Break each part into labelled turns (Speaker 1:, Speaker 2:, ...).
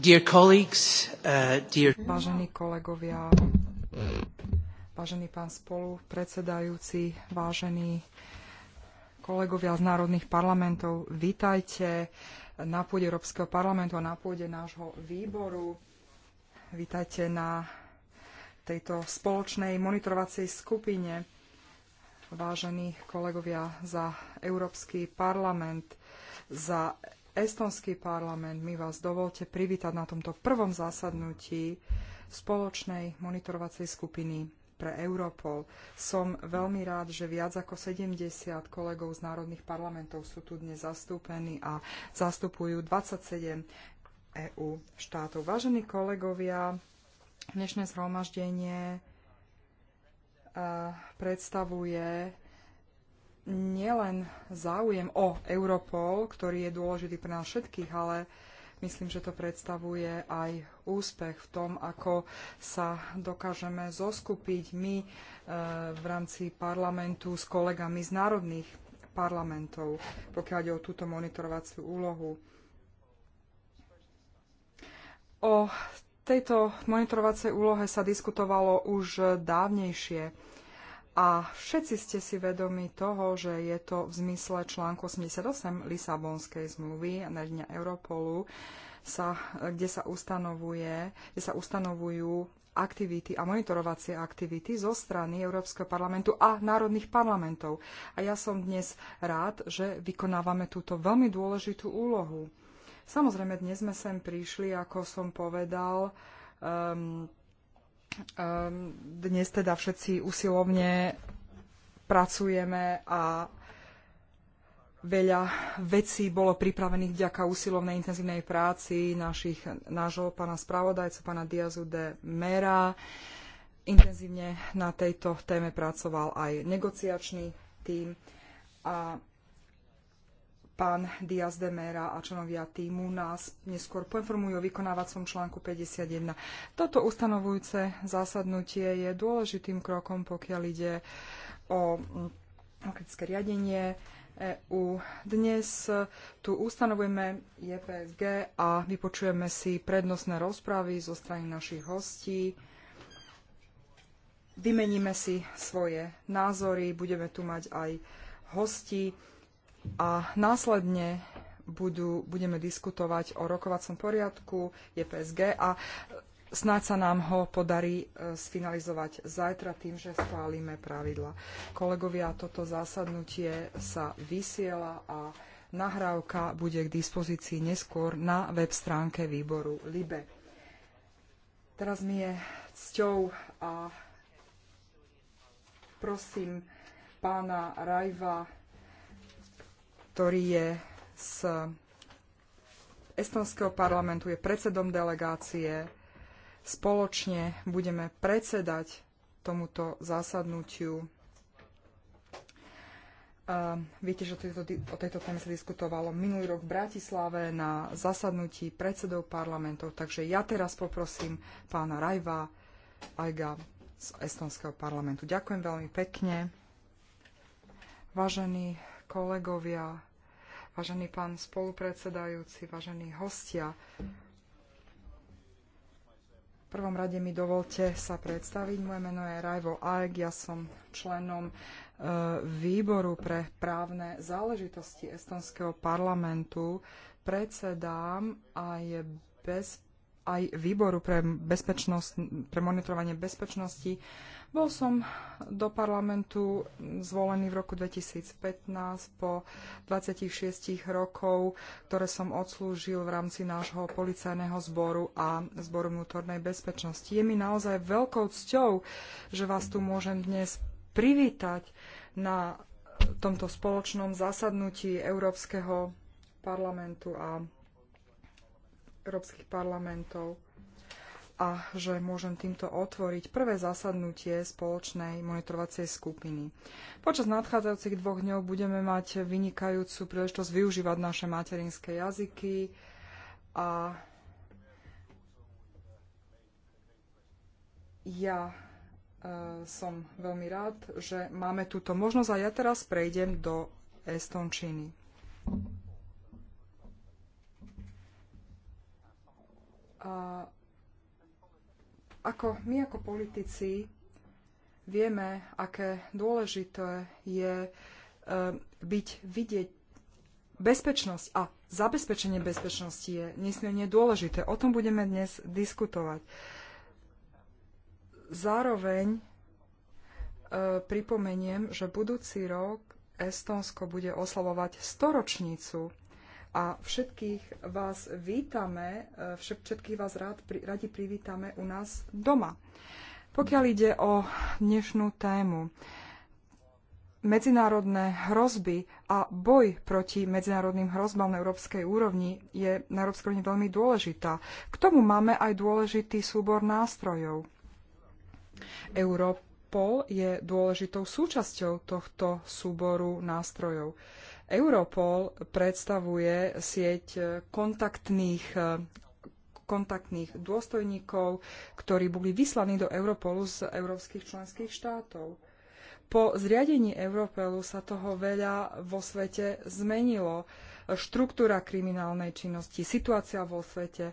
Speaker 1: Dear colleagues, uh,
Speaker 2: dear... Vážení kolegovia, vážený pán spolupredsedajúci, vážení kolegovia z národných parlamentov, vítajte na pôde Európskeho parlamentu a na pôde nášho výboru. Vítajte na tejto spoločnej monitorovacej skupine, vážení kolegovia za Európsky parlament, za Estonský parlament, mi vás dovolte privítať na tomto prvom zasadnutí spoločnej monitorovacej skupiny pre Europol. Som veľmi rád, že viac ako 70 kolegov z národných parlamentov sú tu dnes zastúpení a zastupujú 27 EU štátov. Vážení kolegovia, dnešné zhromaždenie eh, predstavuje nielen záujem o Europol, ktorý je dôležitý pre nás všetkých, ale myslím, že to predstavuje aj úspech v tom, ako sa dokážeme zoskupiť my e, v rámci parlamentu s kolegami z národných parlamentov, pokiaľ ide o túto monitorovaciu úlohu. O tejto monitorovacej úlohe sa diskutovalo už dávnejšie a všetci ste si vedomi toho, že je to v zmysle článku 88 Lisabonskej zmluvy a dňa Europolu, sa, kde, sa ustanovuje, kde sa ustanovujú aktivity a monitorovacie aktivity zo strany Európskeho parlamentu a národných parlamentov. A ja som dnes rád, že vykonávame túto veľmi dôležitú úlohu. Samozrejme, dnes sme sem prišli, ako som povedal, um, Ehm, dnes teda všetci usilovne pracujeme a veľa vecí bolo pripravených vďaka usilovnej intenzívnej práci našich, nášho pána spravodajca, pána Diazu de Mera. Intenzívne na tejto téme pracoval aj negociačný tím a pán Diaz de Mera a členovia týmu nás neskôr poinformujú o vykonávacom článku 51. Toto ustanovujúce zásadnutie je dôležitým krokom, pokiaľ ide o kritické riadenie EU. Dnes tu ustanovujeme JPSG e a vypočujeme si prednostné rozpravy zo strany našich hostí. Vymeníme si svoje názory, budeme tu mať aj hosti a následne budú, budeme diskutovať o rokovacom poriadku JPSG a snáď sa nám ho podarí e, sfinalizovať zajtra tým, že schválime pravidla. Kolegovia, toto zásadnutie sa vysiela a nahrávka bude k dispozícii neskôr na web stránke výboru LIBE. Teraz mi je cťou a prosím pána Rajva ktorý je z Estonského parlamentu, je predsedom delegácie. Spoločne budeme predsedať tomuto zasadnutiu. Viete, že o tejto téme sa diskutovalo minulý rok v Bratislave na zasadnutí predsedov parlamentov, takže ja teraz poprosím pána Rajva Ajga z Estonského parlamentu. Ďakujem veľmi pekne. Vážení kolegovia, vážený pán spolupredsedajúci, vážení hostia. V prvom rade mi dovolte sa predstaviť. Moje meno je Rajvo Aek, ja som členom e, výboru pre právne záležitosti Estonského parlamentu. Predsedám aj bez aj výboru pre, bezpečnosť, pre monitorovanie bezpečnosti. Bol som do parlamentu zvolený v roku 2015 po 26 rokov, ktoré som odslúžil v rámci nášho policajného zboru a zboru vnútornej bezpečnosti. Je mi naozaj veľkou cťou, že vás tu môžem dnes privítať na tomto spoločnom zasadnutí Európskeho parlamentu a európskych parlamentov a že môžem týmto otvoriť prvé zasadnutie spoločnej monitorovacej skupiny. Počas nadchádzajúcich dvoch dňov budeme mať vynikajúcu príležitosť využívať naše materinské jazyky a ja e, som veľmi rád, že máme túto možnosť a ja teraz prejdem do estončiny. ako my ako politici vieme, aké dôležité je e, byť vidieť bezpečnosť a zabezpečenie bezpečnosti je nesmierne dôležité. O tom budeme dnes diskutovať. Zároveň e, pripomeniem, že budúci rok Estónsko bude oslavovať storočnicu a všetkých vás vítame, e, všetkých vás rád, radi privítame u nás doma. Pokiaľ ide o dnešnú tému, medzinárodné hrozby a boj proti medzinárodným hrozbám na európskej úrovni je na európskej úrovni veľmi dôležitá. K tomu máme aj dôležitý súbor nástrojov. Europol je dôležitou súčasťou tohto súboru nástrojov. Europol predstavuje sieť e, kontaktných e, kontaktných dôstojníkov, ktorí boli vyslaní do Europolu z európskych členských štátov. Po zriadení Europolu sa toho veľa vo svete zmenilo. Štruktúra kriminálnej činnosti, situácia vo svete.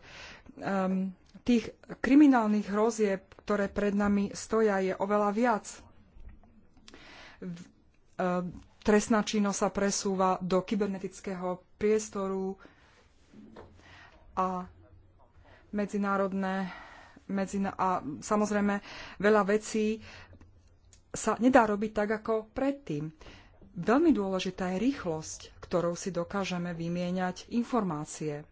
Speaker 2: Ehm, tých kriminálnych hrozieb, ktoré pred nami stoja, je oveľa viac. Ehm, trestná činnosť sa presúva do kybernetického priestoru a medzinárodné medziná- a samozrejme veľa vecí sa nedá robiť tak, ako predtým. Veľmi dôležitá je rýchlosť, ktorou si dokážeme vymieňať informácie.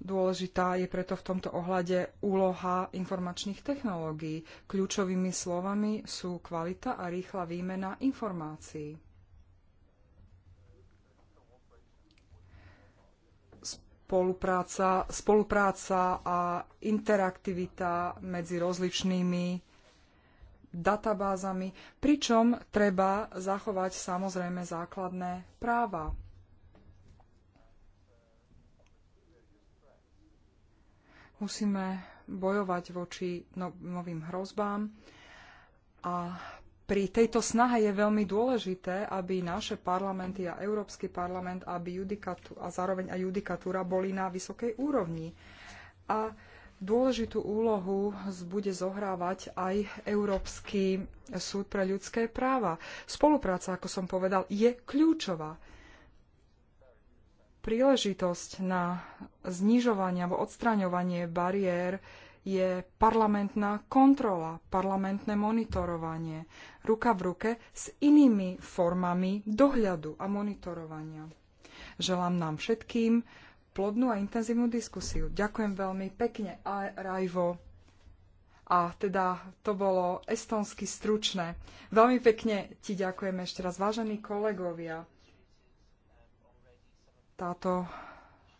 Speaker 2: Dôležitá je preto v tomto ohľade úloha informačných technológií. Kľúčovými slovami sú kvalita a rýchla výmena informácií. Spolupráca, spolupráca a interaktivita medzi rozličnými databázami, pričom treba zachovať samozrejme základné práva Musíme bojovať voči no, novým hrozbám a pri tejto snahe je veľmi dôležité, aby naše parlamenty a Európsky parlament aby judikatu, a zároveň aj judikatúra boli na vysokej úrovni. A dôležitú úlohu bude zohrávať aj Európsky súd pre ľudské práva. Spolupráca, ako som povedal, je kľúčová príležitosť na znižovanie alebo odstraňovanie bariér je parlamentná kontrola, parlamentné monitorovanie, ruka v ruke s inými formami dohľadu a monitorovania. Želám nám všetkým plodnú a intenzívnu diskusiu. Ďakujem veľmi pekne, a Rajvo. A teda to bolo estonsky stručné. Veľmi pekne ti ďakujem ešte raz, vážení kolegovia táto,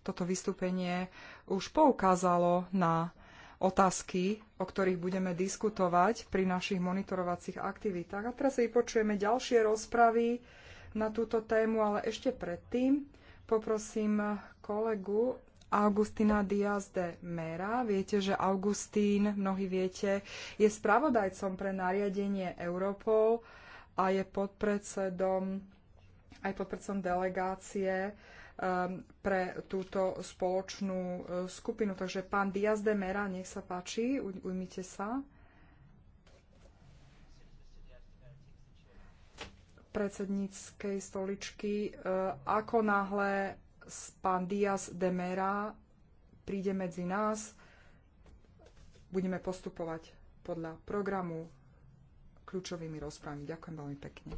Speaker 2: toto vystúpenie už poukázalo na otázky, o ktorých budeme diskutovať pri našich monitorovacích aktivitách. A teraz si vypočujeme ďalšie rozpravy na túto tému, ale ešte predtým poprosím kolegu Augustina Diaz de Mera. Viete, že Augustín, mnohí viete, je spravodajcom pre nariadenie Europol a je podpredsedom aj podpredsedom delegácie Um, pre túto spoločnú uh, skupinu. Takže pán Diaz de Mera, nech sa páči, ujmite sa. predsedníckej stoličky. Uh, ako náhle pán Diaz de Mera príde medzi nás, budeme postupovať podľa programu kľúčovými rozprávami. Ďakujem veľmi pekne.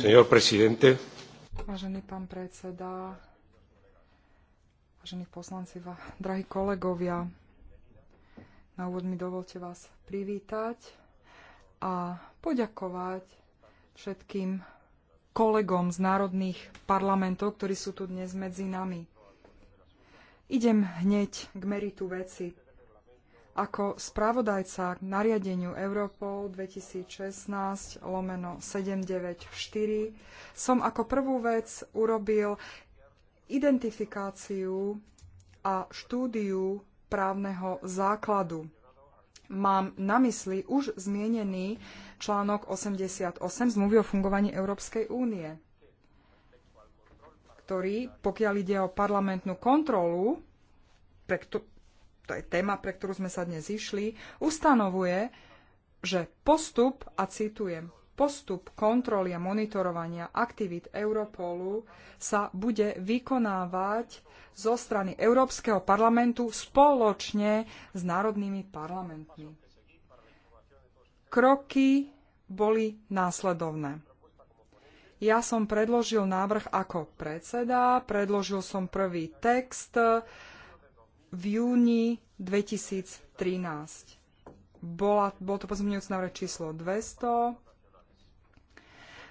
Speaker 3: Vážený
Speaker 2: pán predseda, vážení poslanci, drahí kolegovia, na úvod mi dovolte vás privítať a poďakovať všetkým kolegom z národných parlamentov, ktorí sú tu dnes medzi nami. Idem hneď k meritu veci. Ako spravodajca k nariadeniu Europol 2016 lomeno 794 som ako prvú vec urobil identifikáciu a štúdiu právneho základu mám na mysli už zmienený článok 88 zmluvy o fungovaní Európskej únie, ktorý, pokiaľ ide o parlamentnú kontrolu, pre, to je téma, pre ktorú sme sa dnes išli, ustanovuje, že postup, a citujem, postup kontroly a monitorovania aktivít Europolu sa bude vykonávať zo strany Európskeho parlamentu spoločne s národnými parlamentmi. Kroky boli následovné. Ja som predložil návrh ako predseda, predložil som prvý text, v júni 2013. Bola, bol to pozmeňujúci návrh číslo 200.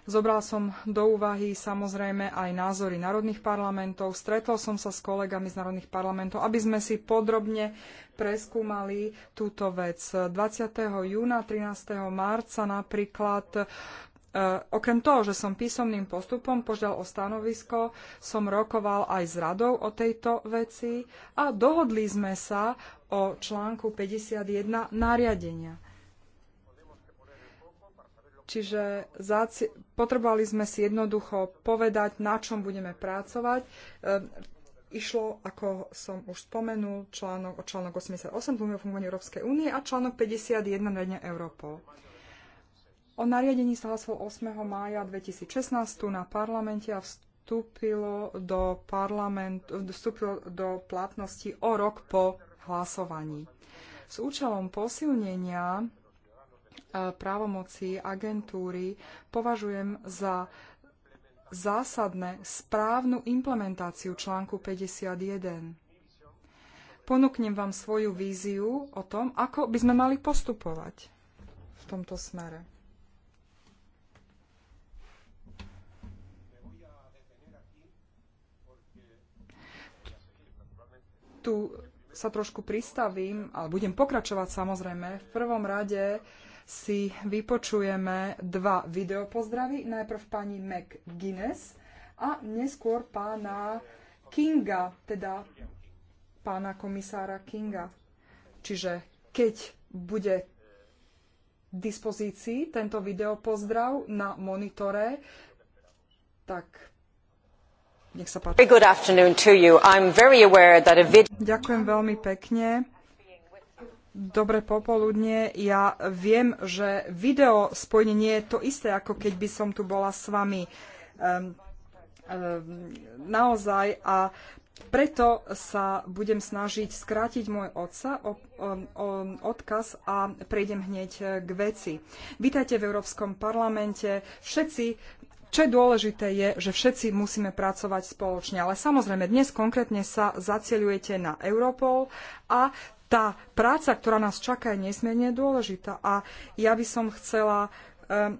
Speaker 2: Zobral som do úvahy samozrejme aj názory národných parlamentov. Stretol som sa s kolegami z národných parlamentov, aby sme si podrobne preskúmali túto vec. 20. júna, 13. marca napríklad Eh, okrem toho, že som písomným postupom požiadal o stanovisko, som rokoval aj s radou o tejto veci a dohodli sme sa o článku 51 nariadenia. Čiže potrebovali sme si jednoducho povedať, na čom budeme pracovať. Eh, išlo, ako som už spomenul, článok, o článok 88 Zmluvy o fungovaní Európskej únie a článok 51 nariadenia Europol. O nariadení sa hlasol 8. mája 2016 na parlamente a vstúpilo do, parlament, vstúpilo do platnosti o rok po hlasovaní. S účelom posilnenia e, právomoci agentúry považujem za zásadné správnu implementáciu článku 51. Ponúknem vám svoju víziu o tom, ako by sme mali postupovať v tomto smere. tu sa trošku pristavím, ale budem pokračovať samozrejme. V prvom rade si vypočujeme dva videopozdravy. Najprv pani McGuinness a neskôr pána Kinga, teda pána komisára Kinga. Čiže keď bude dispozícii tento videopozdrav na monitore, tak nech sa páči. Ďakujem veľmi pekne. Dobre popoludne. Ja viem, že video spojenie nie je to isté, ako keď by som tu bola s vami. Um, um, naozaj a preto sa budem snažiť skrátiť môj odca, o, o, ehm, o, odkaz a prejdem hneď k veci. Vítajte v Európskom parlamente. Všetci čo je dôležité je, že všetci musíme pracovať spoločne, ale samozrejme dnes konkrétne sa zacieľujete na Europol a tá práca, ktorá nás čaká, je nesmierne dôležitá. A ja by som chcela um,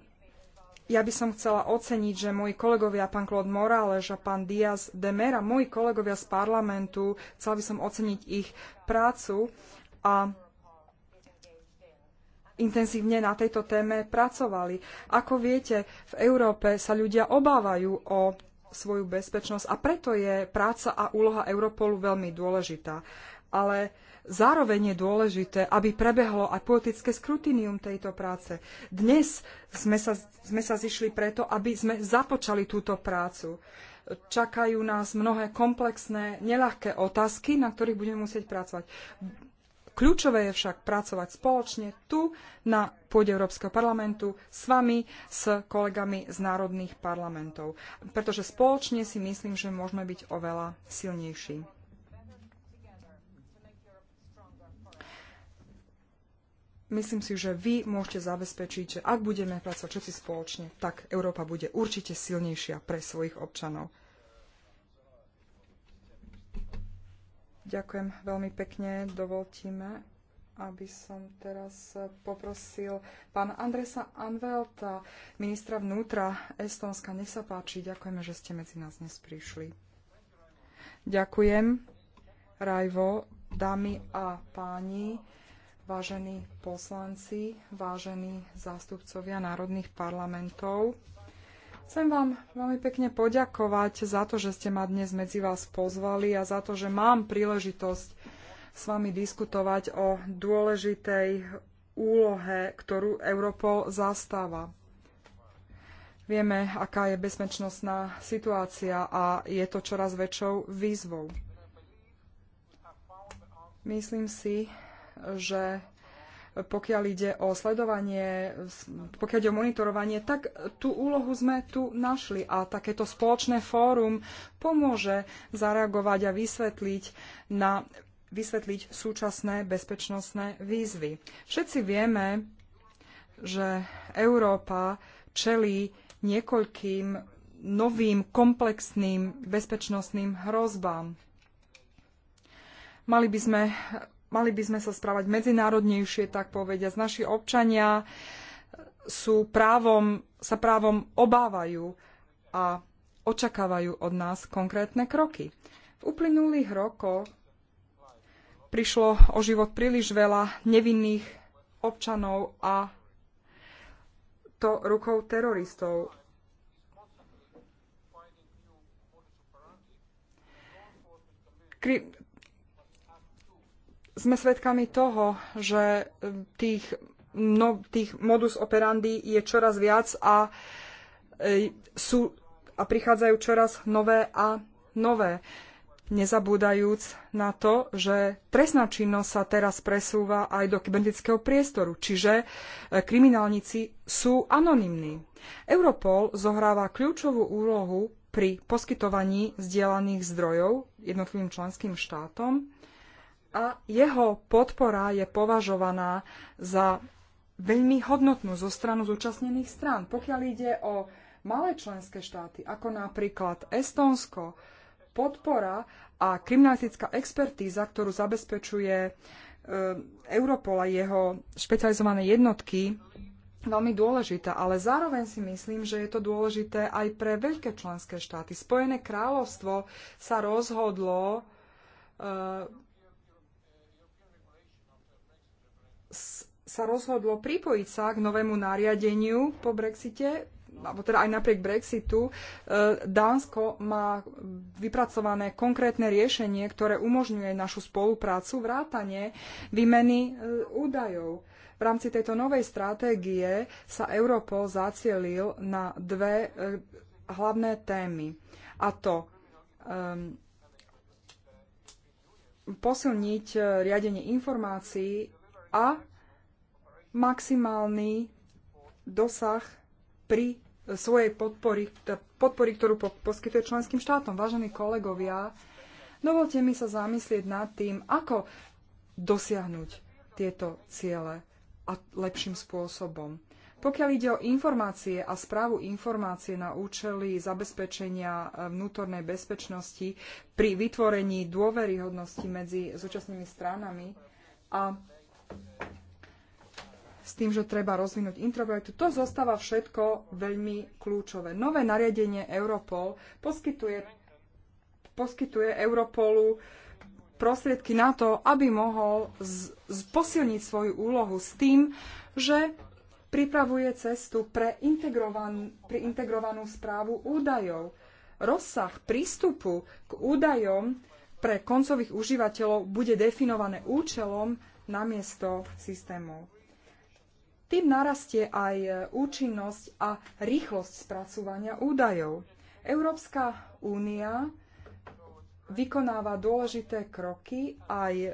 Speaker 2: ja by som chcela oceniť, že moji kolegovia, pán Claude Morales a pán Diaz de Mera, moji kolegovia z parlamentu, chcela by som oceniť ich prácu a intenzívne na tejto téme pracovali. Ako viete, v Európe sa ľudia obávajú o svoju bezpečnosť a preto je práca a úloha Europolu veľmi dôležitá. Ale zároveň je dôležité, aby prebehlo aj politické skrutinium tejto práce. Dnes sme sa, sme sa zišli preto, aby sme započali túto prácu čakajú nás mnohé komplexné, neľahké otázky, na ktorých budeme musieť pracovať. Kľúčové je však pracovať spoločne tu na pôde Európskeho parlamentu s vami, s kolegami z národných parlamentov, pretože spoločne si myslím, že môžeme byť oveľa silnejší. Myslím si, že vy môžete zabezpečiť, že ak budeme pracovať všetci spoločne, tak Európa bude určite silnejšia pre svojich občanov. Ďakujem veľmi pekne. Dovoltíme, aby som teraz poprosil pána Andresa Anvelta, ministra vnútra Estónska. Nech sa páči, ďakujeme, že ste medzi nás dnes prišli. Ďakujem, Rajvo, dámy a páni, vážení poslanci, vážení zástupcovia národných parlamentov. Chcem vám veľmi pekne poďakovať za to, že ste ma dnes medzi vás pozvali a za to, že mám príležitosť s vami diskutovať o dôležitej úlohe, ktorú Europol zastáva. Vieme, aká je bezpečnostná situácia a je to čoraz väčšou výzvou. Myslím si, že pokiaľ ide o sledovanie, pokiaľ ide o monitorovanie, tak tú úlohu sme tu našli a takéto spoločné fórum pomôže zareagovať a vysvetliť na vysvetliť súčasné bezpečnostné výzvy. Všetci vieme, že Európa čelí niekoľkým novým komplexným bezpečnostným hrozbám. Mali by sme mali by sme sa správať medzinárodnejšie, tak povediať. Naši občania sú právom, sa právom obávajú a očakávajú od nás konkrétne kroky. V uplynulých rokoch prišlo o život príliš veľa nevinných občanov a to rukou teroristov. Kri- sme svedkami toho, že e, tých, no, tých modus operandi je čoraz viac a, e, sú, a prichádzajú čoraz nové a nové. Nezabúdajúc na to, že trestná činnosť sa teraz presúva aj do kybernetického priestoru, čiže e, kriminálnici sú anonymní. Europol zohráva kľúčovú úlohu pri poskytovaní vzdielaných zdrojov jednotlivým členským štátom a jeho podpora je považovaná za veľmi hodnotnú zo stranu zúčastnených strán. Pokiaľ ide o malé členské štáty, ako napríklad Estonsko, podpora a kriminalistická expertíza, ktorú zabezpečuje e, Europol a jeho špecializované jednotky, veľmi dôležitá, ale zároveň si myslím, že je to dôležité aj pre veľké členské štáty. Spojené kráľovstvo sa rozhodlo e, sa rozhodlo pripojiť sa k novému nariadeniu po Brexite, alebo teda aj napriek Brexitu, e, Dánsko má vypracované konkrétne riešenie, ktoré umožňuje našu spoluprácu, vrátanie výmeny e, údajov. V rámci tejto novej stratégie sa Europol zacielil na dve e, hlavné témy. A to um, posilniť riadenie informácií a maximálny dosah pri svojej podpory, podpory ktorú poskytuje členským štátom. Vážení kolegovia, dovolte mi sa zamyslieť nad tým, ako dosiahnuť tieto ciele a lepším spôsobom. Pokiaľ ide o informácie a správu informácie na účely zabezpečenia e, vnútornej bezpečnosti pri vytvorení dôveryhodnosti medzi súčasnými stranami a s tým, že treba rozvinúť introvertu. To zostáva všetko veľmi kľúčové. Nové nariadenie Europol poskytuje, poskytuje Europolu prostriedky na to, aby mohol z, z, posilniť svoju úlohu s tým, že pripravuje cestu pre, integrovan, pre integrovanú správu údajov. Rozsah prístupu k údajom pre koncových užívateľov bude definované účelom namiesto systémov. Tým narastie aj e, účinnosť a rýchlosť spracovania údajov. Európska únia vykonáva dôležité kroky aj e,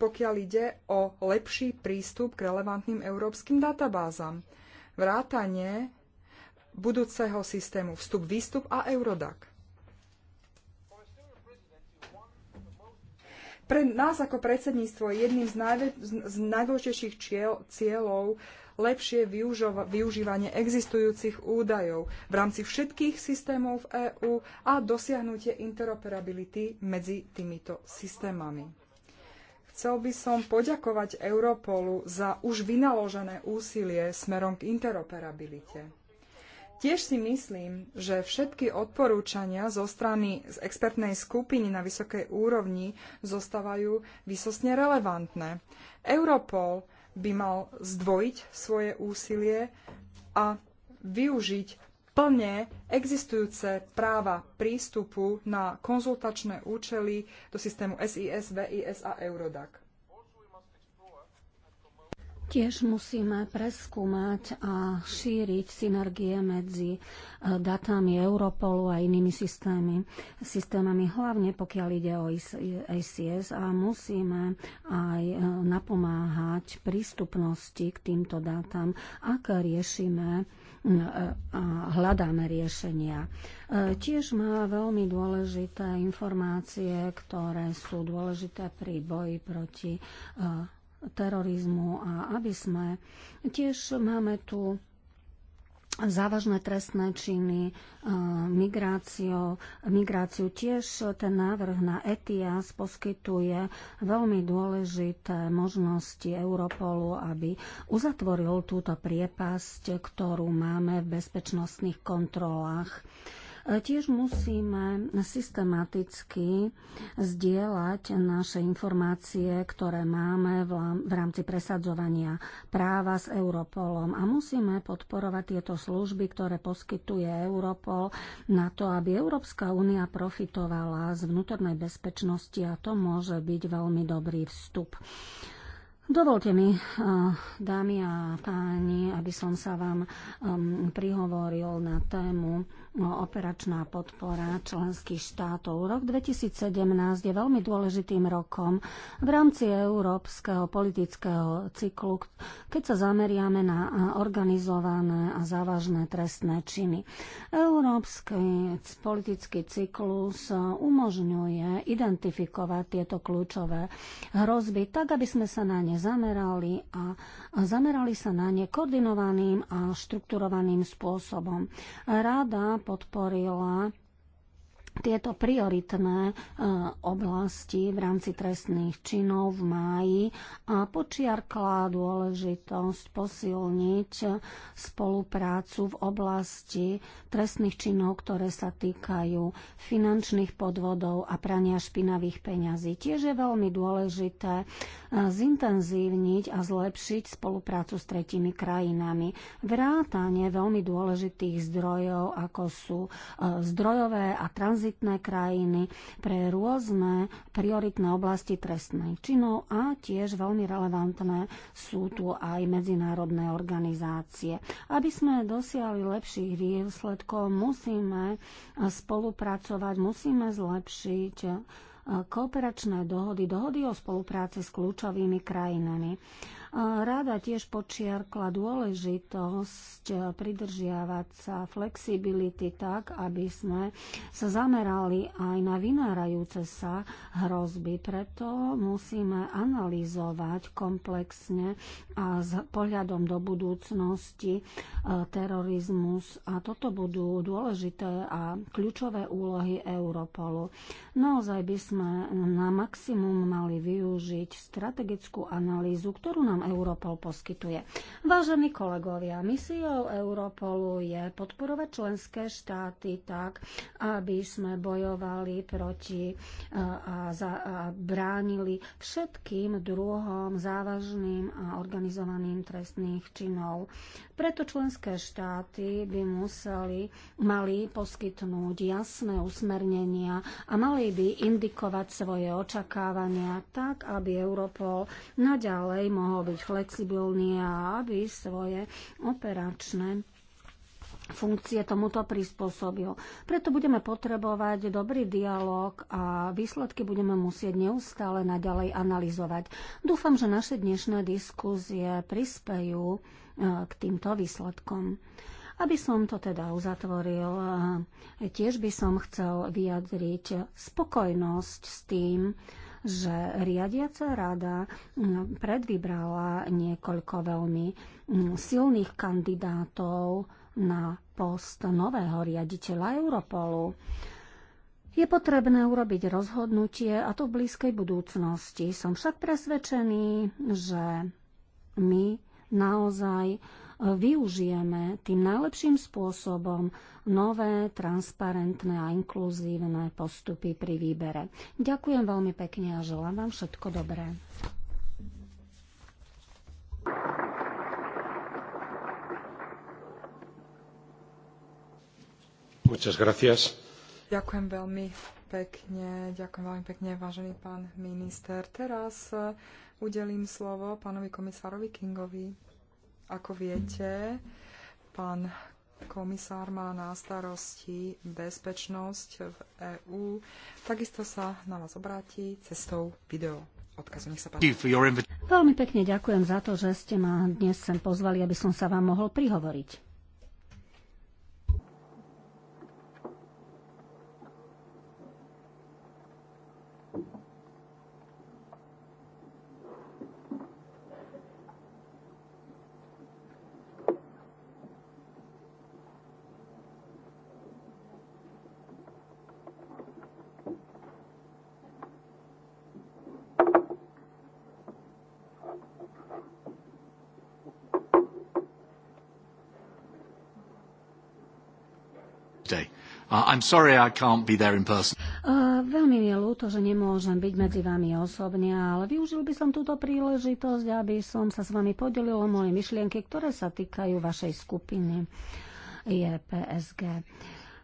Speaker 2: pokiaľ ide o lepší prístup k relevantným európskym databázam. Vrátanie budúceho systému vstup-výstup a Eurodac. pre nás ako predsedníctvo je jedným z, najve- z najdôležitejších cieľov lepšie využívanie existujúcich údajov v rámci všetkých systémov v EÚ a dosiahnutie interoperability medzi týmito systémami. Chcel by som poďakovať Europolu za už vynaložené úsilie smerom k interoperabilite. Tiež si myslím, že všetky odporúčania zo strany z expertnej skupiny na vysokej úrovni zostávajú vysosne relevantné. Europol by mal zdvojiť svoje úsilie a využiť plne existujúce práva prístupu na konzultačné účely do systému SIS, VIS a Eurodac.
Speaker 1: Tiež musíme preskúmať a šíriť synergie medzi eh, datami Europolu a inými systémy, systémami, hlavne pokiaľ ide o ACS a musíme aj eh, napomáhať prístupnosti k týmto dátam, ak riešime mm, eh, a hľadáme riešenia. Tiež má veľmi dôležité informácie, ktoré sú dôležité pri boji proti terorizmu a aby sme tiež máme tu závažné trestné činy, e, migráciu, migráciu. Tiež ten návrh na ETIAS poskytuje veľmi dôležité možnosti Europolu, aby uzatvoril túto priepasť, ktorú máme v bezpečnostných kontrolách. Tiež musíme systematicky zdieľať naše informácie, ktoré máme v rámci presadzovania práva s Europolom a musíme podporovať tieto služby, ktoré poskytuje Europol na to, aby Európska únia profitovala z vnútornej bezpečnosti a to môže byť veľmi dobrý vstup. Dovolte mi, dámy a páni, aby som sa vám um, prihovoril na tému operačná podpora členských štátov. Rok 2017 je veľmi dôležitým rokom v rámci európskeho politického cyklu, keď sa zameriame na organizované a závažné trestné činy. Európsky politický cyklus umožňuje identifikovať tieto kľúčové hrozby tak, aby sme sa na ne zamerali a zamerali sa na ne koordinovaným a štrukturovaným spôsobom. Rada podporila tieto prioritné e, oblasti v rámci trestných činov v máji a počiarkla dôležitosť posilniť spoluprácu v oblasti trestných činov, ktoré sa týkajú finančných podvodov a prania špinavých peňazí. Tiež je veľmi dôležité e, zintenzívniť a zlepšiť spoluprácu s tretimi krajinami. Vrátanie veľmi dôležitých zdrojov, ako sú e, zdrojové a tranzitové tranzitné krajiny pre rôzne prioritné oblasti trestnej činov a tiež veľmi relevantné sú tu aj medzinárodné organizácie. Aby sme dosiahli lepších výsledkov, musíme spolupracovať, musíme zlepšiť eh, kooperačné dohody, dohody o spolupráci s kľúčovými krajinami. Rada tiež počiarkla dôležitosť pridržiavať sa flexibility tak, aby sme sa zamerali aj na vynárajúce sa hrozby. Preto musíme analyzovať komplexne a s pohľadom do budúcnosti e, terorizmus. A toto budú dôležité a kľúčové úlohy Europolu. Naozaj by sme na maximum mali využiť strategickú analýzu, ktorú nám Europol poskytuje. Vážení kolegovia, misiou Europolu je podporovať členské štáty tak, aby sme bojovali proti e, a, za, a bránili všetkým druhom závažným a organizovaným trestných činov. Preto členské štáty by museli, mali poskytnúť jasné usmernenia a mali by indikovať svoje očakávania tak, aby Europol naďalej mohol byť flexibilný a aby svoje operačné funkcie tomuto prispôsobil. Preto budeme potrebovať dobrý dialog a výsledky budeme musieť neustále naďalej analyzovať. Dúfam, že naše dnešné diskúzie prispejú k týmto výsledkom. Aby som to teda uzatvoril, eh, tiež by som chcel vyjadriť spokojnosť s tým, že riadiaca rada hm, predvybrala niekoľko veľmi hm, silných kandidátov na post nového riaditeľa Europolu. Je potrebné urobiť rozhodnutie a to v blízkej budúcnosti. Som však presvedčený, že my naozaj e, využijeme tým najlepším spôsobom nové, transparentné a inkluzívne postupy pri výbere. Ďakujem veľmi pekne a želám vám všetko dobré.
Speaker 2: Ďakujem veľmi pekne, ďakujem veľmi pekne, vážený pán minister. Teraz udelím slovo pánovi komisárovi Kingovi. Ako viete, pán komisár má na starosti bezpečnosť v EÚ. Takisto sa na vás obráti cestou video. Odkazu, nech sa páči. Veľmi pekne
Speaker 1: ďakujem za to, že ste ma dnes sem pozvali, aby som sa vám mohol prihovoriť.
Speaker 2: Uh, I'm sorry I can't be there in person.
Speaker 1: Uh, veľmi mi je ľúto, že nemôžem byť medzi vami osobne, ale využil by som túto príležitosť, aby som sa s vami podelil o moje myšlienky, ktoré sa týkajú vašej skupiny IRPSG. Uh,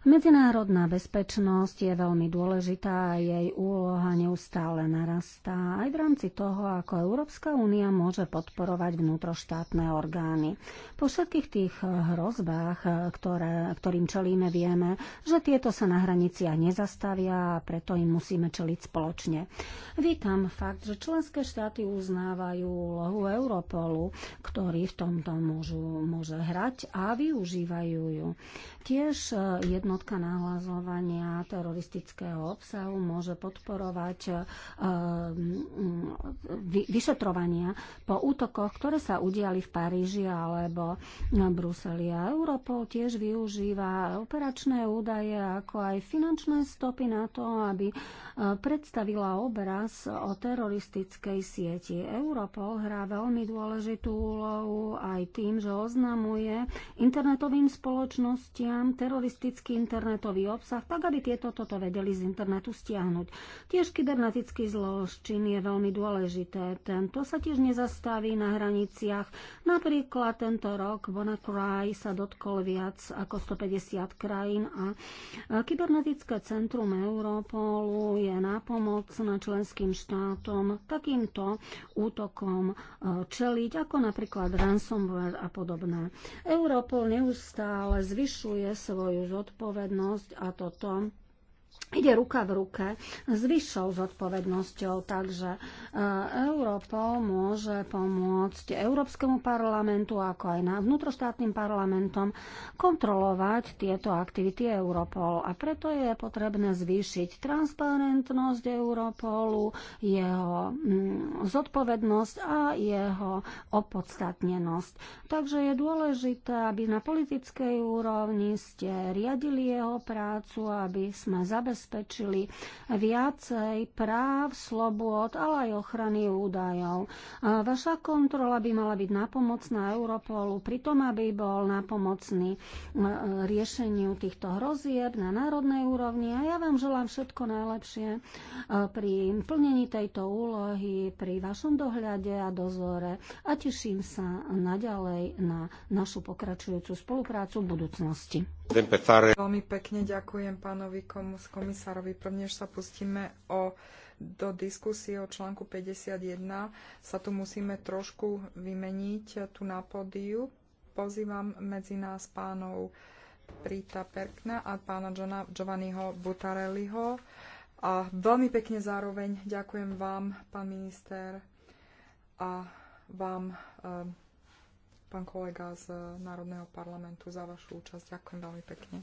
Speaker 1: Medzinárodná bezpečnosť je veľmi dôležitá a jej úloha neustále narastá aj v rámci toho, ako Európska únia môže podporovať vnútroštátne orgány. Po všetkých tých hrozbách, ktoré, ktorým čelíme, vieme, že tieto sa na hraniciach nezastavia a preto im musíme čeliť spoločne. Vítam fakt, že členské štáty uznávajú úlohu Europolu, ktorý v tomto môžu, môže hrať a využívajú ju. Tiež e, jednotka nahlazovania teroristického obsahu môže podporovať e, vyšetrovania po útokoch, ktoré sa udiali v Paríži alebo Bruseli. A Europol tiež využíva operačné údaje ako aj finančné stopy na to, aby e, predstavila obraz o teroristickej sieti. Europol hrá veľmi dôležitú úlohu aj tým, že oznamuje internetovým spoločnostiam, strán teroristický internetový obsah, tak aby tieto toto vedeli z internetu stiahnuť. Tiež kybernetický zločin je veľmi dôležité. Tento sa tiež nezastaví na hraniciach. Napríklad tento rok WannaCry sa dotkol viac ako 150 krajín a kybernetické centrum Europolu je na členským štátom takýmto útokom e, čeliť, ako napríklad ransomware a podobné. Europol neustále zvyšuje svoju zodpovednosť a to tom, ide ruka v ruke s vyššou zodpovednosťou, takže e, Europol môže pomôcť Európskemu parlamentu, ako aj na vnútroštátnym parlamentom, kontrolovať tieto aktivity Europol. A preto je potrebné zvýšiť transparentnosť Europolu, jeho mm, zodpovednosť a jeho opodstatnenosť. Takže je dôležité, aby na politickej úrovni ste riadili jeho prácu, aby sme zabezpečili zabezpečili viacej práv, slobôd, ale aj ochrany údajov. Vaša kontrola by mala byť napomocná Europolu, pritom aby bol napomocný e, riešeniu týchto hrozieb na národnej úrovni a ja vám želám všetko najlepšie e, pri plnení tejto úlohy, pri vašom dohľade a dozore a teším sa naďalej na našu pokračujúcu spoluprácu v budúcnosti.
Speaker 3: Veľmi
Speaker 2: pekne ďakujem pánovi komisárovi. Prvne, sa pustíme o, do diskusie o článku 51, sa tu musíme trošku vymeniť tu na pódiu. Pozývam medzi nás pánov Prita Perkna a pána Giovanniho Butarelliho. A veľmi pekne zároveň ďakujem vám, pán minister, a vám um, pán kolega z Národného parlamentu, za vašu účasť. Ďakujem veľmi pekne.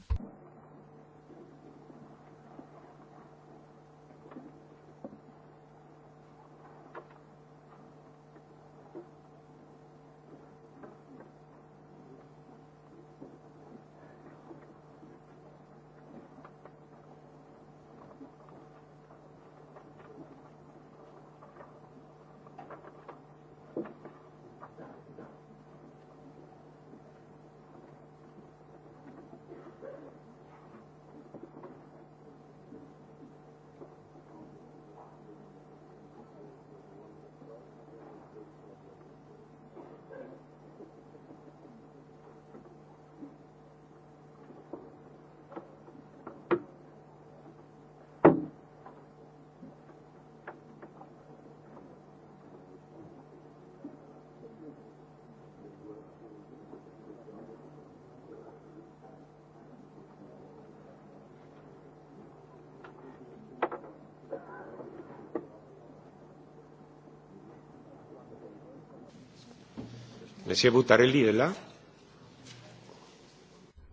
Speaker 3: Monsieur Butarelli je là?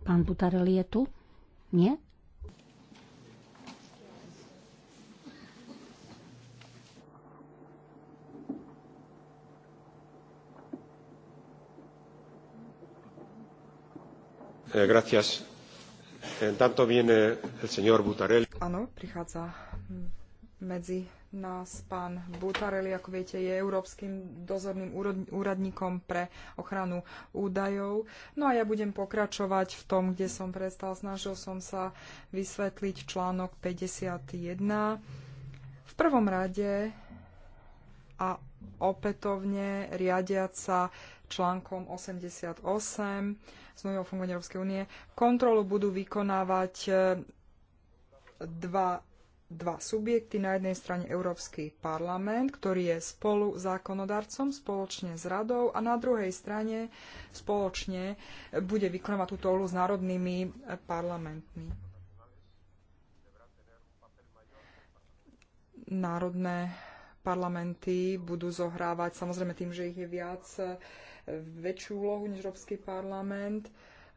Speaker 1: Pán Butarelli je tu? Nie?
Speaker 3: Eh, gracias. En tanto viene el señor Butarelli.
Speaker 2: Áno, prichádza medzi nás pán Butarelli, ako viete, je európskym dozorným úradníkom pre ochranu údajov. No a ja budem pokračovať v tom, kde som prestal. Snažil som sa vysvetliť článok 51. V prvom rade a opätovne riadiať sa článkom 88 z nového fungovania Európskej únie. Kontrolu budú vykonávať e, dva dva subjekty. Na jednej strane Európsky parlament, ktorý je spolu zákonodarcom spoločne s radou a na druhej strane spoločne bude vykonávať túto úlohu s národnými parlamentmi. Národné parlamenty budú zohrávať, samozrejme tým, že ich je viac, väčšiu úlohu než Európsky parlament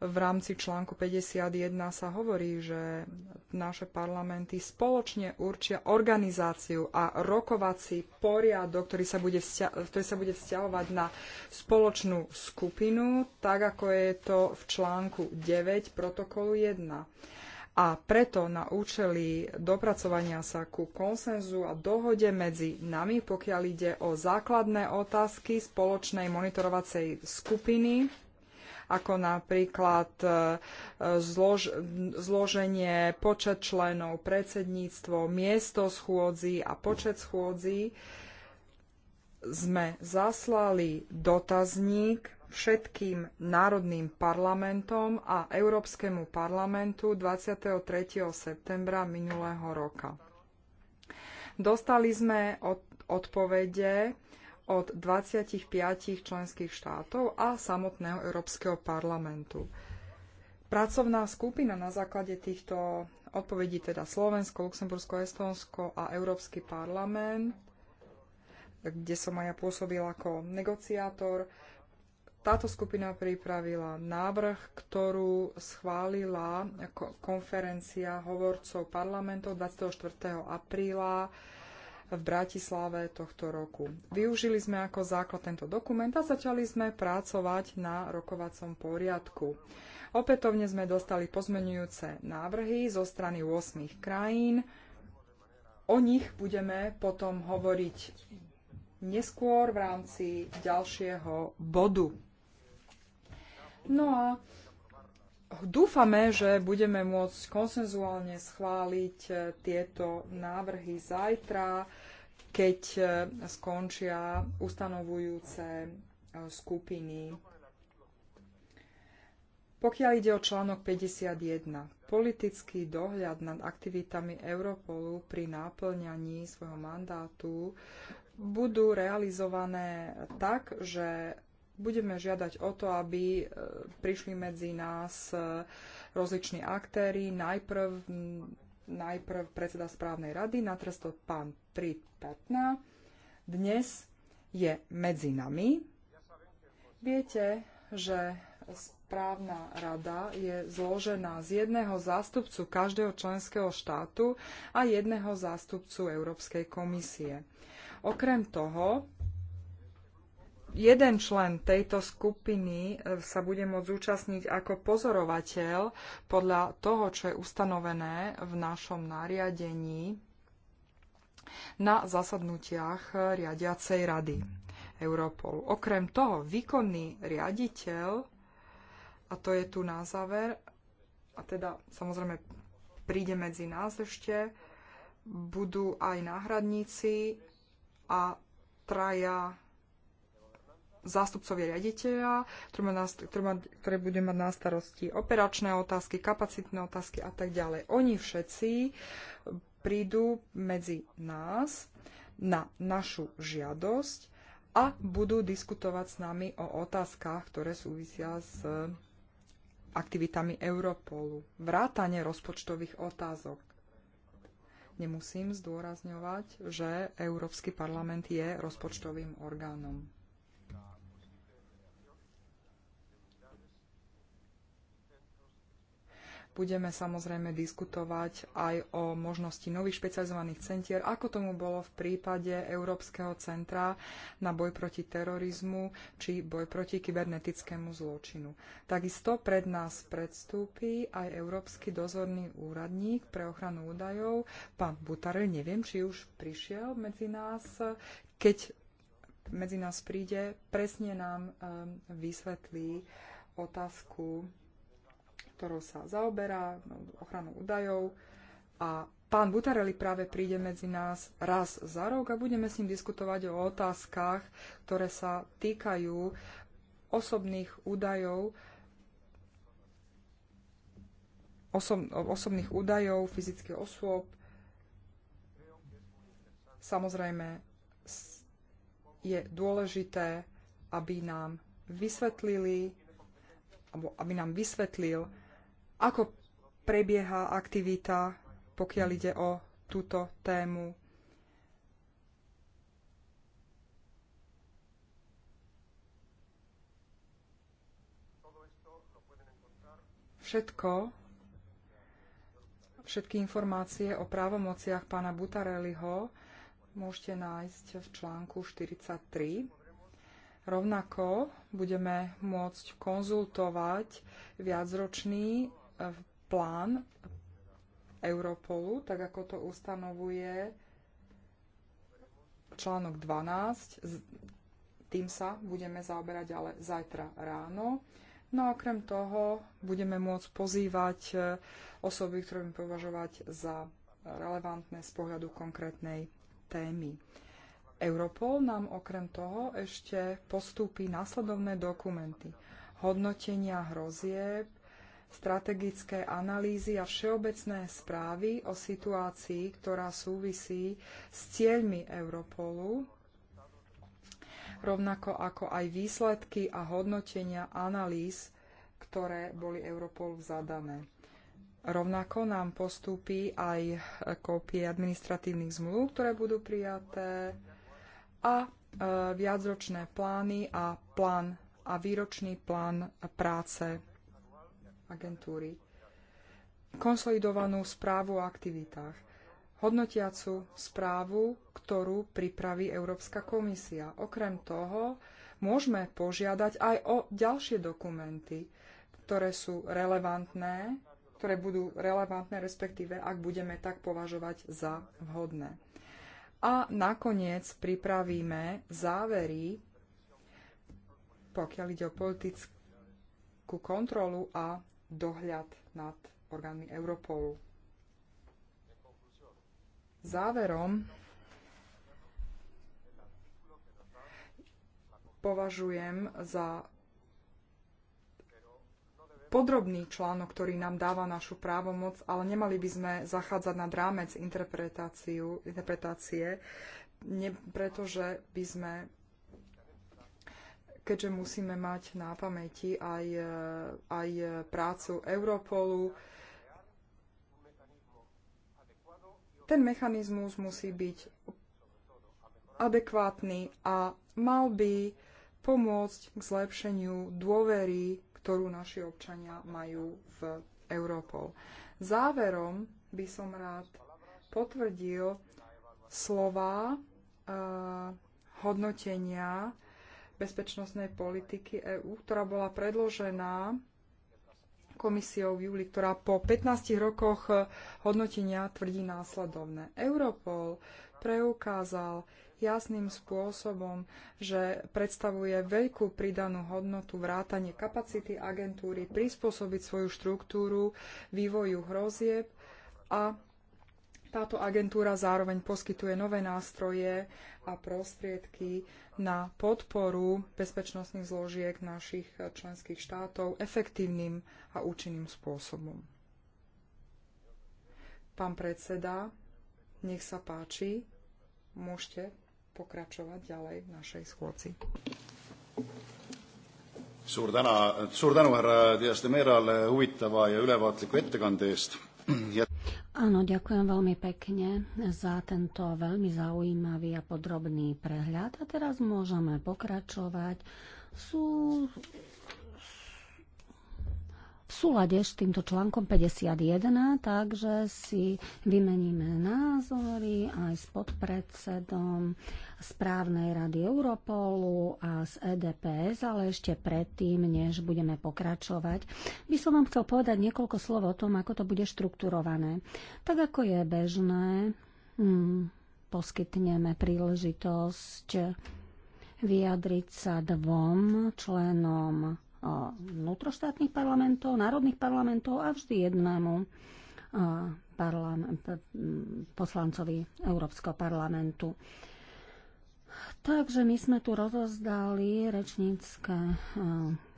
Speaker 2: v rámci článku 51 sa hovorí, že naše parlamenty spoločne určia organizáciu a rokovací poriadok, ktorý sa bude, vzťa- ktorý sa bude vzťahovať na spoločnú skupinu, tak ako je to v článku 9 protokolu 1 a preto na účely dopracovania sa ku konsenzu a dohode medzi nami, pokiaľ ide o základné otázky spoločnej monitorovacej skupiny, ako napríklad e, zlož, zloženie, počet členov, predsedníctvo, miesto schôdzi a počet schôdzi, sme zaslali dotazník všetkým národným parlamentom a Európskemu parlamentu 23. septembra minulého roka. Dostali sme od odpovede od 25 členských štátov a samotného Európskeho parlamentu. Pracovná skupina na základe týchto odpovedí teda Slovensko, Luxembursko, Estonsko a Európsky parlament, kde som aj ja pôsobila ako negociátor, táto skupina pripravila návrh, ktorú schválila konferencia hovorcov parlamentov 24. apríla v Bratislave tohto roku. Využili sme ako základ tento dokument a začali sme pracovať na rokovacom poriadku. Opätovne sme dostali pozmenujúce návrhy zo strany 8 krajín. O nich budeme potom hovoriť neskôr v rámci ďalšieho bodu. No a dúfame, že budeme môcť konsenzuálne schváliť tieto návrhy zajtra keď e, skončia ustanovujúce e, skupiny. Pokiaľ ide o článok 51, politický dohľad nad aktivitami Europolu pri náplňaní svojho mandátu budú realizované tak, že budeme žiadať o to, aby e, prišli medzi nás rozliční aktéry, najprv najprv predseda správnej rady, na to pán Pripetná. Dnes je medzi nami. Viete, že správna rada je zložená z jedného zástupcu každého členského štátu a jedného zástupcu Európskej komisie. Okrem toho, jeden člen tejto skupiny e, sa bude môcť zúčastniť ako pozorovateľ podľa toho, čo je ustanovené v našom nariadení na zasadnutiach e, riadiacej rady Europol. Okrem toho, výkonný riaditeľ, a to je tu na záver, a teda samozrejme príde medzi nás ešte, budú aj náhradníci a traja zástupcovia riaditeľa, ktorý, má, ktorý bude mať na starosti operačné otázky, kapacitné otázky a tak ďalej. Oni všetci prídu medzi nás na našu žiadosť a budú diskutovať s nami o otázkach, ktoré súvisia s aktivitami Europolu, Vrátanie rozpočtových otázok. Nemusím zdôrazňovať, že Európsky parlament je rozpočtovým orgánom. budeme samozrejme diskutovať aj o možnosti nových špecializovaných centier, ako tomu bolo v prípade Európskeho centra na boj proti terorizmu či boj proti kybernetickému zločinu. Takisto pred nás predstúpi aj Európsky dozorný úradník pre ochranu údajov, pán Butarel, neviem, či už prišiel medzi nás, keď medzi nás príde, presne nám um, vysvetlí otázku ktorou sa zaoberá, ochranou údajov. A pán Butarelli práve príde medzi nás raz za rok a budeme s ním diskutovať o otázkach, ktoré sa týkajú osobných údajov, osob, osobných údajov fyzických osôb. Samozrejme, je dôležité, aby nám vysvetlili, alebo aby nám vysvetlil, ako prebieha aktivita, pokiaľ ide o túto tému? Všetko, všetky informácie o právomociach pána Butarelliho môžete nájsť v článku 43. Rovnako budeme môcť konzultovať viacročný E, plán Europolu, tak ako to ustanovuje článok 12. Tým sa budeme zaoberať ale zajtra ráno. No a okrem toho budeme môcť pozývať e, osoby, ktoré budeme považovať za relevantné z pohľadu konkrétnej témy. Europol nám okrem toho ešte postúpi následovné dokumenty hodnotenia hrozieb, strategické analýzy a všeobecné správy o situácii, ktorá súvisí s cieľmi Europolu, rovnako ako aj výsledky a hodnotenia analýz, ktoré boli Europolu zadané. Rovnako nám postúpi aj kópie administratívnych zmluv, ktoré budú prijaté a e, viacročné plány a plán a výročný plán práce agentúry, konsolidovanú správu o aktivitách, hodnotiacu správu, ktorú pripraví Európska komisia. Okrem toho môžeme požiadať aj o ďalšie dokumenty, ktoré sú relevantné, ktoré budú relevantné, respektíve ak budeme tak považovať za vhodné. A nakoniec pripravíme závery, pokiaľ ide o politickú kontrolu a dohľad nad orgánmi Europolu. Záverom považujem za podrobný článok, ktorý nám dáva našu právomoc, ale nemali by sme zachádzať nad rámec interpretáciu, interpretácie, ne, pretože by sme keďže musíme mať na pamäti aj, e, aj prácu Europolu. Ten mechanizmus musí byť adekvátny a mal by pomôcť k zlepšeniu dôvery, ktorú naši občania majú v Europol. Záverom by som rád potvrdil slova uh, hodnotenia bezpečnostnej politiky EÚ, ktorá bola predložená komisiou v júli, ktorá po 15 rokoch hodnotenia tvrdí následovné. Europol preukázal jasným spôsobom, že predstavuje veľkú pridanú hodnotu vrátanie kapacity agentúry prispôsobiť svoju štruktúru vývoju hrozieb a táto agentúra zároveň poskytuje nové nástroje a prostriedky na podporu bezpečnostných zložiek našich členských štátov efektívnym a účinným spôsobom. Pán predseda, nech sa páči, môžete pokračovať ďalej v našej schôdzi.
Speaker 3: Suur suur tänu härra Dias de huvitava ja ülevaatliku ettekande eest.
Speaker 1: Áno, ďakujem veľmi pekne za tento veľmi zaujímavý a podrobný prehľad. A teraz môžeme pokračovať. Sú v súlade s týmto článkom 51, takže si vymeníme názory aj s podpredsedom správnej rady Europolu a z EDPS, ale ešte predtým, než budeme pokračovať, by som vám chcel povedať niekoľko slov o tom, ako to bude štrukturované. Tak ako je bežné, hmm, poskytneme príležitosť vyjadriť sa dvom členom vnútroštátnych parlamentov, národných parlamentov a vždy jednému poslancovi Európskeho parlamentu. Takže my sme tu rozozdali rečnícke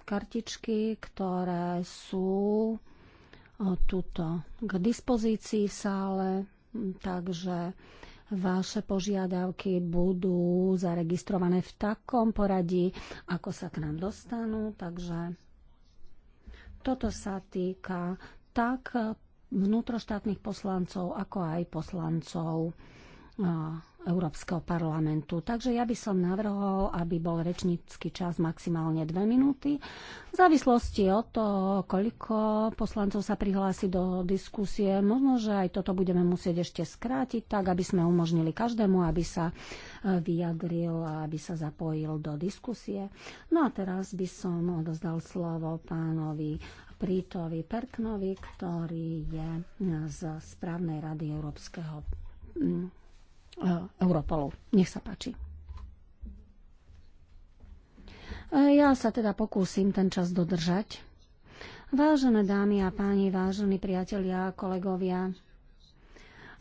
Speaker 1: kartičky, ktoré sú tuto k dispozícii v sále, takže vaše požiadavky budú zaregistrované v takom poradí, ako sa k nám dostanú. Takže toto sa týka tak vnútroštátnych poslancov, ako aj poslancov Európskeho parlamentu. Takže ja by som navrhol, aby bol rečnícky čas maximálne dve minúty. V závislosti od toho, koľko poslancov sa prihlási do diskusie, možno, že aj toto budeme musieť ešte skrátiť, tak aby sme umožnili každému, aby sa e, vyjadril a aby sa zapojil do diskusie. No a teraz by som odozdal slovo pánovi Prítovi Perknovi, ktorý je z správnej rady Európskeho E, Europolu. Nech sa páči. E, ja sa teda pokúsim ten čas dodržať. Vážené dámy a páni, vážení priatelia a kolegovia,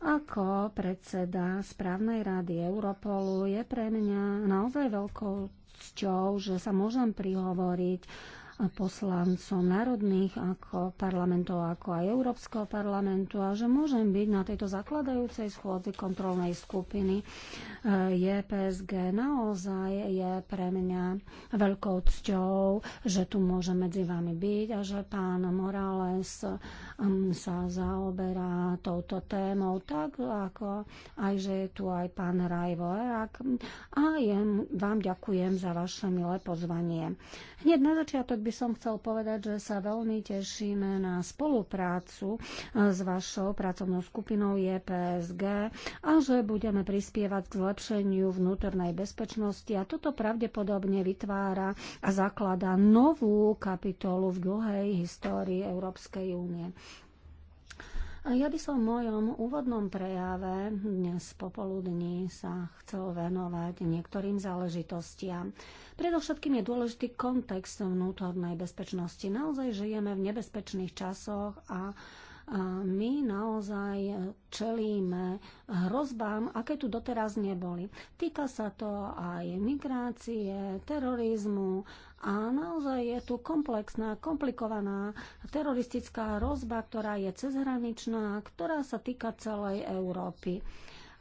Speaker 1: ako predseda správnej rady Europolu je pre mňa naozaj veľkou cťou, že sa môžem prihovoriť poslancom národných ako parlamentov, ako aj Európskeho parlamentu a že môžem byť na tejto zakladajúcej schôdzi kontrolnej skupiny eh, JPSG. Naozaj je pre mňa veľkou cťou, že tu môžem medzi vami byť a že pán Morales mm, sa zaoberá touto témou tak, ako aj, že je tu aj pán Rajvo Erak. A jem, vám ďakujem za vaše milé pozvanie. Hneď na začiatok by som chcel povedať, že sa veľmi tešíme na spoluprácu e, s vašou pracovnou skupinou JPSG e a že budeme prispievať k zlepšeniu vnútornej bezpečnosti a toto pravdepodobne vytvára a zaklada novú kapitolu v dlhej histórii Európskej únie. Ja by som v mojom úvodnom prejave dnes popoludní sa chcel venovať niektorým záležitostiam. Predovšetkým je dôležitý kontext vnútornej bezpečnosti. Naozaj žijeme v nebezpečných časoch a a my naozaj čelíme hrozbám, aké tu doteraz neboli. Týka sa to aj migrácie, terorizmu a naozaj je tu komplexná, komplikovaná teroristická hrozba, ktorá je cezhraničná, ktorá sa týka celej Európy.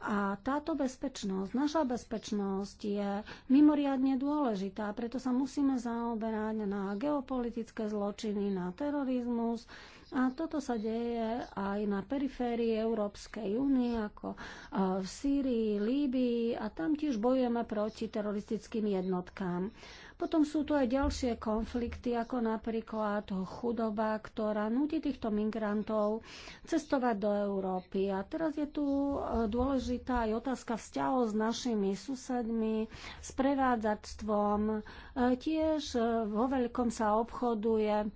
Speaker 1: A táto bezpečnosť, naša bezpečnosť je mimoriadne dôležitá, preto sa musíme zaoberať na geopolitické zločiny, na terorizmus. A toto sa deje aj na periférii Európskej únie, ako v Sýrii, Líbii a tam tiež bojujeme proti teroristickým jednotkám. Potom sú tu aj ďalšie konflikty, ako napríklad chudoba, ktorá nutí týchto migrantov cestovať do Európy. A teraz je tu e, dôležitá aj otázka vzťahu s našimi susedmi, s prevádzačstvom. E, tiež e, vo veľkom sa obchoduje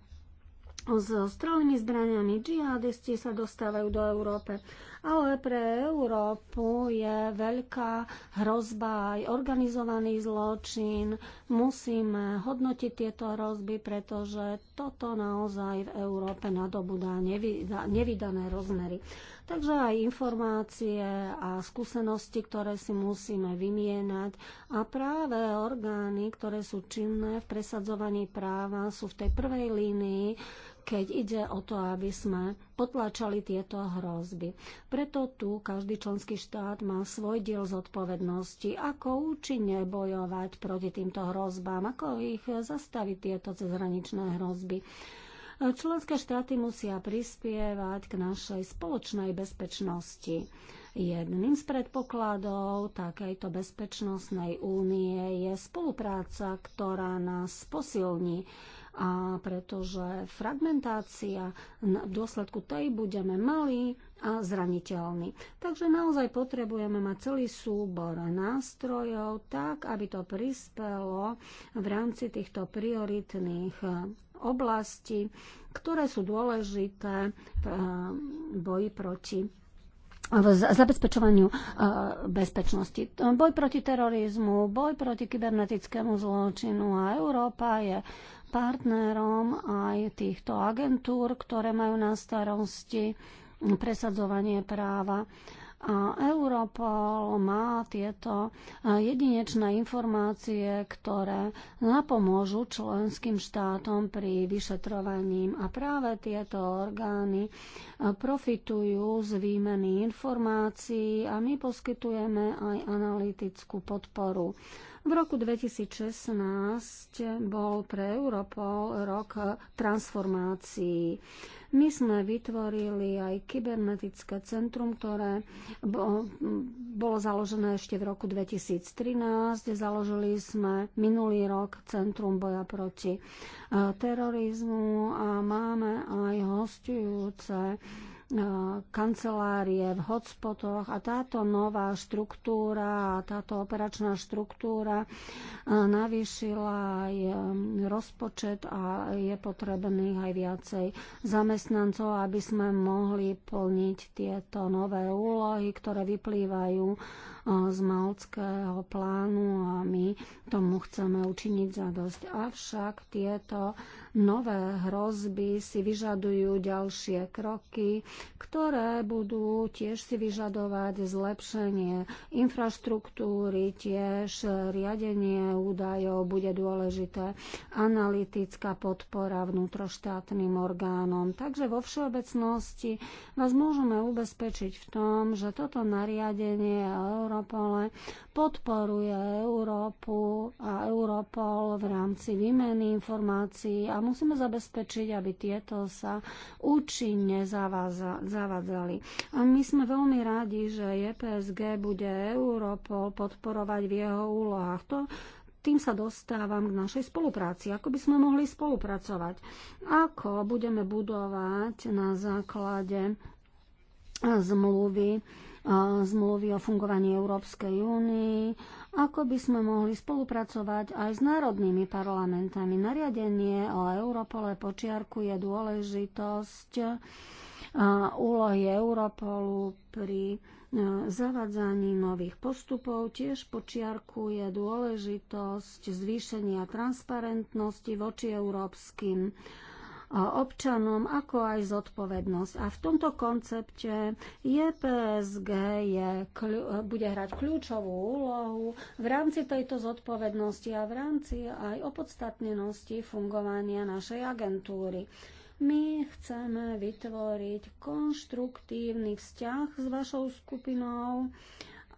Speaker 1: so strelnými zbraniami džihadisti sa dostávajú do Európe. Ale pre Európu je veľká hrozba aj organizovaný zločin. Musíme hodnotiť tieto hrozby, pretože toto naozaj v Európe nadobudá nevydané rozmery. Takže aj informácie a skúsenosti, ktoré si musíme vymienať a práve orgány, ktoré sú činné v presadzovaní práva, sú v tej prvej línii keď ide o to, aby sme potlačali tieto hrozby. Preto tu každý členský štát má svoj diel zodpovednosti, ako účinne bojovať proti týmto hrozbám, ako ich zastaviť tieto cezhraničné hrozby. Členské štáty musia prispievať k našej spoločnej bezpečnosti. Jedným z predpokladov takejto bezpečnostnej únie je spolupráca, ktorá nás posilní a pretože fragmentácia, v dôsledku tej budeme malí a zraniteľní. Takže naozaj potrebujeme mať celý súbor nástrojov tak, aby to prispelo v rámci týchto prioritných eh, oblastí, ktoré sú dôležité eh, v boji proti v zabezpečovaniu eh, bezpečnosti. Boj proti terorizmu, boj proti kybernetickému zločinu a Európa je partnerom aj týchto agentúr, ktoré majú na starosti presadzovanie práva. A Europol má tieto jedinečné informácie, ktoré napomôžu členským štátom pri vyšetrovaní. A práve tieto orgány profitujú z výmeny informácií a my poskytujeme aj analytickú podporu. V roku 2016 bol pre Europol rok transformácií. My sme vytvorili aj kybernetické centrum, ktoré bolo založené ešte v roku 2013. Založili sme minulý rok Centrum boja proti eh, terorizmu a máme aj hostujúce E, kancelárie v hotspotoch a táto nová štruktúra, táto operačná štruktúra e, navýšila aj e, rozpočet a je potrebných aj viacej zamestnancov, aby sme mohli plniť tieto nové úlohy, ktoré vyplývajú z malckého plánu a my tomu chceme učiniť za dosť, Avšak tieto nové hrozby si vyžadujú ďalšie kroky, ktoré budú tiež si vyžadovať zlepšenie infraštruktúry, tiež riadenie údajov bude dôležité, analytická podpora vnútroštátnym orgánom. Takže vo všeobecnosti vás môžeme ubezpečiť v tom, že toto nariadenie a Europole podporuje Európu a Europol v rámci výmeny informácií a musíme zabezpečiť, aby tieto sa účinne zavádzali. A my sme veľmi radi, že EPSG bude Europol podporovať v jeho úlohách. To tým sa dostávam k našej spolupráci. Ako by sme mohli spolupracovať? Ako budeme budovať na základe zmluvy zmluvy o fungovaní Európskej únii, ako by sme mohli spolupracovať aj s národnými parlamentami. Nariadenie o Europole počiarkuje dôležitosť úlohy Europolu pri zavadzaní nových postupov tiež počiarkuje dôležitosť zvýšenia transparentnosti voči európskym občanom, ako aj zodpovednosť. A v tomto koncepte JPSG je, bude hrať kľúčovú úlohu v rámci tejto zodpovednosti a v rámci aj opodstatnenosti fungovania našej agentúry. My chceme vytvoriť konštruktívny vzťah s vašou skupinou,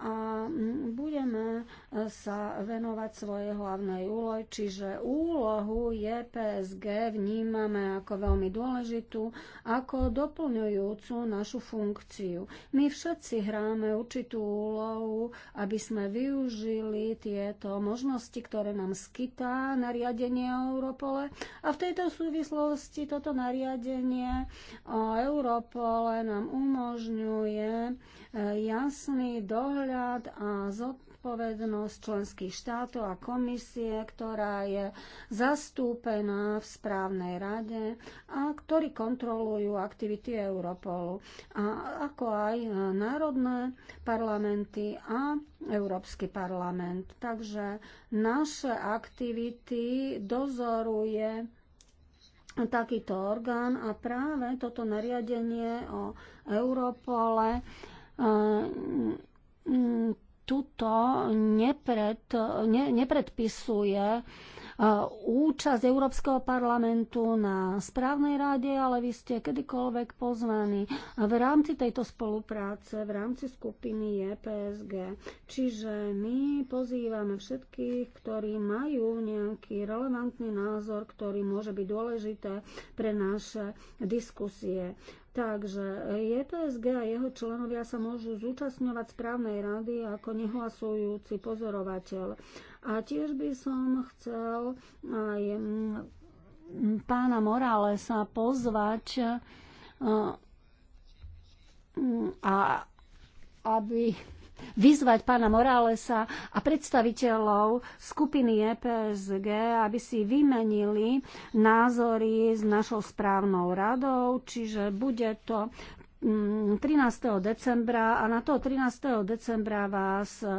Speaker 1: a budeme e, sa venovať svojej hlavnej úlohe, čiže úlohu JPSG vnímame ako veľmi dôležitú, ako doplňujúcu našu funkciu. My všetci hráme určitú úlohu, aby sme využili tieto možnosti, ktoré nám skytá nariadenie Europole a v tejto súvislosti toto nariadenie o Europole nám umožňuje e, jasný dohľad dohľad a zodpovednosť členských štátov a komisie, ktorá je zastúpená v správnej rade a ktorí kontrolujú aktivity Europolu, a ako aj e, národné parlamenty a Európsky parlament. Takže naše aktivity dozoruje takýto orgán a práve toto nariadenie o Europole e, Mm, tuto nepred, ne, nepredpisuje e, účasť Európskeho parlamentu na správnej rade, ale vy ste kedykoľvek pozvaní v rámci tejto spolupráce, v rámci skupiny JPSG. Čiže my pozývame všetkých, ktorí majú nejaký relevantný názor, ktorý môže byť dôležité pre naše diskusie. Takže JTSG a jeho členovia sa môžu zúčastňovať správnej rady ako nehlasujúci pozorovateľ. A tiež by som chcel aj mm, pána Moralesa pozvať e, mm, a aby vyzvať pána Moralesa a predstaviteľov skupiny EPSG, aby si vymenili názory s našou správnou radou, čiže bude to 13. Mm, decembra a na to 13. decembra vás e,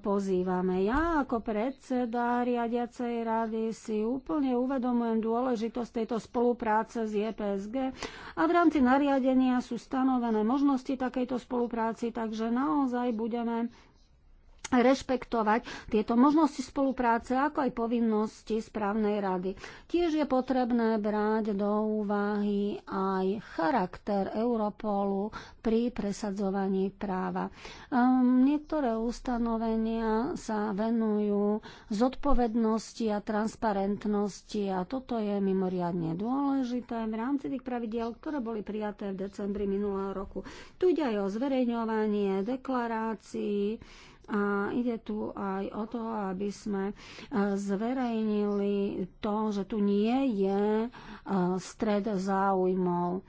Speaker 1: pozývame. Ja ako predseda riadiacej rady si úplne uvedomujem dôležitosť tejto spolupráce s EPSG a v rámci nariadenia sú stanovené možnosti takejto spolupráci, takže naozaj budeme rešpektovať tieto možnosti spolupráce, ako aj povinnosti správnej rady. Tiež je potrebné brať do úvahy aj charakter Europolu pri presadzovaní práva. Um, niektoré ustanovenia sa venujú zodpovednosti a transparentnosti a toto je mimoriadne dôležité v rámci tých pravidiel, ktoré boli prijaté v decembri minulého roku. Tu ide aj o zverejňovanie deklarácií, a ide tu aj o to, aby sme e, zverejnili to, že tu nie je e, stred záujmov.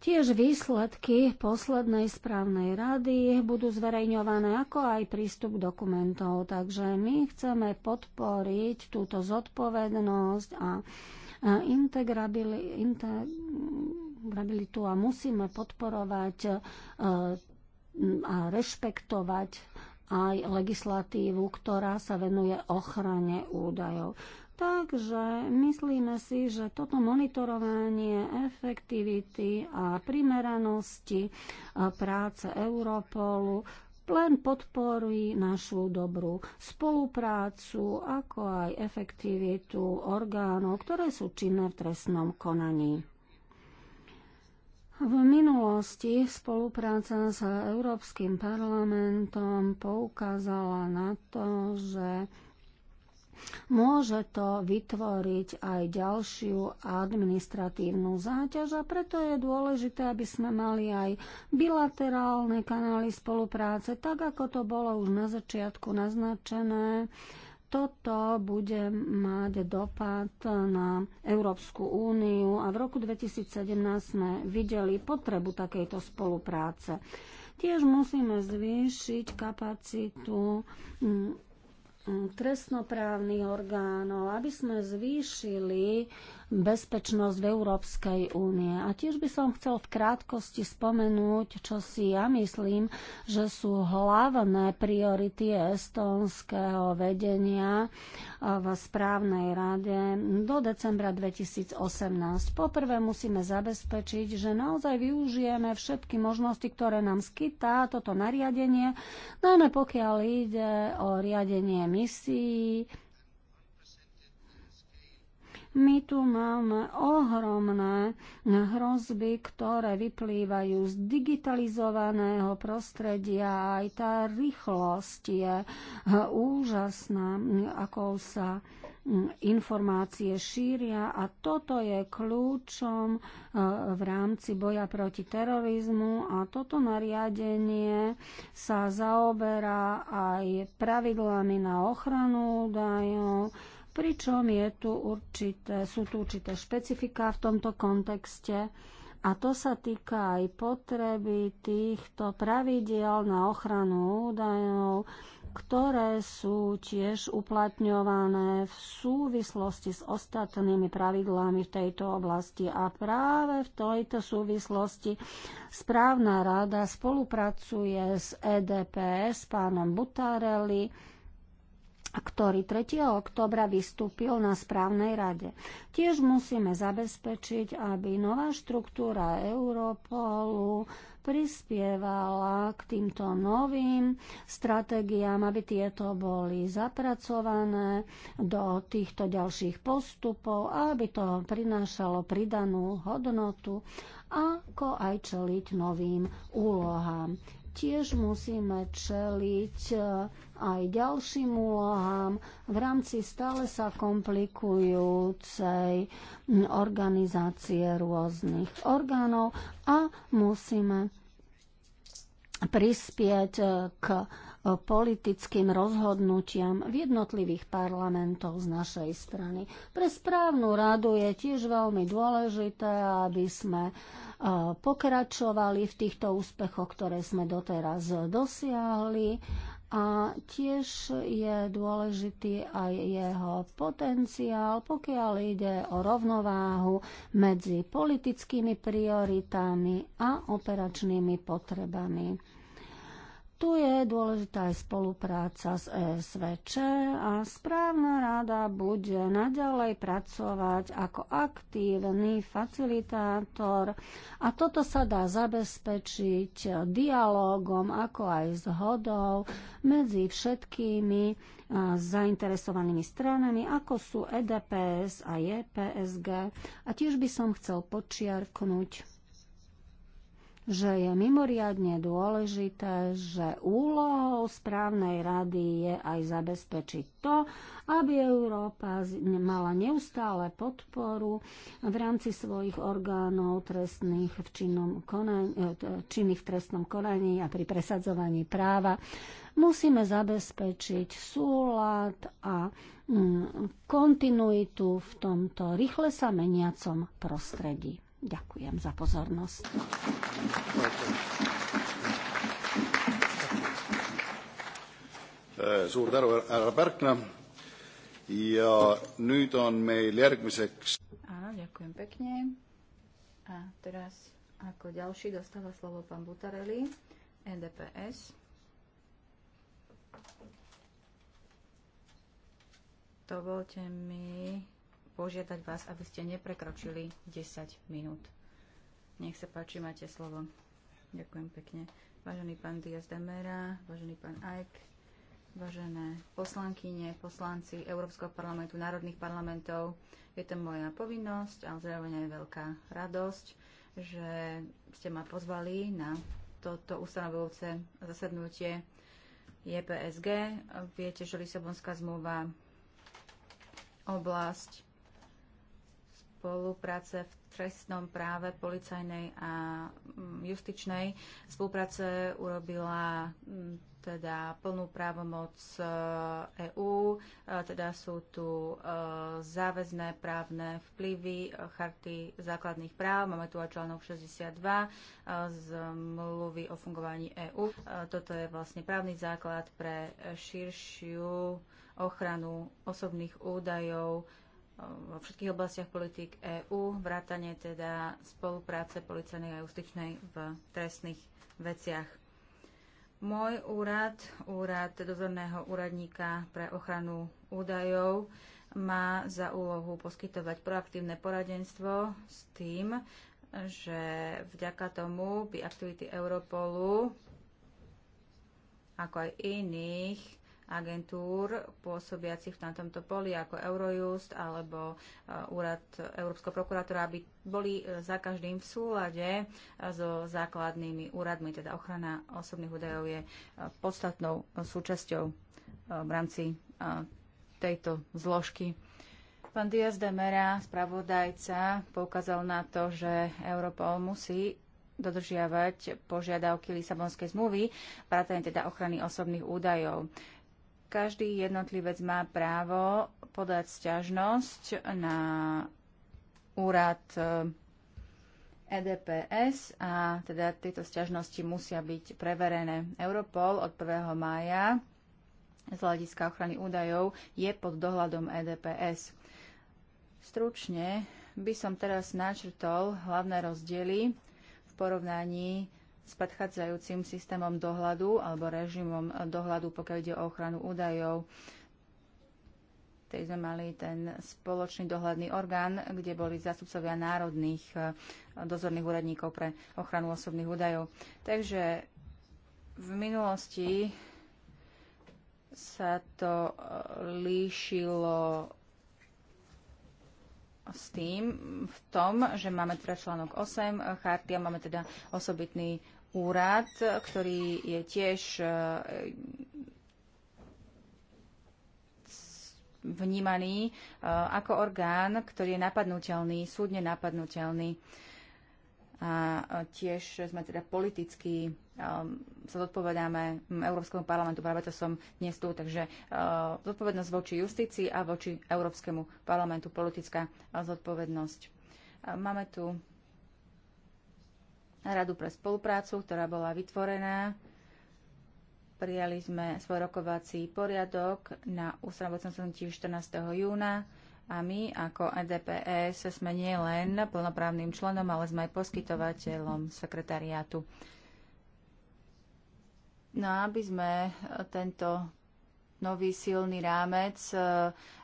Speaker 1: Tiež výsledky poslednej správnej rady budú zverejňované ako aj prístup dokumentov. Takže my chceme podporiť túto zodpovednosť a e, integrabilitu a musíme podporovať a rešpektovať aj legislatívu, ktorá sa venuje ochrane údajov. Takže myslíme si, že toto monitorovanie efektivity a primeranosti e, práce Europolu len podporí našu dobrú spoluprácu, ako aj efektivitu orgánov, ktoré sú činné v trestnom konaní. V minulosti spolupráca s Európskym parlamentom poukázala na to, že môže to vytvoriť aj ďalšiu administratívnu záťaž a preto je dôležité, aby sme mali aj bilaterálne kanály spolupráce, tak ako to bolo už na začiatku naznačené toto bude mať dopad na Európsku úniu a v roku 2017 sme videli potrebu takejto spolupráce. Tiež musíme zvýšiť kapacitu mm, mm, trestnoprávnych orgánov, aby sme zvýšili bezpečnosť v Európskej únie. A tiež by som chcel v krátkosti spomenúť, čo si ja myslím, že sú hlavné priority estónskeho vedenia v správnej rade do decembra 2018. Poprvé musíme zabezpečiť, že naozaj využijeme všetky možnosti, ktoré nám skytá toto nariadenie, najmä pokiaľ ide o riadenie misií, my tu máme ohromné hrozby, ktoré vyplývajú z digitalizovaného prostredia. Aj tá rýchlosť je hm, úžasná, hm, ako sa hm, informácie šíria a toto je kľúčom v rámci boja proti terorizmu a toto nariadenie sa zaoberá aj pravidlami na ochranu údajov pričom je tu určité, sú tu určité špecifika v tomto kontexte a to sa týka aj potreby týchto pravidiel na ochranu údajov, ktoré sú tiež uplatňované v súvislosti s ostatnými pravidlami v tejto oblasti. A práve v tejto súvislosti správna rada spolupracuje s EDPS, pánom Butarelli, ktorý 3. oktobra vystúpil na správnej rade. Tiež musíme zabezpečiť, aby nová štruktúra Europolu prispievala k týmto novým stratégiám, aby tieto boli zapracované do týchto ďalších postupov a aby to prinášalo pridanú hodnotu, ako aj čeliť novým úlohám tiež musíme čeliť e, aj ďalším úlohám v rámci stále sa komplikujúcej organizácie rôznych orgánov a musíme prispieť e, k e, politickým rozhodnutiam v jednotlivých parlamentov z našej strany. Pre správnu radu je tiež veľmi dôležité, aby sme uh, pokračovali v týchto úspechoch, ktoré sme doteraz dosiahli a tiež je dôležitý aj jeho potenciál, pokiaľ ide o rovnováhu medzi politickými prioritami a operačnými potrebami. Tu je dôležitá aj spolupráca s ESVČ a správna rada bude naďalej pracovať ako aktívny facilitátor a toto sa dá zabezpečiť dialogom ako aj zhodou medzi všetkými zainteresovanými stranami, ako sú EDPS a JPSG. E a tiež by som chcel počiarknúť, že je mimoriadne dôležité, že úlohou správnej rady je aj zabezpečiť to, aby Európa mala neustále podporu v rámci svojich orgánov trestných v činnom konaní, e, činných v trestnom konaní a pri presadzovaní práva. Musíme zabezpečiť súlad a mm, kontinuitu v tomto rýchle sa meniacom prostredí. Ďakujem za pozornosť.
Speaker 3: Eh,
Speaker 4: Áno, ďakujem pekne. A teraz ako ďalší dostáva slovo pán Butarelli, NDPS. Dovolte mi požiadať vás, aby ste neprekročili 10 minút. Nech sa páči, máte slovo. Ďakujem pekne. Vážený pán Diaz Demera, vážený pán Ajk, vážené poslankyne, poslanci Európskeho parlamentu, národných parlamentov, je to moja povinnosť, ale zároveň aj veľká radosť, že ste ma pozvali na toto ustanovujúce zasadnutie JPSG. Viete, že Lisabonská zmluva oblasť spolupráce v trestnom práve policajnej a mm, justičnej spolupráce urobila mm, teda plnú právomoc EÚ, e e, teda sú tu e, záväzné právne vplyvy charty základných práv, máme tu aj článok 62 z mluvy o fungovaní EÚ. Toto je vlastne právny základ pre širšiu ochranu osobných údajov vo všetkých oblastiach politik EÚ, vrátane teda spolupráce policajnej a justičnej v trestných veciach. Môj úrad, úrad dozorného úradníka pre ochranu údajov, má za úlohu poskytovať proaktívne poradenstvo s tým, že vďaka tomu by aktivity Europolu ako aj iných agentúr pôsobiacich v tomto poli ako Eurojust alebo eh, Úrad Európskeho prokurátora, aby boli eh, za každým v súlade eh, so základnými úradmi, teda ochrana osobných údajov je podstatnou súčasťou v rámci tejto zložky. Pán Diaz de Mera, spravodajca, poukázal na to, že Europol musí dodržiavať požiadavky Lisabonskej zmluvy, vrátane teda ochrany osobných údajov. Každý jednotlivec má právo podať sťažnosť na úrad EDPS e a teda tieto sťažnosti musia byť preverené. Europol od 1. mája z hľadiska ochrany údajov je pod dohľadom EDPS. Stručne by som teraz načrtol hlavné rozdiely v porovnaní s predchádzajúcim systémom dohľadu alebo režimom dohľadu, pokiaľ ide o ochranu údajov. Tej sme mali ten spoločný dohľadný orgán, kde boli zástupcovia národných eh, dozorných úradníkov pre ochranu osobných údajov. Takže v minulosti sa to eh, líšilo s tým v tom, že máme teda článok 8 eh, charty a máme teda osobitný úrad, ktorý je tiež e, vnímaný e, ako orgán, ktorý je napadnutelný, súdne napadnutelný. A tiež sme teda politicky e, sa zodpovedáme Európskemu parlamentu, práve to som dnes tu, takže zodpovednosť voči justícii a voči Európskemu parlamentu, politická zodpovednosť. Máme tu Radu pre spoluprácu, ktorá bola vytvorená. Prijali sme svoj rokovací poriadok na ústravocnom 14. júna a my ako EDPS sme nielen plnoprávnym členom, ale sme aj poskytovateľom sekretariátu. No aby sme tento nový silný rámec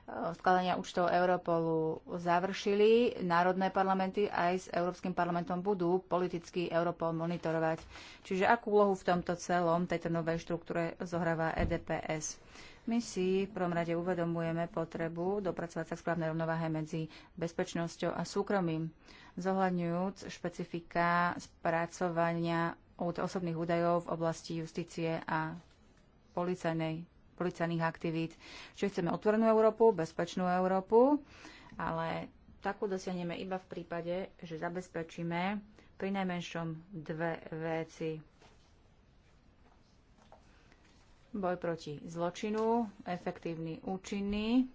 Speaker 4: Eh, skladania účtov Europolu završili. Národné parlamenty aj s Európskym parlamentom budú politicky Europol monitorovať. Čiže akú úlohu v tomto celom, tejto novej štruktúre zohráva EDPS? My si v prvom rade uvedomujeme potrebu dopracovať sa k správnej rovnováhe medzi bezpečnosťou a súkromím, zohľadňujúc špecifika spracovania od osobných údajov v oblasti justície a policajnej policajných aktivít. Čiže chceme otvorenú Európu, bezpečnú Európu, ale takú dosiahneme iba v prípade, že zabezpečíme pri najmenšom dve veci. Boj proti zločinu, efektívny, účinný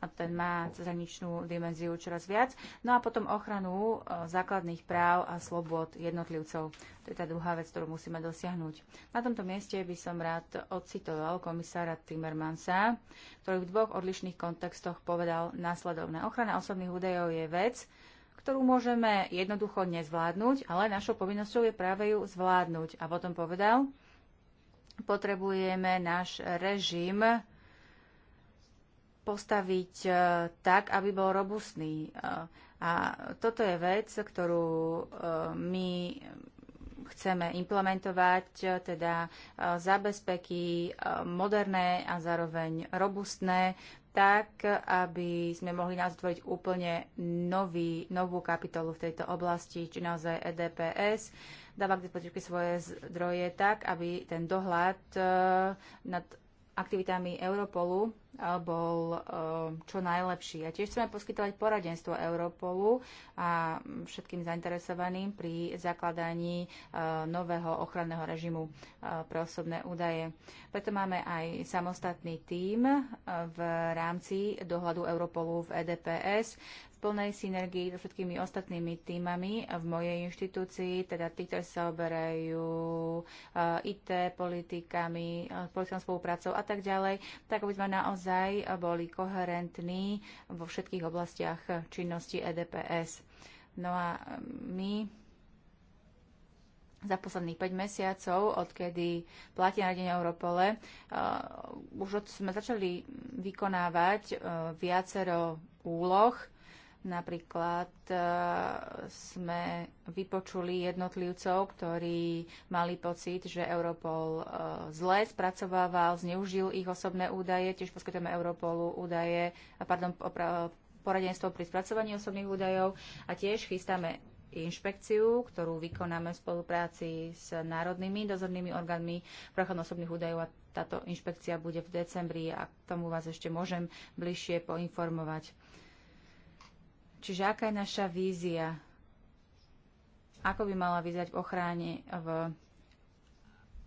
Speaker 4: a ten má cezhraničnú dimenziu čoraz viac. No a potom ochranu e, základných práv a slobod jednotlivcov. To je tá druhá vec, ktorú musíme dosiahnuť. Na tomto mieste by som rád odcitoval komisára Timmermansa, ktorý v dvoch odlišných kontextoch povedal následovné. Ochrana osobných údajov je vec, ktorú môžeme jednoducho nezvládnuť, ale našou povinnosťou je práve ju zvládnuť. A potom povedal, potrebujeme náš režim postaviť e, tak, aby bol robustný. E, a toto je vec, ktorú e, my chceme implementovať, teda zabezpeky moderné a zároveň robustné, tak, aby sme mohli nazdvojiť úplne nový, novú kapitolu v tejto oblasti, či naozaj EDPS dáva k dispozícii svoje zdroje tak, aby ten dohľad nad aktivitami Europolu eh, bol eh, čo najlepší. A tiež chceme poskytovať poradenstvo Europolu a všetkým zainteresovaným pri zakladaní eh, nového ochranného režimu pre osobné údaje. Preto máme aj samostatný tím v rámci dohľadu Europolu v EDPS plnej synergii so všetkými ostatnými týmami v mojej inštitúcii, teda tí, ktorí sa oberajú e, IT, politikami, e, politickou spoluprácou a tak ďalej, tak aby sme naozaj boli koherentní vo všetkých oblastiach činnosti EDPS. No a e, my za posledných 5 mesiacov, odkedy platia deň Europole, uh, už od, sme začali vykonávať uh, viacero úloh, Napríklad e, sme vypočuli jednotlivcov, ktorí mali pocit, že Europol e, zle spracovával, zneužil ich osobné údaje. Tiež poskytujeme Europolu údaje, pardon, poradenstvo pri spracovaní osobných údajov a tiež chystáme inšpekciu, ktorú vykonáme v spolupráci s národnými dozornými orgánmi pre ochranu osobných údajov a táto inšpekcia bude v decembri a k tomu vás ešte môžem bližšie poinformovať. Čiže aká je naša vízia? Ako by mala vyzerať v ochráne v,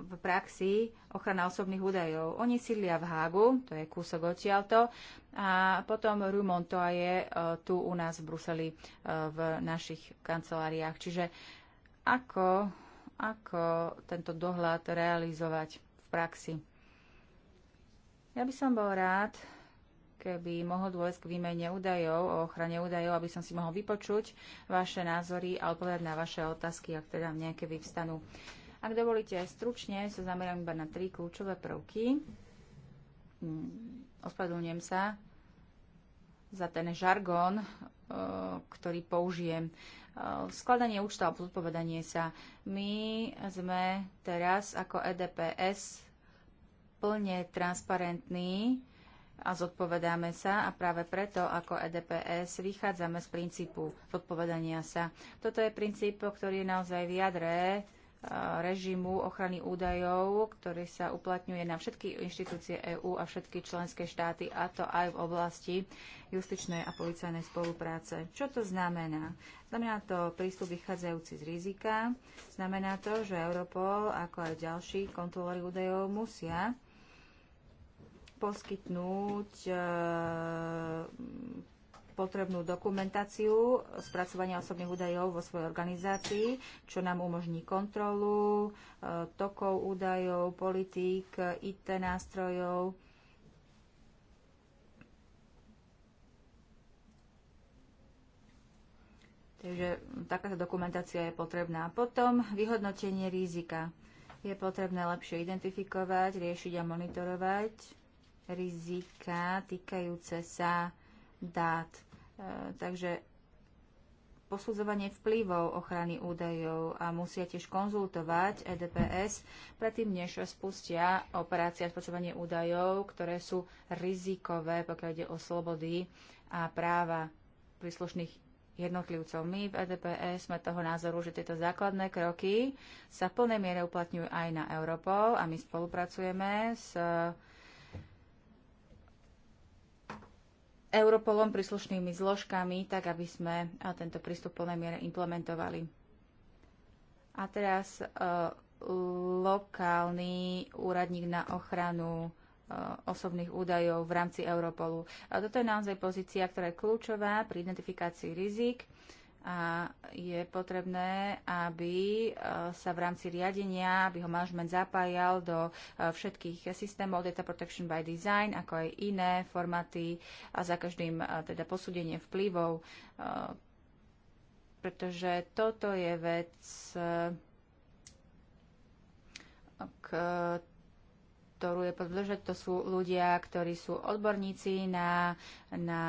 Speaker 4: v praxi ochrana osobných údajov? Oni sídlia v Hágu, to je kúsok odtiaľto, a potom Rumonto je e, tu u nás v Bruseli e, v našich kanceláriách. Čiže ako, ako tento dohľad realizovať v praxi? Ja by som bol rád, keby mohol dôjsť k výmene údajov, o ochrane údajov, aby som si mohol vypočuť vaše názory a odpovedať na vaše otázky, ak teda nejaké vyvstanú. Ak dovolíte, stručne sa zamerám iba na tri kľúčové prvky. Hm, ospravedlňujem sa za ten žargón, e, ktorý použijem. E, skladanie účta a podpovedanie sa. My sme teraz ako EDPS plne transparentní a zodpovedáme sa a práve preto ako EDPS vychádzame z princípu zodpovedania sa. Toto je princíp, ktorý je naozaj v jadre e, režimu ochrany údajov, ktorý sa uplatňuje na všetky inštitúcie EÚ a všetky členské štáty, a to aj v oblasti justičnej a policajnej spolupráce. Čo to znamená? Znamená to prístup vychádzajúci z rizika, znamená to, že Europol, ako aj ďalší kontrolóri údajov musia poskytnúť e, potrebnú dokumentáciu spracovania osobných údajov vo svojej organizácii, čo nám umožní kontrolu e, tokov údajov, politík, IT nástrojov. Takže takáto dokumentácia je potrebná. Potom vyhodnotenie rizika. Je potrebné lepšie identifikovať, riešiť a monitorovať rizika týkajúce sa dát. E, takže posudzovanie vplyvov ochrany údajov a musia tiež konzultovať EDPS predtým, než spustia a spočovanie údajov, ktoré sú rizikové, pokiaľ ide o slobody a práva príslušných jednotlivcov. My v EDPS sme toho názoru, že tieto základné kroky sa v plnej miere uplatňujú aj na Europol a my spolupracujeme s Europolom, príslušnými zložkami, tak aby sme tento prístup plnej miere implementovali. A teraz e, lokálny úradník na ochranu e, osobných údajov v rámci Europolu. A toto je naozaj pozícia, ktorá je kľúčová pri identifikácii rizik a je potrebné, aby eh, sa v rámci riadenia, aby ho manažment zapájal do eh, všetkých systémov Data Protection by Design, ako aj iné formáty a za každým eh, teda posúdenie vplyvov, pretože toto je vec, ktorú je podržať, to sú ľudia, ktorí sú odborníci na, na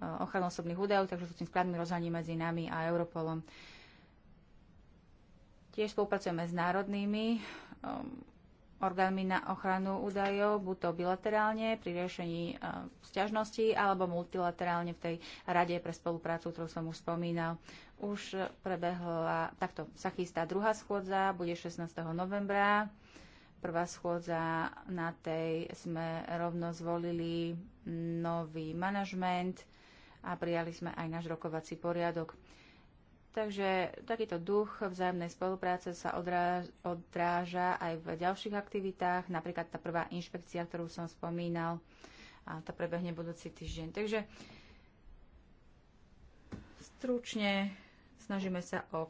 Speaker 4: eh, ochranu osobných údajov, takže sú tým správnym rozhraním medzi nami a Europolom. Tiež spolupracujeme s národnými um, orgánmi na ochranu údajov, buď to bilaterálne pri riešení uh, alebo multilaterálne v tej rade pre spoluprácu, ktorú som už spomínal. Už prebehla, takto sa chystá druhá schôdza, bude 16. novembra prvá schôdza, na tej sme rovno zvolili nový manažment a prijali sme aj náš rokovací poriadok. Takže takýto duch vzájomnej spolupráce sa odráža aj v ďalších aktivitách, napríklad tá prvá inšpekcia, ktorú som spomínal, a to prebehne budúci týždeň. Takže stručne snažíme sa o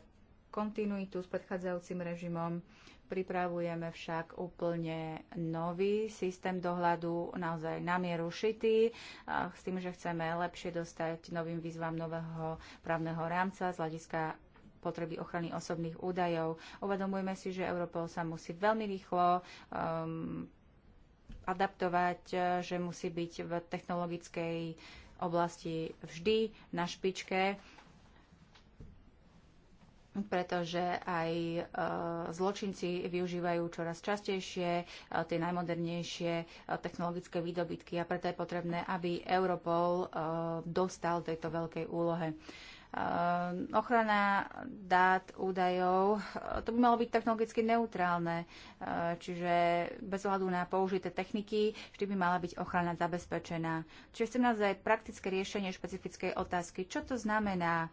Speaker 4: kontinuitu s predchádzajúcim režimom Pripravujeme však úplne nový systém dohľadu, naozaj na mieru šitý, s tým, že chceme lepšie dostať novým výzvam nového právneho rámca z hľadiska potreby ochrany osobných údajov. Uvedomujeme si, že Europol sa musí veľmi rýchlo um, adaptovať, že musí byť v technologickej oblasti vždy na špičke pretože aj e, zločinci využívajú čoraz častejšie e, tie najmodernejšie e, technologické výdobytky a preto je potrebné, aby Europol dostal tejto veľkej úlohe. Ochrana dát, údajov, to by malo byť technologicky neutrálne, čiže bez ohľadu na použité techniky vždy by mala byť ochrana zabezpečená. Čiže chcem naozaj praktické riešenie špecifickej otázky. Čo to znamená?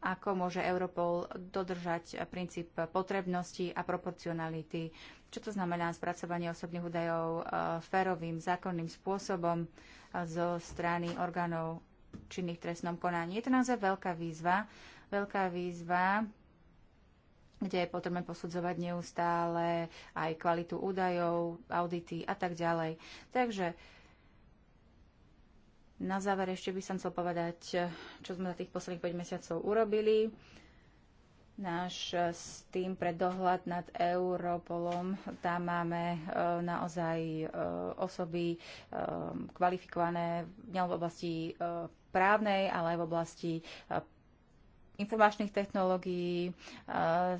Speaker 4: ako môže Europol dodržať princíp potrebnosti a proporcionality. Čo to znamená spracovanie osobných údajov e, férovým, zákonným spôsobom e, zo strany orgánov činných trestnom konaní. Je to naozaj veľká výzva, veľká výzva, kde je potrebné posudzovať neustále aj kvalitu údajov, audity a tak ďalej. Takže na záver ešte by som chcel povedať, čo sme za tých posledných 5 mesiacov urobili. Náš s eh, tým pre dohľad nad Europolom, tam máme eh, naozaj eh, osoby kvalifikované nie v oblasti právnej, ale aj v oblasti informačných technológií.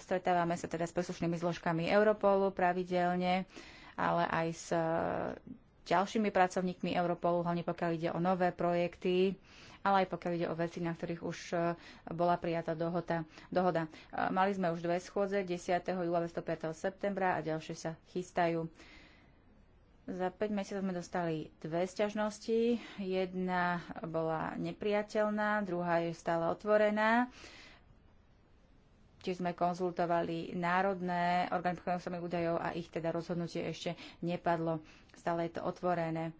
Speaker 4: Stretávame sa teda s príslušnými zložkami Europolu pravidelne, ale aj s ďalšími pracovníkmi Europolu, hlavne pokiaľ ide o nové projekty, ale aj pokiaľ ide o veci, na ktorých už e, bola prijatá dohoda. dohoda. E, mali sme už dve schôdze, 10. júla 105. septembra a ďalšie sa chystajú. Za 5 mesiacov sme dostali dve sťažnosti. Jedna bola nepriateľná, druhá je stále otvorená tiež sme konzultovali národné orgány ochrany údajov a ich teda rozhodnutie ešte nepadlo. Stále je to otvorené.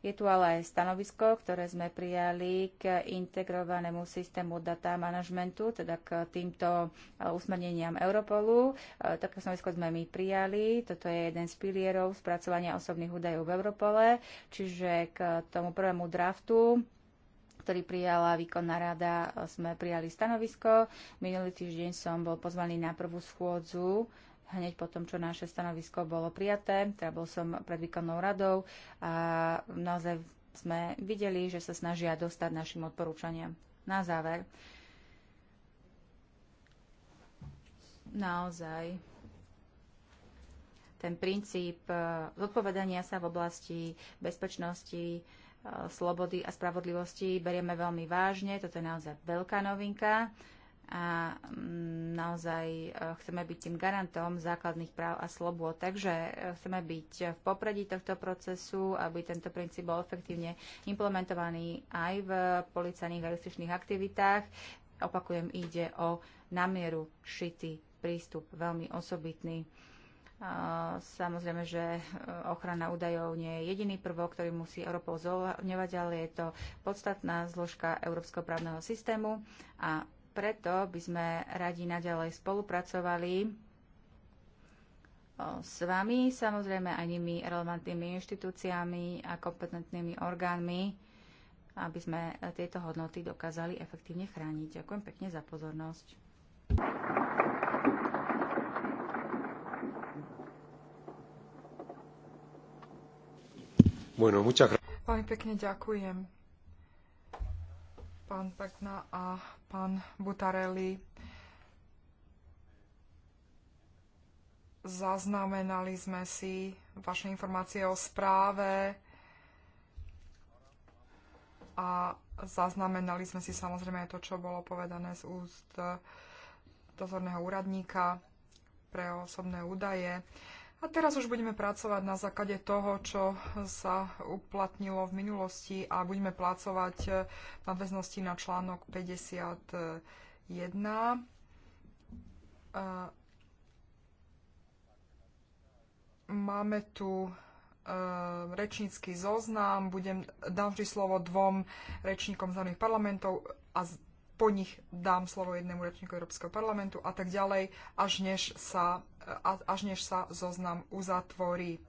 Speaker 4: Je tu ale aj stanovisko, ktoré sme prijali k integrovanému systému data managementu, teda k týmto e, usmerneniam Europolu. E, Také stanovisko sme my prijali. Toto je jeden z pilierov spracovania osobných údajov v Europole, čiže k tomu prvému draftu ktorý prijala výkonná rada, e, sme prijali stanovisko. Minulý týždeň som bol pozvaný na prvú schôdzu hneď po tom, čo naše stanovisko bolo prijaté, teda bol som pred výkonnou radou a naozaj sme videli, že sa snažia dostať našim odporúčaniam. Na záver, naozaj ten princíp e, zodpovedania sa v oblasti bezpečnosti slobody a spravodlivosti berieme veľmi vážne. Toto je naozaj veľká novinka a mm, naozaj e, chceme byť tým garantom základných práv a slobôd. Takže e, chceme byť v popredí tohto procesu, aby tento princíp bol efektívne implementovaný aj v policajných a justičných aktivitách. Opakujem, ide o namieru šitý prístup, veľmi osobitný. Samozrejme, že e, ochrana údajov nie je jediný prvok, ktorý musí Európol zohľadňovať, ale je to podstatná zložka európskeho právneho systému a preto by sme radi naďalej spolupracovali e, s vami, samozrejme aj nimi relevantnými inštitúciami a kompetentnými orgánmi, aby sme e, tieto hodnoty dokázali efektívne chrániť. Ďakujem pekne za pozornosť.
Speaker 3: Bueno, muchas gracias.
Speaker 2: Veľmi pekne ďakujem. Pán Pekna a pán Butarelli. Zaznamenali sme si vaše informácie o správe a zaznamenali sme si samozrejme aj to, čo bolo povedané z úst dozorného úradníka pre osobné údaje. A teraz už budeme pracovať na základe toho, čo sa uplatnilo v minulosti a budeme pracovať v nadväznosti na článok 51. Máme tu e, rečnícky zoznam, budem, dám vždy slovo dvom rečníkom zároveň parlamentov a po nich dám slovo jednému rečníku Európskeho parlamentu a tak ďalej, až než sa až než sa zoznam uzatvorí. E,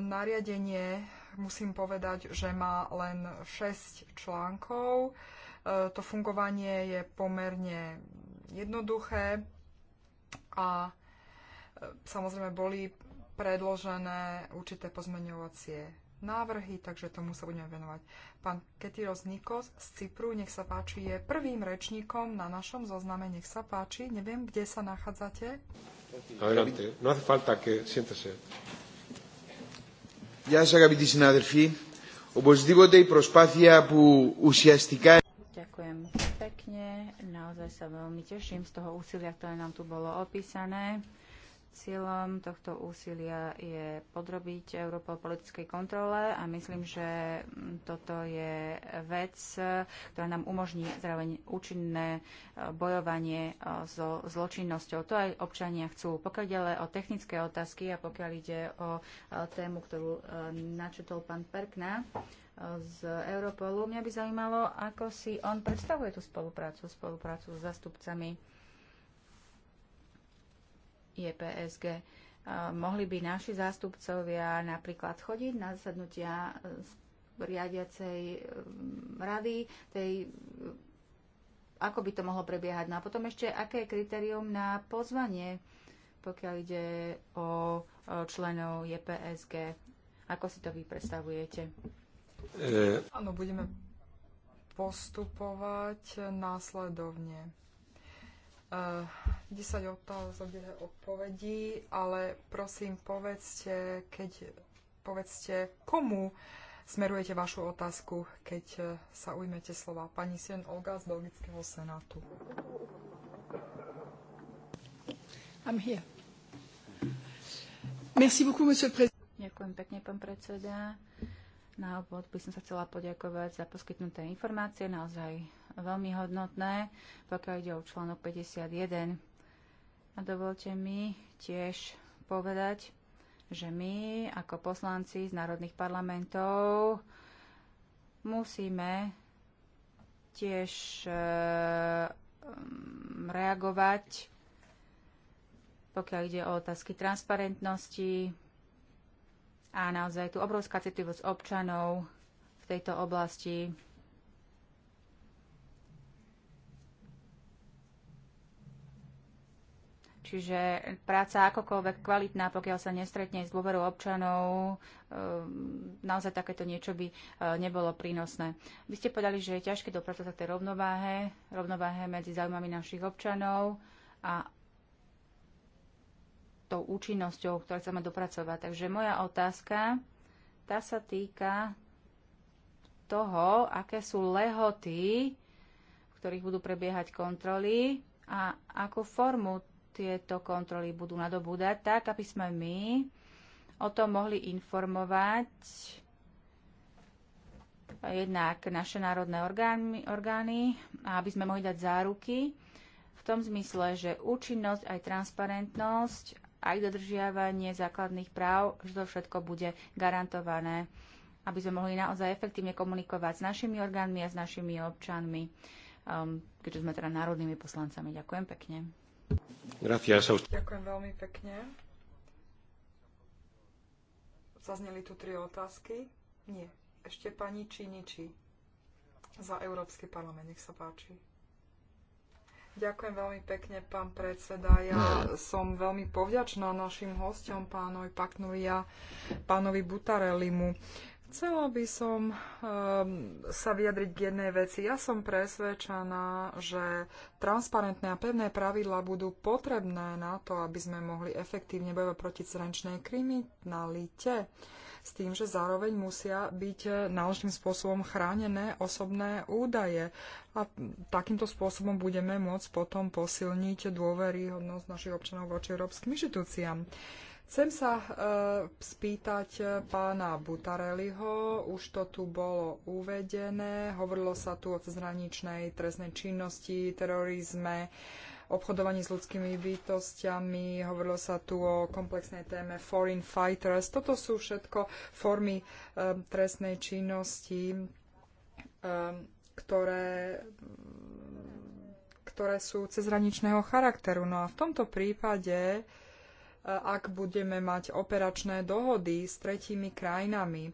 Speaker 2: nariadenie musím povedať, že má len 6 článkov. E, to fungovanie je pomerne jednoduché a e, samozrejme boli predložené určité pozmeňovacie návrhy, takže tomu sa budeme venovať. Pán Ketiros Nikos z Cypru, nech sa páči, je prvým rečníkom na našom zozname, nech sa páči. Neviem, kde sa nachádzate.
Speaker 3: Adelante, no hace falta que siéntese. Ďakujem
Speaker 4: pekne. Naozaj sa veľmi teším z toho úsilia, ktoré nám tu bolo opísané. Cieľom tohto úsilia je podrobiť Európol politickej kontrole a myslím, že toto je vec, ktorá nám umožní zároveň účinné e, bojovanie e, so zločinnosťou. To aj občania chcú. Pokiaľ ide o technické otázky a pokiaľ ide o e, tému, ktorú načetol pán Perkna, z Europolu. Mňa by zaujímalo, ako si on predstavuje tú spoluprácu, spoluprácu s zastupcami je PSG. Mohli by naši zástupcovia napríklad chodiť na zasadnutia e, riadiacej e, rady, tej, ako by to mohlo prebiehať. No a potom ešte, aké je kritérium na pozvanie, pokiaľ ide o e, členov JPSG. Ako si to
Speaker 2: vy predstavujete? Áno, e... budeme postupovať následovne. E 10 otázok, je odpovedí, ale prosím, povedzte, keď povedzte, komu smerujete vašu otázku, keď e, sa ujmete slova. Pani Sien Olga z Belgického senátu. I'm here. Merci beaucoup, monsieur le président. Ďakujem pekne,
Speaker 4: pán predseda. Na obvod by som sa chcela poďakovať za poskytnuté informácie, naozaj veľmi hodnotné, pokiaľ ide o článok 51 a dovolte mi tiež povedať, že my ako poslanci z národných parlamentov musíme tiež e, mm, reagovať, pokiaľ ide o otázky transparentnosti a naozaj tu obrovská citlivosť občanov v tejto oblasti. Čiže práca akokoľvek kvalitná, pokiaľ sa nestretne s dôverou občanov, ehm, naozaj takéto niečo by e, nebolo prínosné. Vy ste povedali, že je ťažké dopracovať k tej rovnováhe, rovnováhe medzi zaujímami našich občanov a tou účinnosťou, sa chceme dopracovať. Takže moja otázka, tá sa týka toho, aké sú lehoty, v ktorých budú prebiehať kontroly a akú formu tieto kontroly budú nadobúdať, tak aby sme my o tom mohli informovať jednak naše národné orgány, orgány aby sme mohli dať záruky v tom zmysle, že účinnosť aj transparentnosť aj dodržiavanie základných práv, že to všetko bude garantované, aby sme mohli naozaj efektívne komunikovať s našimi orgánmi a s našimi občanmi, um, keďže sme teda národnými poslancami. Ďakujem pekne.
Speaker 3: Ďakujem
Speaker 2: veľmi pekne. Zazneli tu tri otázky. Nie. Ešte pani Činiči za Európsky parlament. Nech sa páči. Ďakujem veľmi pekne, pán predseda. Ja no. som veľmi povďačná našim hostom, pánovi Paknovi a pánovi Butarelimu. Chcela by som um, sa vyjadriť k jednej veci. Ja som presvedčená, že transparentné a pevné pravidlá budú potrebné na to, aby sme mohli efektívne bojovať proti cezhraničnej kriminalite s tým, že zároveň musia byť náležitým spôsobom chránené osobné údaje. A takýmto spôsobom budeme môcť potom posilniť dôveryhodnosť našich občanov voči európskym inštitúciám. Chcem sa e, spýtať e, pána Butareliho, už to tu bolo uvedené, hovorilo sa tu o cezhraničnej trestnej činnosti, terorizme, obchodovaní s ľudskými bytostiami, hovorilo sa tu o komplexnej téme foreign fighters. Toto sú všetko formy e, trestnej činnosti, e, ktoré, ktoré sú cezhraničného charakteru. No a v tomto prípade ak budeme mať operačné dohody s tretími krajinami.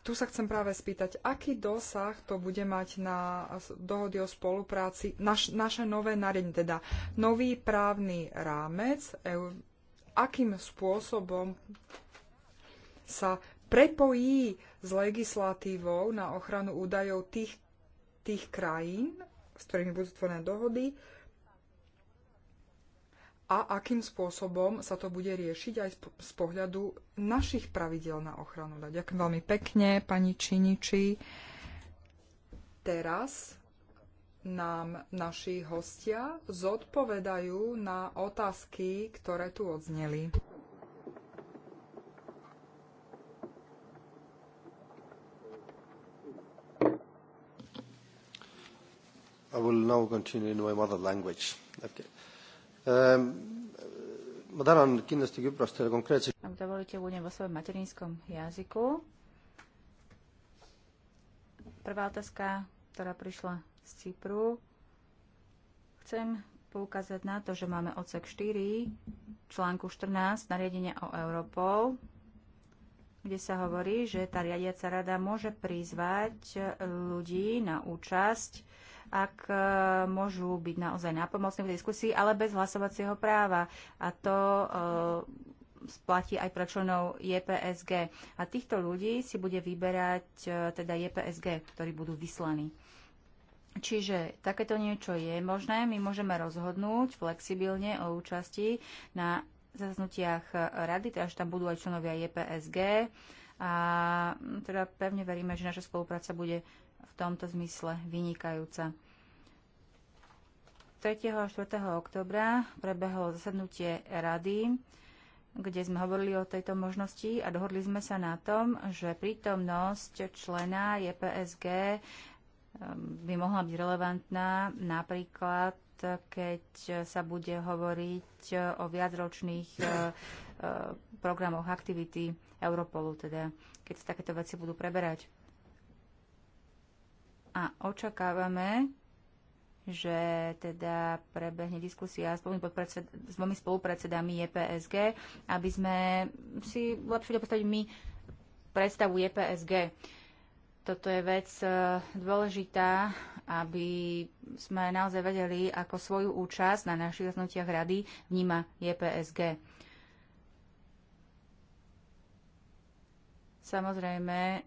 Speaker 2: Tu sa chcem práve spýtať, aký dosah to bude mať na dohody o spolupráci, naš, naše nové nariadenie, teda nový právny rámec, akým spôsobom sa prepojí s legislatívou na ochranu údajov tých, tých krajín, s ktorými budú tvorené dohody, a akým spôsobom sa to bude riešiť aj z pohľadu našich pravidel na ochranu. Ďakujem veľmi pekne, pani Činiči. Teraz nám naši hostia zodpovedajú na otázky, ktoré tu odzneli.
Speaker 3: I will now continue in my mother language. Okay.
Speaker 4: Ehm, Ak dovolíte, budem vo svojom materinskom jazyku. Prvá otázka, ktorá prišla z Cypru. Chcem poukázať na to, že máme odsek 4 článku 14 nariadenia o Európou, kde sa hovorí, že tá riadiaca rada môže prizvať ľudí na účasť ak e, môžu byť naozaj nápomocní v diskusii, ale bez hlasovacieho práva. A to e, platí aj pre členov JPSG. A týchto ľudí si bude vyberať e, teda JPSG, ktorí budú vyslaní. Čiže takéto niečo je možné. My môžeme rozhodnúť flexibilne o účasti na zaznutiach rady, teda že tam budú aj členovia JPSG. A teda pevne veríme, že naša spolupráca bude v tomto zmysle vynikajúca. 3. a 4. oktobra prebehlo zasadnutie rady, kde sme hovorili o tejto možnosti a dohodli sme sa na tom, že prítomnosť člena JPSG um, by mohla byť relevantná napríklad, keď sa bude hovoriť o viacročných uh, uh, programoch aktivity Europolu, teda keď sa takéto veci budú preberať a očakávame, že teda prebehne diskusia s dvomi, s dvomi spolupredsedami JPSG, e aby sme si lepšie dopostavili my predstavu JPSG. E Toto je vec eh, dôležitá, aby sme naozaj vedeli, ako svoju účasť na našich zasnutiach rady vníma JPSG. E Samozrejme,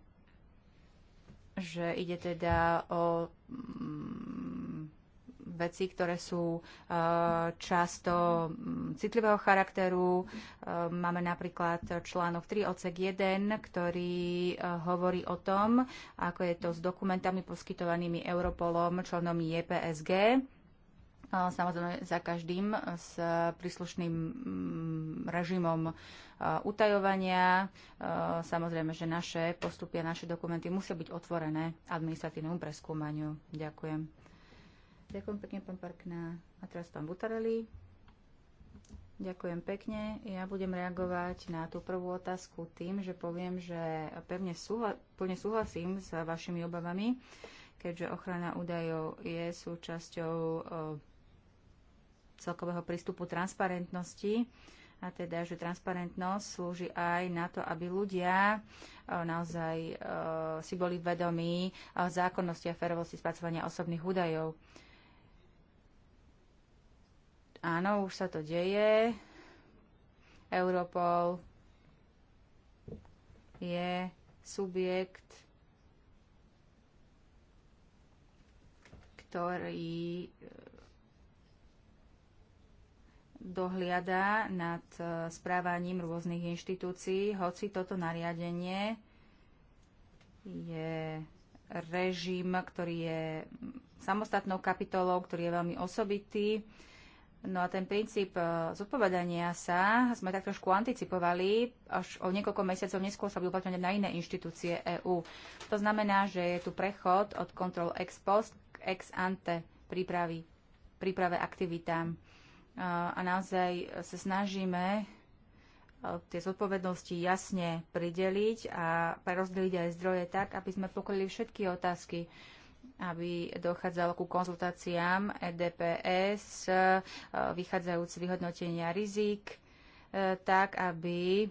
Speaker 4: že ide teda o mm, veci, ktoré sú e, často mm, citlivého charakteru. E, máme napríklad článok 3 odsek 1, ktorý e, hovorí o tom, ako je to s dokumentami poskytovanými Europolom členom JPSG samozrejme za každým s príslušným mm, režimom e, utajovania. E, samozrejme, že naše postupy a naše dokumenty musia byť otvorené administratívnemu preskúmaniu. Ďakujem. Ďakujem pekne, pán Parkna. A teraz pán Butarelli. Ďakujem pekne. Ja budem reagovať na tú prvú otázku tým, že poviem, že pevne súhla- plne súhlasím s vašimi obavami, keďže ochrana údajov je súčasťou e, celkového prístupu transparentnosti a teda, že transparentnosť slúži aj na to, aby ľudia e, naozaj e, si boli vedomí e, zákonnosti a férovosti spracovania osobných údajov. Áno, už sa to deje. Europol je subjekt, ktorý dohliada nad e, správaním rôznych inštitúcií, hoci toto nariadenie je režim, ktorý je samostatnou kapitolou, ktorý je veľmi osobitý. No a ten princíp e, zodpovedania sa sme tak trošku anticipovali, až o niekoľko mesiacov neskôr sa budú uplatňovať na iné inštitúcie EÚ. To znamená, že je tu prechod od kontrol ex post k ex ante prípravy, príprave aktivitám a naozaj sa snažíme e, tie zodpovednosti jasne prideliť a prerozdeliť aj zdroje tak, aby sme pokryli všetky otázky, aby dochádzalo ku konzultáciám EDPS, e, vychádzajúc z vyhodnotenia rizik, e, tak, aby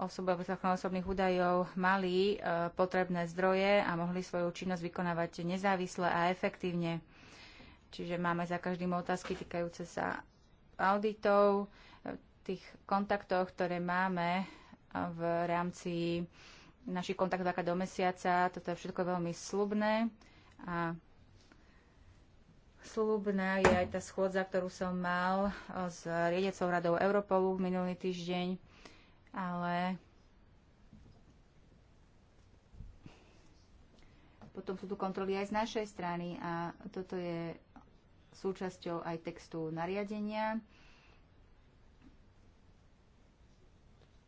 Speaker 4: osoba obyvateľov osobných údajov mali potrebné zdroje a mohli svoju činnosť vykonávať nezávisle a efektívne. Čiže máme za každým otázky týkajúce sa auditov, tých kontaktov, ktoré máme v rámci našich kontaktov aká do mesiaca. Toto je všetko veľmi slubné a slubná je aj tá schôdza, ktorú som mal e, s riedecou radou Europolu minulý týždeň, ale potom sú tu kontroly aj z našej strany a toto je súčasťou aj textu nariadenia.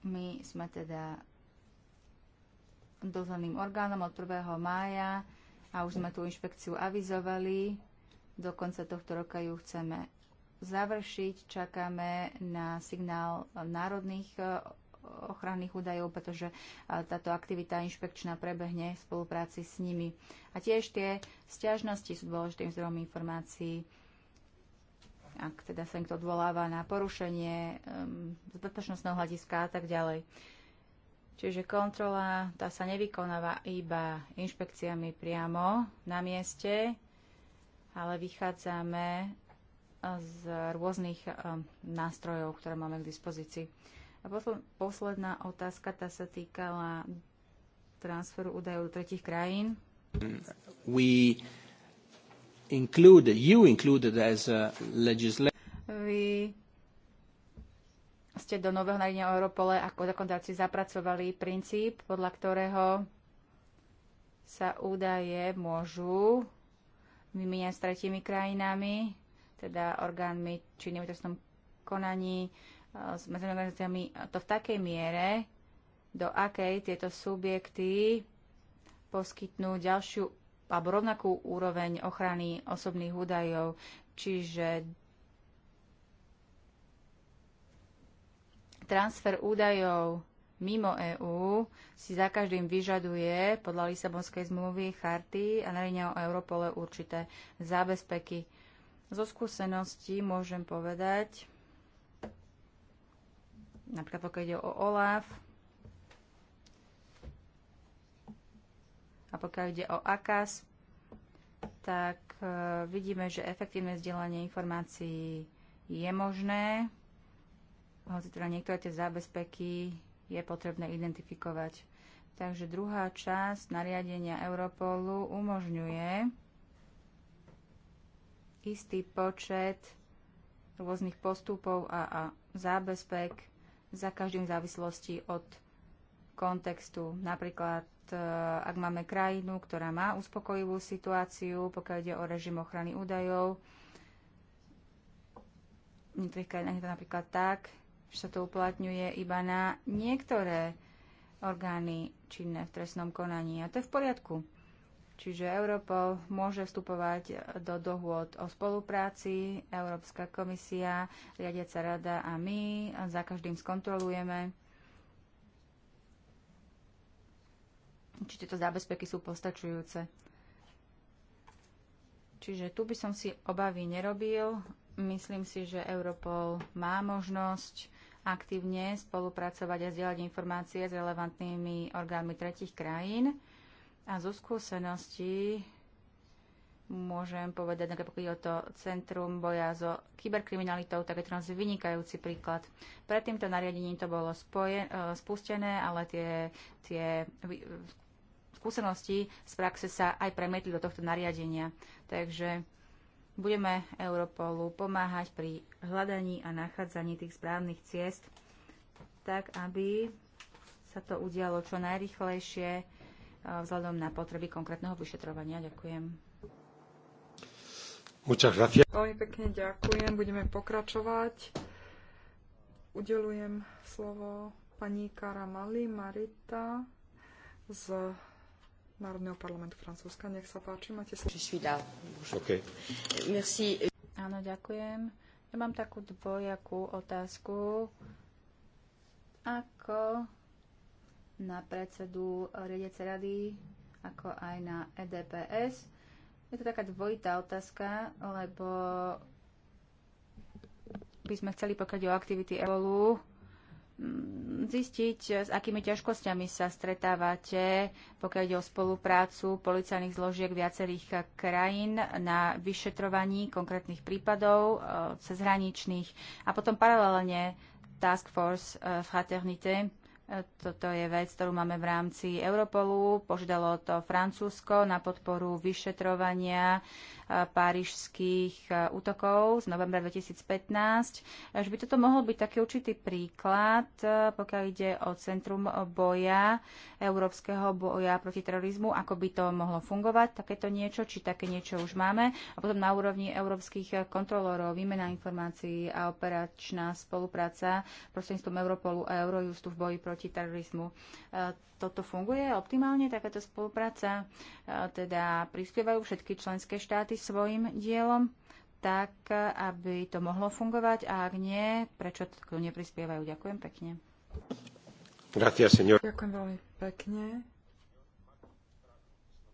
Speaker 4: My sme teda dozorným orgánom od 1. mája a už sme tú inšpekciu avizovali. Do konca tohto roka ju chceme završiť. Čakáme na signál národných ochranných údajov, pretože e, táto aktivita inšpekčná prebehne v spolupráci s nimi. A tiež tie stiažnosti sú dôležitým zdrojom informácií ak teda sa niekto odvoláva na porušenie z bezpečnostného hľadiska a tak ďalej. Čiže kontrola tá sa nevykonáva iba inšpekciami priamo na mieste, ale vychádzame e, z rôznych e, nástrojov, ktoré máme k dispozícii. A posledná otázka, tá sa týkala transferu údajov do tretich krajín.
Speaker 1: We include, you included as a
Speaker 4: Vy ste do nového nariadenia o Europole ako zákonodáci zapracovali princíp, podľa ktorého sa údaje môžu vymieňať s tretími krajinami, teda orgánmi činnými v trestnom konaní, s medzinárodnými organizáciami, to v takej miere, do akej tieto subjekty poskytnú ďalšiu alebo rovnakú úroveň ochrany osobných údajov, čiže transfer údajov mimo EÚ si za každým vyžaduje podľa Lisabonskej zmluvy, charty a nariadenia o Europole určité zábezpeky. Zo skúseností môžem povedať, Napríklad pokiaľ ide o OLAF a pokiaľ ide o AKAS, tak e, vidíme, že efektívne vzdielanie informácií je možné, hoci teda niektoré tie zábezpeky je potrebné identifikovať. Takže druhá časť nariadenia Europolu umožňuje istý počet rôznych postupov a, a zábezpek za každým v závislosti od kontextu. Napríklad, e, ak máme krajinu, ktorá má uspokojivú situáciu, pokiaľ ide o režim ochrany údajov, v niektorých krajinách je to napríklad tak, že sa to uplatňuje iba na niektoré orgány činné v trestnom konaní. A to je v poriadku. Čiže Europol môže vstupovať do dohôd o spolupráci, Európska komisia, riadiaca rada a my za každým skontrolujeme, či tieto zábezpeky sú postačujúce. Čiže tu by som si obavy nerobil. Myslím si, že Europol má možnosť aktívne spolupracovať a zdieľať informácie s relevantnými orgánmi tretich krajín a zo skúseností môžem povedať, napríklad je to Centrum boja so kyberkriminalitou, tak je to nás vynikajúci príklad. Pred týmto nariadením to bolo e, spustené, ale tie, tie skúsenosti z praxe sa aj premietli do tohto nariadenia. Takže budeme Europolu pomáhať pri hľadaní a nachádzaní tých správnych ciest, tak aby sa to udialo čo najrychlejšie, vzhľadom na potreby konkrétneho vyšetrovania.
Speaker 2: Ďakujem. Veľmi pekne ďakujem. Budeme pokračovať. Udelujem slovo pani Karamali Marita z Národného parlamentu Francúzska. Nech sa páči, máte slovo. Okay. Merci. Áno, ďakujem.
Speaker 4: Ja mám takú dvojakú otázku. Ako na predsedu riadiacej rady, ako aj na EDPS. Je to taká dvojitá otázka, lebo by sme chceli, pokiaľ o aktivity Evolu, mm, zistiť, s akými ťažkosťami sa stretávate, pokiaľ ide o spoluprácu policajných zložiek viacerých krajín na vyšetrovaní konkrétnych prípadov e, cezhraničných a potom paralelne Task Force e, Fraternité toto je vec, ktorú máme v rámci Europolu. Požiadalo to Francúzsko na podporu vyšetrovania parížských e, útokov z novembra 2015, že by toto mohol byť taký určitý príklad, e, pokiaľ ide o centrum boja, európskeho boja proti terorizmu, ako by to mohlo fungovať, takéto niečo, či také niečo už máme. A potom na úrovni európskych e, kontrolorov, výmena informácií a operačná spolupráca prostredníctvom Europolu a Eurojustu v boji proti terorizmu. Toto funguje optimálne, takáto spolupráca? Teda prispievajú všetky členské štáty svojim dielom, tak aby to mohlo fungovať a ak nie, prečo to neprispievajú. Ďakujem pekne.
Speaker 3: Gracias, señor.
Speaker 2: Ďakujem veľmi pekne.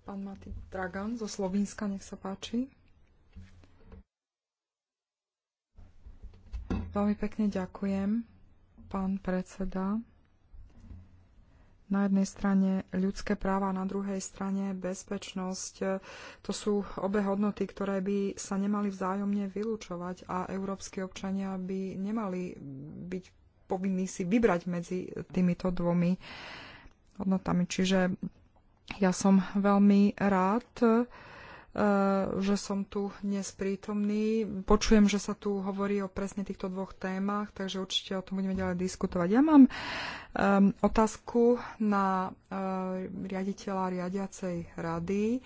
Speaker 2: Pán Mati Dragan zo Slovenska, nech sa páči. Veľmi pekne ďakujem, pán predseda na jednej strane ľudské práva, na druhej strane bezpečnosť. To sú obe hodnoty, ktoré by sa nemali vzájomne vylúčovať a európske občania by nemali byť povinní si vybrať medzi týmito dvomi hodnotami. Čiže ja som veľmi rád, Eh, že som tu dnes prítomný. Počujem, že sa tu hovorí o presne týchto dvoch témach, takže určite o tom budeme ďalej diskutovať. Ja mám um, otázku na eh, riaditeľa riadiacej rady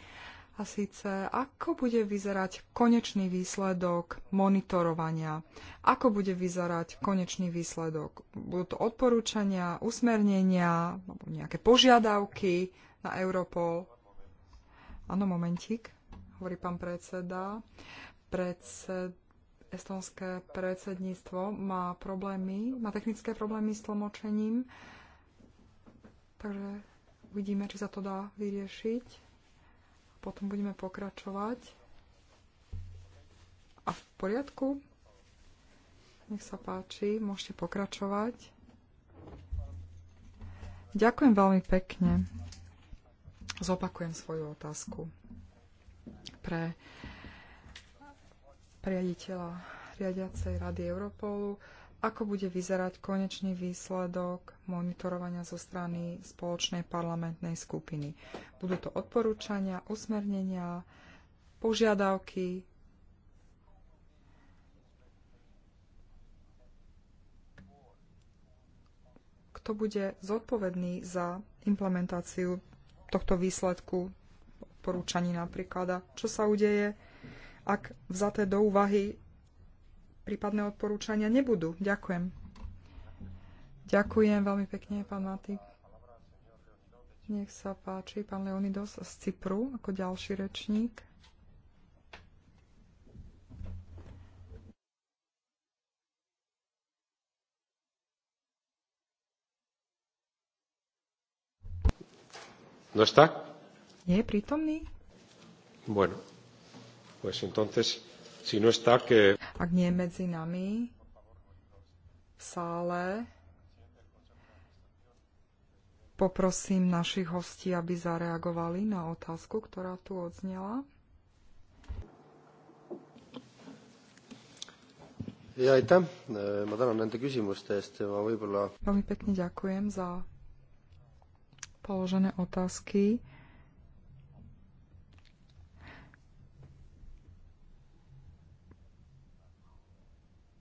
Speaker 2: a síce ako bude vyzerať konečný výsledok monitorovania, ako bude vyzerať konečný výsledok. Budú to odporúčania, usmernenia, nejaké požiadavky na Europol. Áno, momentík hovorí pán predseda. Predsed, estonské predsedníctvo má problémy, má technické problémy s tlmočením, takže uvidíme, či sa to dá vyriešiť. Potom budeme pokračovať. A v poriadku? Nech sa páči, môžete pokračovať. Ďakujem veľmi pekne. Zopakujem svoju otázku pre riaditeľa riadiacej rady Europolu, ako bude vyzerať konečný výsledok monitorovania zo strany spoločnej parlamentnej skupiny. Budú to odporúčania, usmernenia, požiadavky. Kto bude zodpovedný za implementáciu tohto výsledku odporúčaní napríklad a čo sa udeje, ak vzaté do úvahy prípadné odporúčania nebudú. Ďakujem. Ďakujem veľmi pekne, pán Matik. Nech sa páči, pán Leonidos z Cypru ako ďalší rečník. No nie je prítomný?
Speaker 3: Bueno, pues entonces, si no está, que...
Speaker 2: Ak nie je medzi nami v sále, poprosím našich hostí, aby zareagovali na otázku, ktorá tu odznela.
Speaker 3: ja aitäh, eh, ma tänan nende küsimuste eest ma võibolla...
Speaker 2: veľmi pekne ďakujem za položené otázky.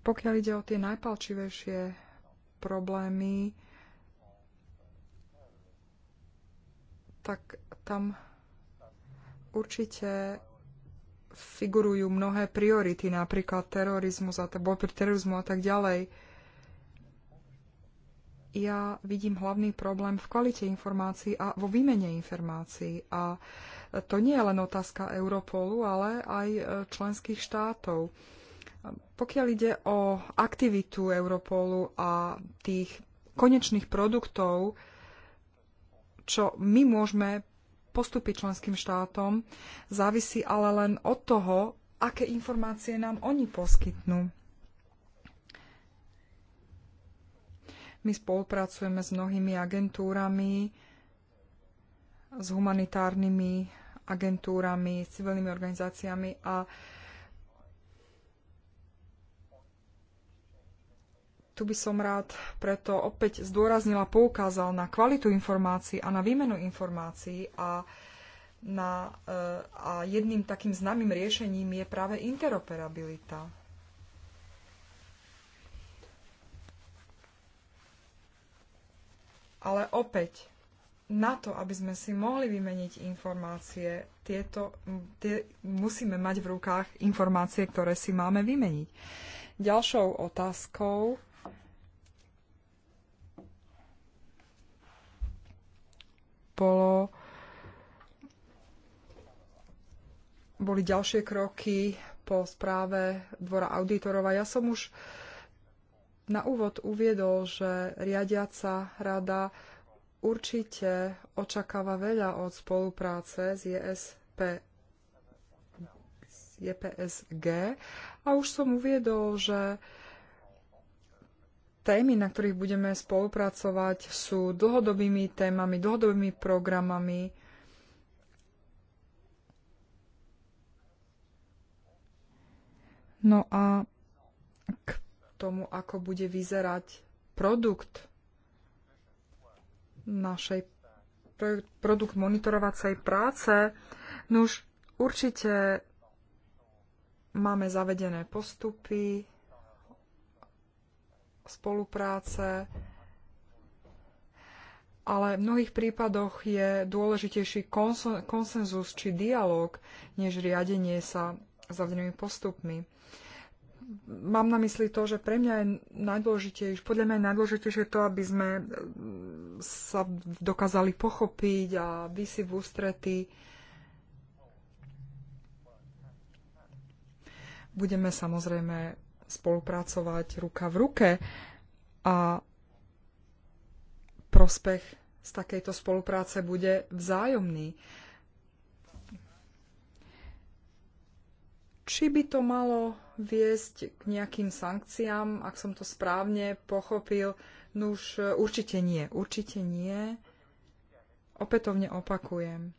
Speaker 2: Pokiaľ ide o tie najpalčivejšie problémy, tak tam určite figurujú mnohé priority, napríklad terorizmus a boj pri terorizmu a tak ďalej. Ja vidím hlavný problém v kvalite informácií a vo výmene informácií. A to nie je len otázka Europolu, ale aj e, členských štátov. Pokiaľ ide o aktivitu Europolu a tých konečných produktov, čo my môžeme postúpiť členským štátom, závisí ale len od toho, aké informácie nám oni poskytnú. My spolupracujeme s mnohými agentúrami, s humanitárnymi agentúrami, s civilnými organizáciami a Tu by som rád preto opäť zdôraznila, poukázal na kvalitu informácií a na výmenu informácií a na, eh, a jedným takým známym riešením je práve interoperabilita. Ale opäť, na to, aby sme si mohli vymeniť informácie, tieto, tie, musíme mať v rukách informácie, ktoré si máme vymeniť. Ďalšou otázkou bolo, boli ďalšie kroky po správe Dvora auditorov. ja som už na úvod uviedol, že riadiaca rada určite očakáva veľa od spolupráce s JSP, JPSG. A už som uviedol, že Témy, na ktorých budeme spolupracovať, sú dlhodobými témami, dlhodobými programami. No a k tomu, ako bude vyzerať produkt našej produkt monitorovacej práce, no už určite máme zavedené postupy, spolupráce, ale v mnohých prípadoch je dôležitejší konsenzus či dialog, než riadenie sa zavdenými postupmi mám na mysli to, že pre mňa je najdôležitejšie, podľa mňa je najdôležitejšie to, aby sme e, sa dokázali pochopiť a vysiť v ústrety. Budeme samozrejme spolupracovať ruka v ruke a prospech z takejto spolupráce bude vzájomný. Či by to malo viesť k nejakým sankciám, ak som to správne pochopil? No už určite nie, určite nie. Opätovne opakujem.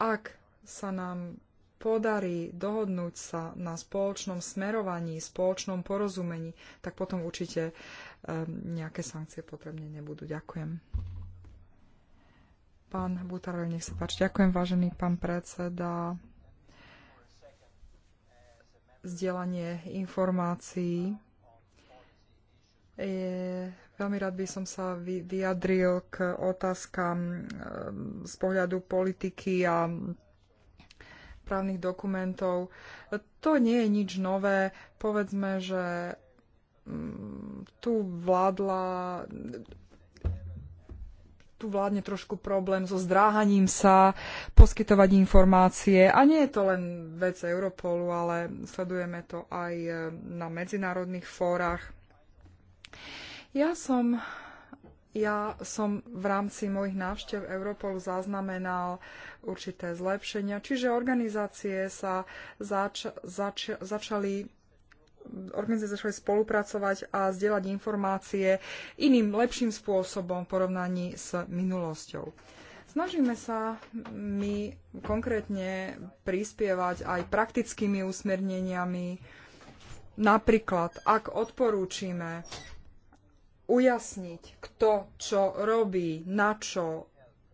Speaker 2: Ak sa nám podarí dohodnúť sa na spoločnom smerovaní, spoločnom porozumení, tak potom určite e, nejaké sankcie potrebne nebudú. Ďakujem. Pán Butarov, nech sa páči. Ďakujem, vážený pán predseda. Zdielanie informácií. Je, veľmi rád by som sa vyjadril k otázkam e, z pohľadu politiky a právnych dokumentov. To nie je nič nové. Povedzme, že mm, tu vládla tu vládne trošku problém so zdráhaním sa poskytovať informácie. A nie je to len vec Europolu, ale sledujeme to aj eh, na medzinárodných fórach. Ja som ja som v rámci mojich návštev Europolu zaznamenal určité zlepšenia, čiže organizácie sa zač- zač- začali organizácie začali spolupracovať a zdieľať informácie iným lepším spôsobom v porovnaní s minulosťou. Snažíme sa my konkrétne prispievať aj praktickými usmerneniami. Napríklad, ak odporúčime ujasniť, kto čo robí, na čo,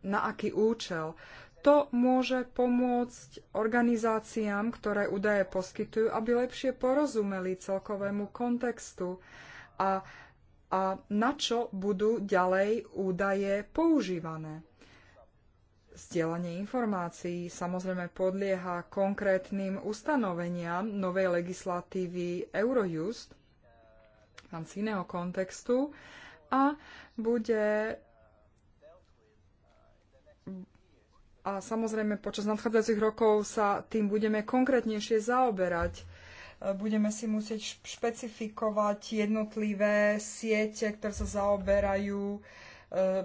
Speaker 2: na aký účel. To môže pomôcť organizáciám, ktoré údaje poskytujú, aby lepšie porozumeli celkovému kontextu a, a na čo budú ďalej údaje používané. Zdieľanie informácií samozrejme podlieha konkrétnym ustanoveniam novej legislatívy Eurojust – rámci iného kontextu a bude a samozrejme počas nadchádzajúcich rokov sa tým budeme konkrétnejšie zaoberať. E, budeme si musieť špecifikovať jednotlivé siete, ktoré sa zaoberajú e,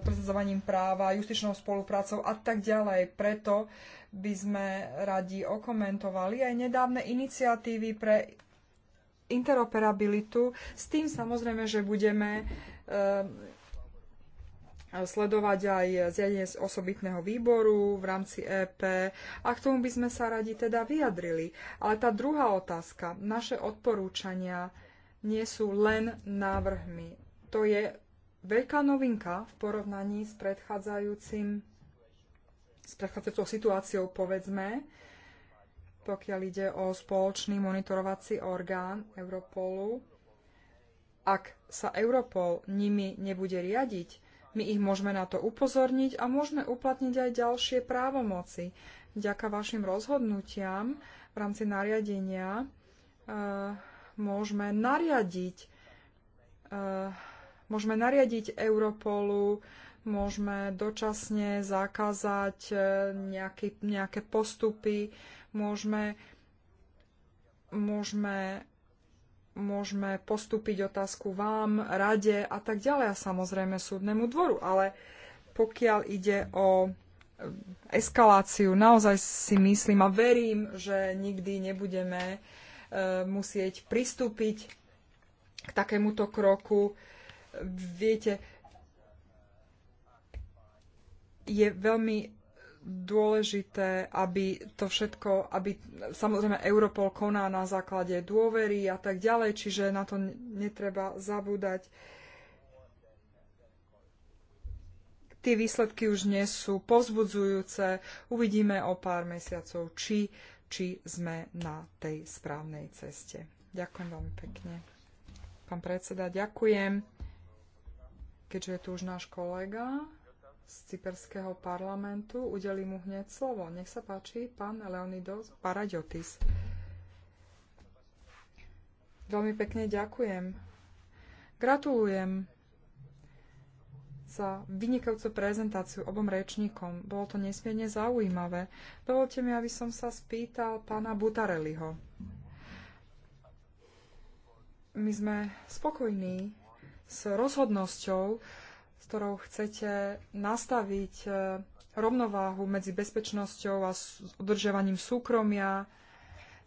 Speaker 2: presadzovaním práva, justičnou spoluprácou a tak ďalej. Preto by sme radi okomentovali aj nedávne iniciatívy pre interoperabilitu s tým samozrejme, že budeme ehm, sledovať aj zjadenie z osobitného výboru v rámci EP a k tomu by sme sa radi teda vyjadrili. Ale tá druhá otázka, naše odporúčania nie sú len návrhmi. To je veľká novinka v porovnaní s predchádzajúcim s predchádzajúcou situáciou, povedzme, pokiaľ ide o spoločný monitorovací orgán Europolu. Ak sa Europol nimi nebude riadiť, my ich môžeme na to upozorniť a môžeme uplatniť aj ďalšie právomoci. Vďaka vašim rozhodnutiam v rámci nariadenia e, môžeme nariadiť e, môžeme nariadiť Europolu, môžeme dočasne zakázať eh, nejaký, nejaké postupy, môžeme, môžeme, môžeme postúpiť otázku vám, rade a tak ďalej a samozrejme súdnemu dvoru. Ale pokiaľ ide o eskaláciu, naozaj si myslím a verím, že nikdy nebudeme e, musieť pristúpiť k takémuto kroku. Viete, je veľmi dôležité, aby to všetko, aby samozrejme Europol koná na základe dôvery a tak ďalej, čiže na to netreba zabúdať. Tie výsledky už nie sú povzbudzujúce. Uvidíme o pár mesiacov, či, či sme na tej správnej ceste. Ďakujem veľmi pekne. Pán predseda, ďakujem, keďže je tu už náš kolega z cyperského parlamentu. Udelím mu hneď slovo. Nech sa páči, pán Leonidos Paradiotis. Veľmi pekne ďakujem. Gratulujem za vynikajúcu prezentáciu obom rečníkom. Bolo to nesmierne zaujímavé. Dovolte mi, aby som sa spýtal pána Butareliho. My sme spokojní s rozhodnosťou, ktorou chcete nastaviť e, rovnováhu medzi bezpečnosťou a udržiavaním súkromia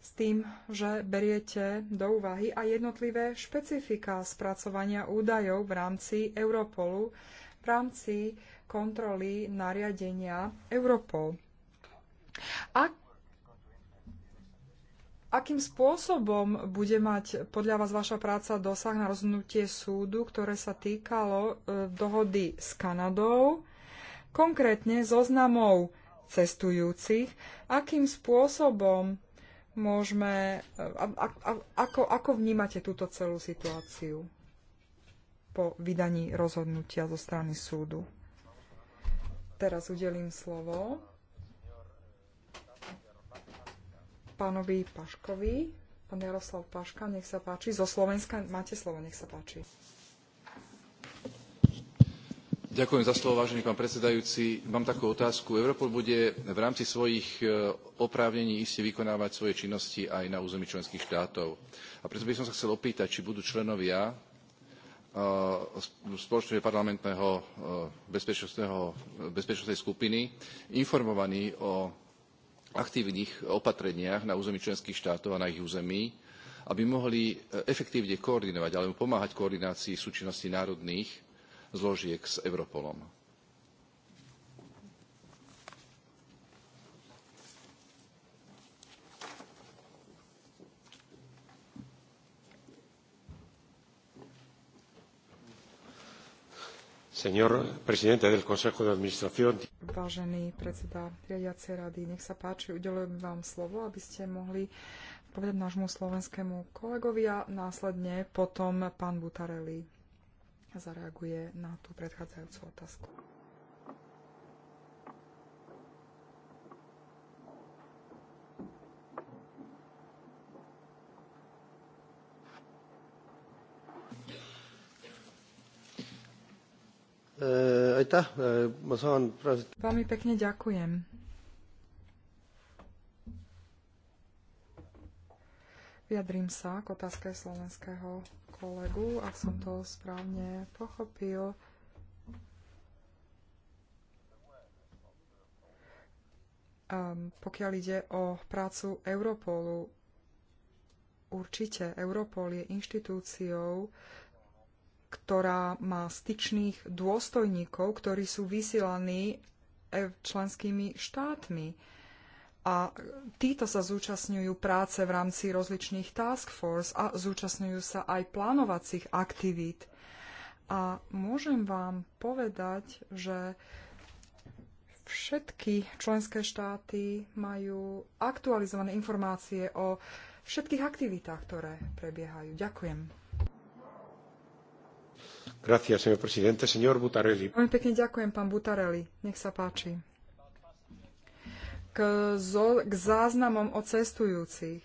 Speaker 2: s tým, že beriete do úvahy aj jednotlivé špecifika spracovania údajov v rámci Europolu, v rámci kontroly nariadenia Europol. Ak Akým spôsobom bude mať podľa vás vaša práca dosah na rozhodnutie súdu, ktoré sa týkalo e, dohody s Kanadou, konkrétne zoznamov cestujúcich, akým spôsobom môžeme, e, a, a, a, ako, ako vnímate túto celú situáciu po vydaní rozhodnutia zo strany súdu? Teraz udelím slovo pánovi Paškovi. Pán Jaroslav Paška, nech sa páči. Zo Slovenska máte slovo, nech sa páči.
Speaker 4: Ďakujem za slovo, vážený pán predsedajúci. Mám takú otázku. Europol bude v rámci svojich e, oprávnení iste vykonávať svoje činnosti aj na území členských štátov. A preto by som sa chcel opýtať, či budú členovia e, spoločného parlamentného e, bezpečnostnej skupiny informovaní o aktívnych opatreniach na území členských štátov a na ich území, aby mohli e, efektívne koordinovať alebo
Speaker 3: pomáhať koordinácii súčinnosti národných zložiek s Europolom. Vážený
Speaker 2: predseda riadiacej rady, nech sa páči, udelujem vám slovo, aby ste mohli povedať nášmu slovenskému kolegovi a následne potom pán Butarelli zareaguje na tú predchádzajúcu otázku.
Speaker 3: Eh, eh,
Speaker 2: Veľmi pekne ďakujem. Vyjadrím sa k otázke slovenského kolegu, ak som to správne pochopil. Ehm, pokiaľ ide o prácu Europolu, určite Europol je inštitúciou, ktorá má styčných dôstojníkov, ktorí sú vysielaní e, členskými štátmi. A títo sa zúčastňujú práce v rámci rozličných task force a zúčastňujú sa aj plánovacích aktivít. A môžem vám povedať, že všetky členské štáty majú aktualizované informácie o všetkých aktivitách, ktoré prebiehajú. Ďakujem. Veľmi pekne ďakujem, pán Butarelli. Nech sa páči. K, zo, k záznamom o cestujúcich.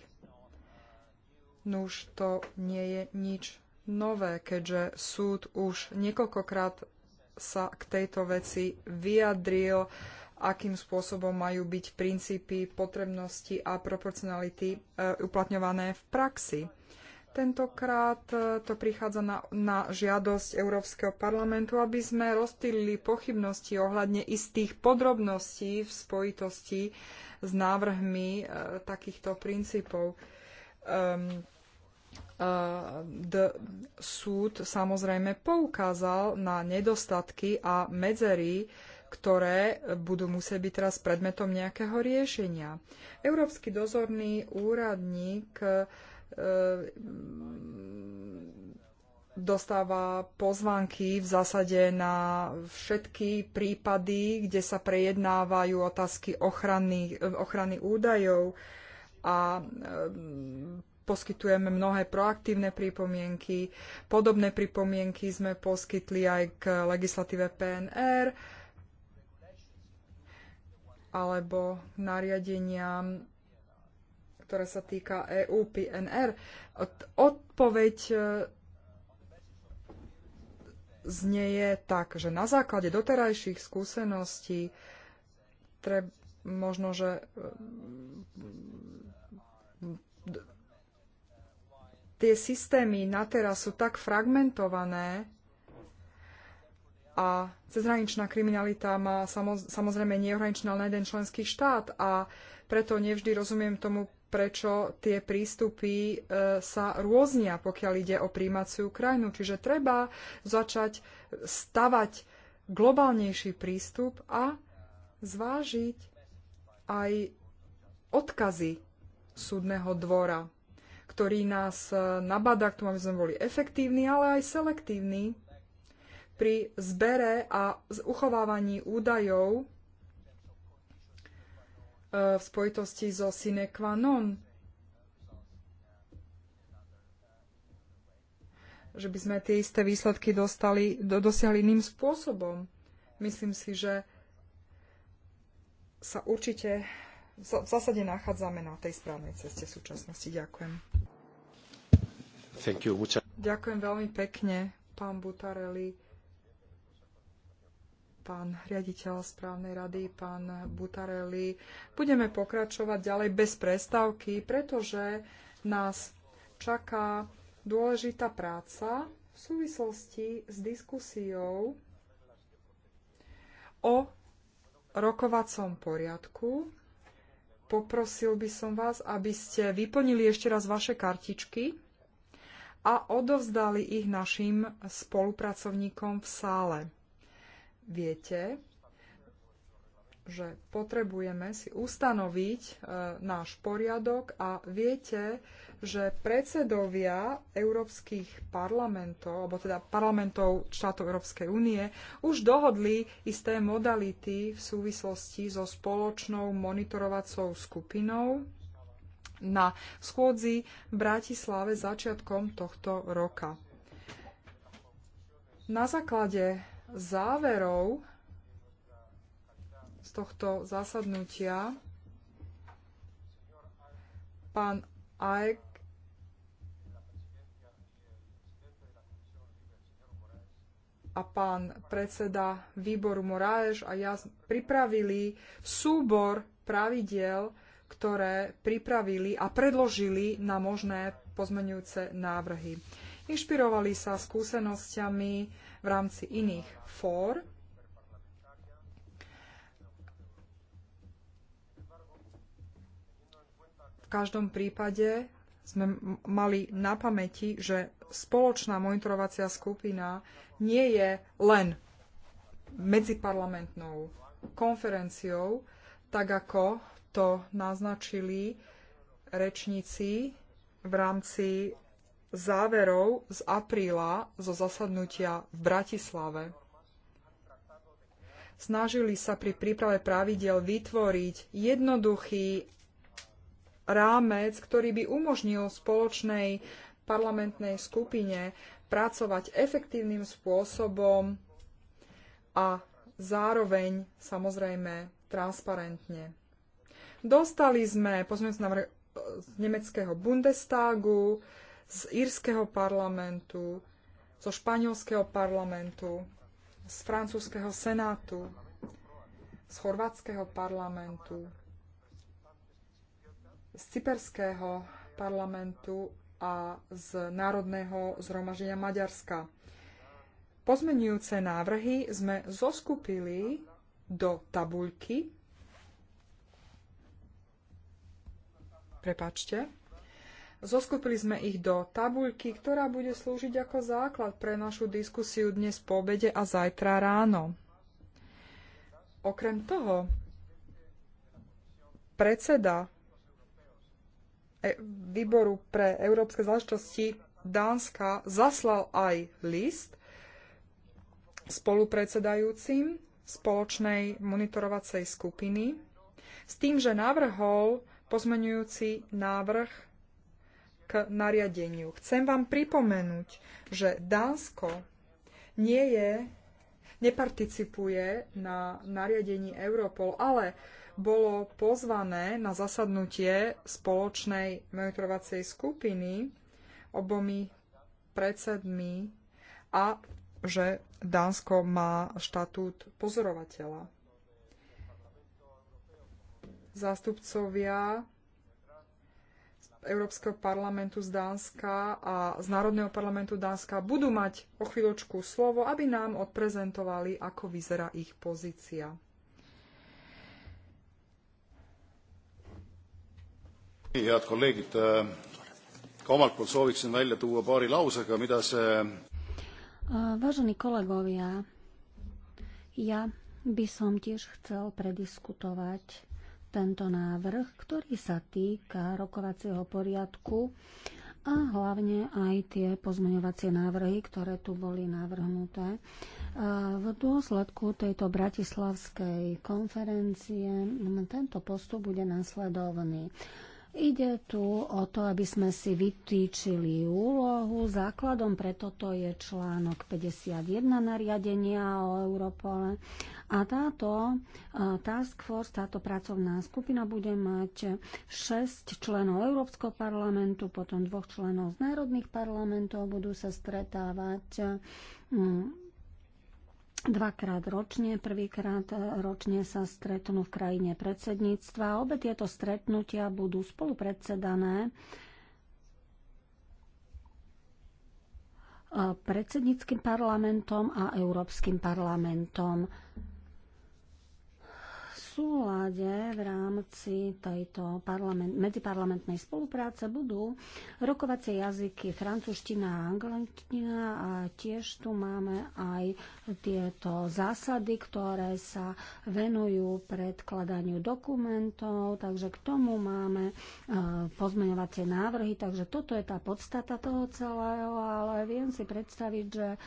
Speaker 2: Nuž to nie je nič nové, keďže súd už niekoľkokrát sa k tejto veci vyjadril, akým spôsobom majú byť princípy potrebnosti a proporcionality e, uplatňované v praxi tentokrát e, to prichádza na, na žiadosť Európskeho parlamentu, aby sme rozstýlili pochybnosti ohľadne istých podrobností v spojitosti s návrhmi e, takýchto princípov. Um, d- súd samozrejme poukázal na nedostatky a medzery, ktoré budú musieť byť teraz predmetom nejakého riešenia. Európsky dozorný úradník E, dostáva pozvánky v zásade na všetky prípady, kde sa prejednávajú otázky ochrany, ochrany údajov a e, poskytujeme mnohé proaktívne pripomienky. Podobné pripomienky sme poskytli aj k legislatíve PNR alebo nariadeniam ktorá sa týka EU PNR. Odpoveď e, je tak, že na základe doterajších skúseností treb, možno, že e, tie systémy na teraz sú tak fragmentované a cezhraničná kriminalita má samozrejme neohraničná len jeden členský štát a preto nevždy rozumiem tomu prečo tie prístupy e, sa rôznia, pokiaľ ide o príjmaciu krajinu. Čiže treba začať stavať globálnejší prístup a zvážiť aj odkazy súdneho dvora, ktorý nás e, nabada k tomu, aby sme boli efektívni, ale aj selektívni pri zbere a uchovávaní údajov Eh, v spojitosti so sine qua non, že by sme tie isté výsledky dostali, do, dosiahli iným spôsobom. Myslím si, že sa určite v zásade nachádzame na tej správnej ceste v súčasnosti. Ďakujem. Ďakujem veľmi pekne, pán Butarelli pán riaditeľ správnej rady, pán Butarelli. Budeme pokračovať ďalej bez prestávky, pretože nás čaká dôležitá práca v súvislosti s diskusiou o rokovacom poriadku. Poprosil by som vás, aby ste vyplnili ešte raz vaše kartičky a odovzdali ich našim spolupracovníkom v sále. Viete, že potrebujeme si ustanoviť e, náš poriadok a viete, že predsedovia európskych parlamentov, alebo teda parlamentov štátov Európskej únie, už dohodli isté modality v súvislosti so spoločnou monitorovacou skupinou na schôdzi v Bratislave začiatkom tohto roka. Na základe záverov z tohto zasadnutia pán Aek a pán predseda výboru Moraeš a ja pripravili súbor pravidiel, ktoré pripravili a predložili na možné pozmenujúce návrhy. Inšpirovali sa skúsenosťami v rámci iných fór. V každom prípade sme mali na pamäti, že spoločná monitorovacia skupina nie je len medziparlamentnou konferenciou, tak ako to naznačili rečníci v rámci záverov z apríla zo zasadnutia v Bratislave. Snažili sa pri príprave pravidel vytvoriť jednoduchý rámec, ktorý by umožnil spoločnej parlamentnej skupine pracovať efektívnym spôsobom a zároveň samozrejme transparentne. Dostali sme pozmeňujúci návrh e, z nemeckého Bundestagu, z írskeho parlamentu, zo španielského parlamentu, z francúzského senátu, z chorvátskeho parlamentu, z cyperského parlamentu a z Národného zhromaždenia Maďarska. Pozmenujúce návrhy sme zoskupili do tabuľky. Prepačte. Zoskupili sme ich do tabuľky, ktorá bude slúžiť ako základ pre našu diskusiu dnes po obede a zajtra ráno. Okrem toho, predseda e, výboru pre európske záležitosti Dánska zaslal aj list spolupredsedajúcim spoločnej monitorovacej skupiny s tým, že navrhol pozmenujúci návrh k nariadeniu. Chcem vám pripomenúť, že Dánsko nie je, neparticipuje na nariadení Europol, ale bolo pozvané na zasadnutie spoločnej monitorovacej skupiny obomi predsedmi a že Dánsko má štatút pozorovateľa. Zástupcovia Európskeho parlamentu z Dánska a z Národného parlamentu Dánska budú mať o chvíľočku slovo, aby nám odprezentovali, ako vyzerá ich pozícia. head
Speaker 3: kolleegid, äh, omalt poolt sooviksin välja tuua paari lausega, mida see
Speaker 1: äh, Vážení kolegovia, ja by som tiež chcel prediskutovať tento návrh, ktorý sa týka rokovacieho poriadku a hlavne aj tie pozmeňovacie návrhy, ktoré tu boli navrhnuté. V dôsledku tejto bratislavskej konferencie tento postup bude následovný. Ide tu o to, aby sme si vytýčili úlohu. Základom pre toto je článok 51 nariadenia o Europole. A táto task force, táto pracovná skupina bude mať 6 členov Európskeho parlamentu, potom dvoch členov z národných parlamentov. Budú sa stretávať mm, dvakrát ročne. Prvýkrát e, ročne sa stretnú v krajine predsedníctva. Obe tieto stretnutia budú spolupredsedané e, predsedníckým parlamentom a Európskym parlamentom súlade v rámci tejto parlament, medziparlamentnej spolupráce budú rokovacie jazyky francúzština a angličtina a tiež tu máme aj tieto zásady, ktoré sa venujú predkladaniu dokumentov, takže k tomu máme e, pozmeňovacie návrhy, takže toto je tá podstata toho celého, ale viem si predstaviť, že e,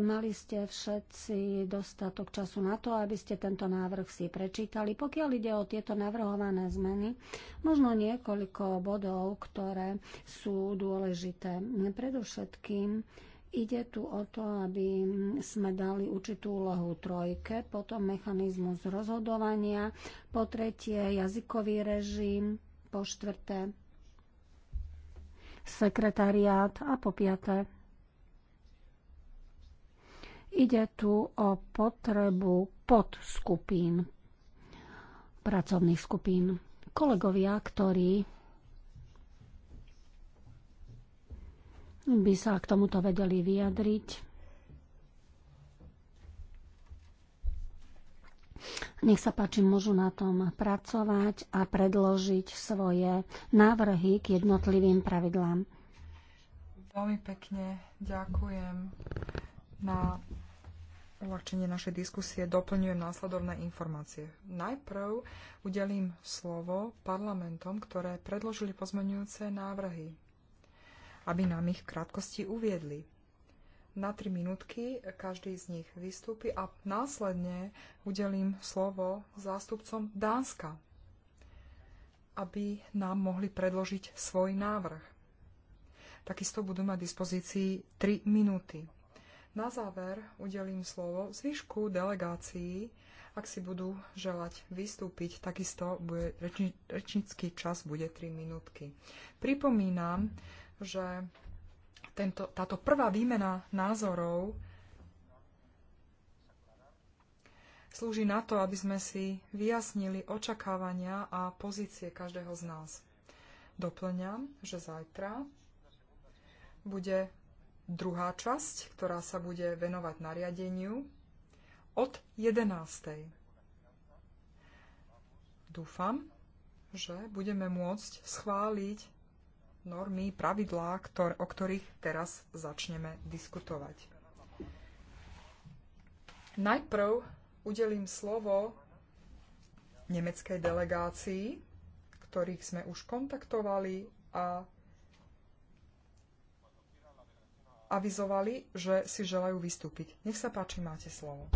Speaker 1: mali ste všetci dostatok času na to, aby ste tento návrh si prečítali pýtali, pokiaľ ide o tieto navrhované zmeny, možno niekoľko bodov, ktoré sú dôležité. Predovšetkým Ide tu o to, aby sme dali určitú úlohu trojke, potom mechanizmus rozhodovania, po tretie jazykový režim, po štvrté sekretariát a po piaté. Ide tu o potrebu podskupín pracovných skupín. Kolegovia, ktorí by sa k tomuto vedeli vyjadriť. Nech sa páči, môžu na tom pracovať a predložiť svoje návrhy k jednotlivým pravidlám.
Speaker 2: Veľmi pekne ďakujem na uľahčenie našej diskusie doplňujem následovné informácie. Najprv udelím slovo parlamentom, ktoré predložili pozmenujúce návrhy, aby nám ich v krátkosti uviedli. Na tri minútky každý z nich vystúpi a následne udelím slovo zástupcom Dánska, aby nám mohli predložiť svoj návrh. Takisto budú mať dispozícii 3 minúty na záver udelím slovo zvyšku delegácií. Ak si budú želať vystúpiť, takisto bude, reči, rečnický čas bude 3 minútky. Pripomínam, že tento, táto prvá výmena názorov slúži na to, aby sme si vyjasnili očakávania a pozície každého z nás. Doplňam, že zajtra bude druhá časť, ktorá sa bude venovať nariadeniu od 11. Dúfam, že budeme môcť schváliť normy, pravidlá, ktor- o ktorých teraz začneme diskutovať. Najprv udelím slovo nemeckej delegácii, ktorých sme už kontaktovali a avizovali, že si želajú vystúpiť. Nech sa páči, máte slovo.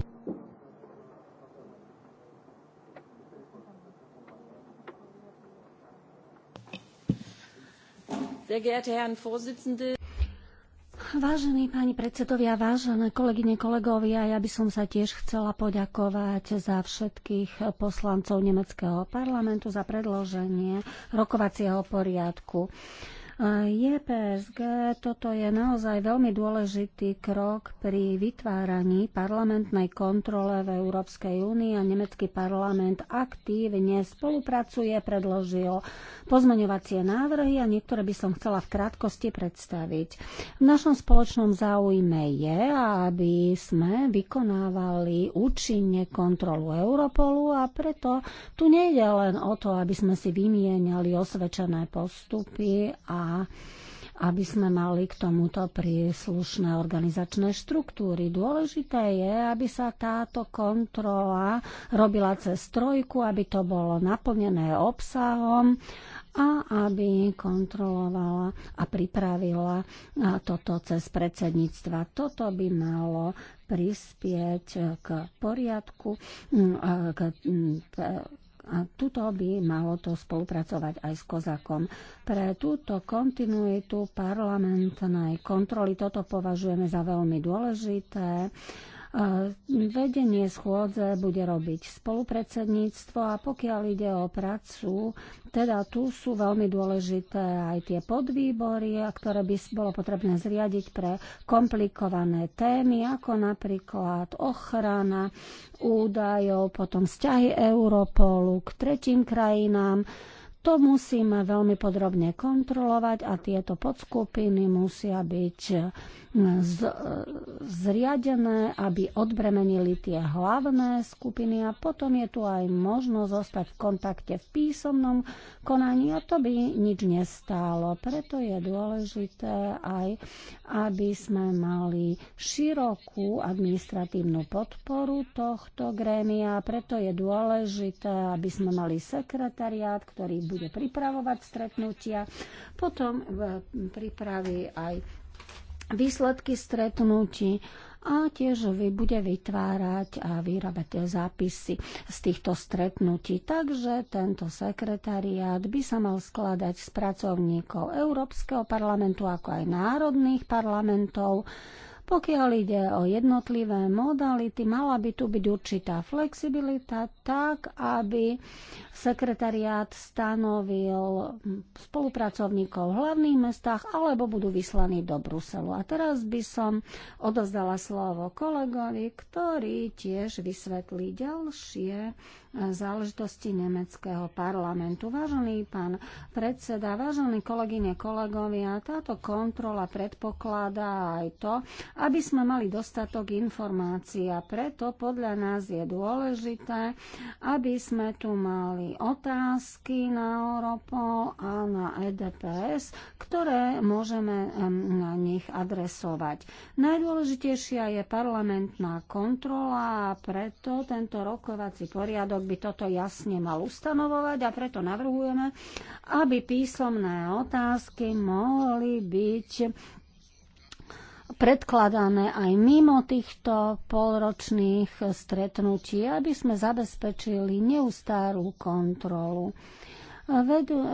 Speaker 1: Vážení páni predsedovia, vážené kolegyne, kolegovia, ja by som sa tiež chcela poďakovať za všetkých poslancov Nemeckého parlamentu za predloženie rokovacieho poriadku. JPSG, toto je naozaj veľmi dôležitý krok pri vytváraní parlamentnej kontrole v Európskej únii a nemecký parlament aktívne spolupracuje, predložil pozmeňovacie návrhy a niektoré by som chcela v krátkosti predstaviť. V našom spoločnom záujme je, aby sme vykonávali účinne kontrolu Europolu a preto tu nejde len o to, aby sme si vymienali osvedčené postupy a a aby sme mali k tomuto príslušné organizačné štruktúry. Dôležité je, aby sa táto kontrola robila cez trojku, aby to bolo naplnené obsahom a aby kontrolovala a pripravila toto cez predsedníctva. Toto by malo prispieť k poriadku, k a tuto by malo to spolupracovať aj s Kozakom. Pre túto kontinuitu parlamentnej kontroly toto považujeme za veľmi dôležité Vedenie schôdze bude robiť spolupredsedníctvo a pokiaľ ide o prácu, teda tu sú veľmi dôležité aj tie podvýbory, ktoré by bolo potrebné zriadiť pre komplikované témy, ako napríklad ochrana údajov, potom vzťahy Europolu k tretím krajinám, to musíme veľmi podrobne kontrolovať a tieto podskupiny musia byť e, e, zriadené, aby odbremenili tie hlavné skupiny a potom je tu aj možnosť zostať v kontakte v písomnom konaní a to by nič nestálo. Preto je dôležité aj, aby sme mali širokú administratívnu podporu tohto grémia. Preto je dôležité, aby sme mali sekretariát, ktorý bude pripravovať stretnutia, potom e, pripraví aj výsledky stretnutí a tiež bude vytvárať a vyrábať zápisy z týchto stretnutí. Takže tento sekretariát by sa mal skladať z pracovníkov Európskeho parlamentu ako aj národných parlamentov pokiaľ ide o jednotlivé modality, mala by tu byť určitá flexibilita tak, aby sekretariát stanovil spolupracovníkov v hlavných mestách alebo budú vyslaní do Bruselu. A teraz by som odozdala slovo kolegovi, ktorý tiež vysvetlí ďalšie záležitosti nemeckého parlamentu. Vážený pán predseda, vážení kolegyne, kolegovia, táto kontrola predpokladá aj to, aby sme mali dostatok informácií a preto podľa nás je dôležité, aby sme tu mali otázky na Europol a na EDPS, ktoré môžeme na nich adresovať. Najdôležitejšia je parlamentná kontrola a preto tento rokovací poriadok Štatút by toto jasne mal ustanovovať a preto navrhujeme, aby písomné otázky mohli byť predkladané aj mimo týchto polročných stretnutí, aby sme zabezpečili neustárú kontrolu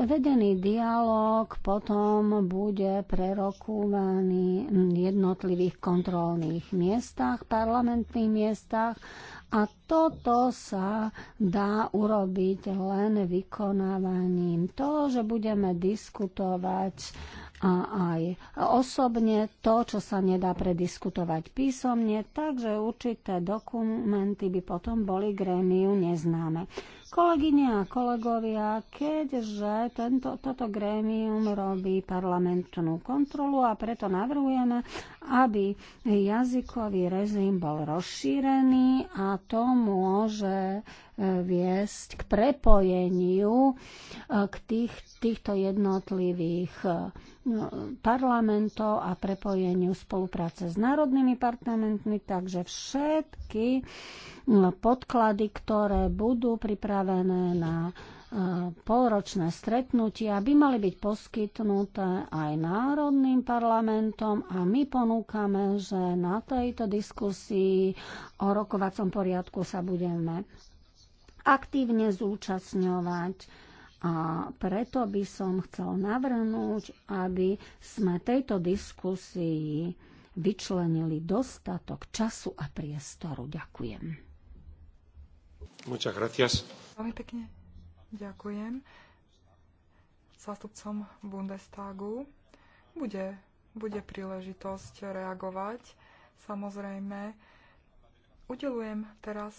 Speaker 1: vedený dialog potom bude prerokúvaný v jednotlivých kontrolných miestach, parlamentných miestach a toto sa dá urobiť len vykonávaním. To, že budeme diskutovať a aj osobne to, čo sa nedá prediskutovať písomne, takže určité dokumenty by potom boli grémiu neznáme. Kolegyne a kolegovia, keďže tento, toto grémium robí parlamentnú kontrolu a preto navrhujeme, aby jazykový režim bol rozšírený a to môže viesť k prepojeniu e, k tých, týchto jednotlivých e, no, parlamentov a prepojeniu spolupráce s národnými parlamentmi, takže všetky no, podklady, ktoré budú pripravené na e, polročné stretnutia by mali byť poskytnuté aj národným parlamentom a my ponúkame, že na tejto diskusii o rokovacom poriadku sa budeme aktívne zúčastňovať. A preto by som chcel navrhnúť, aby sme tejto diskusii vyčlenili
Speaker 2: dostatok času a priestoru. Ďakujem.
Speaker 3: Muchas gracias.
Speaker 2: Veľmi pekne ďakujem. Zástupcom Bundestagu bude, bude príležitosť reagovať. Samozrejme, udelujem teraz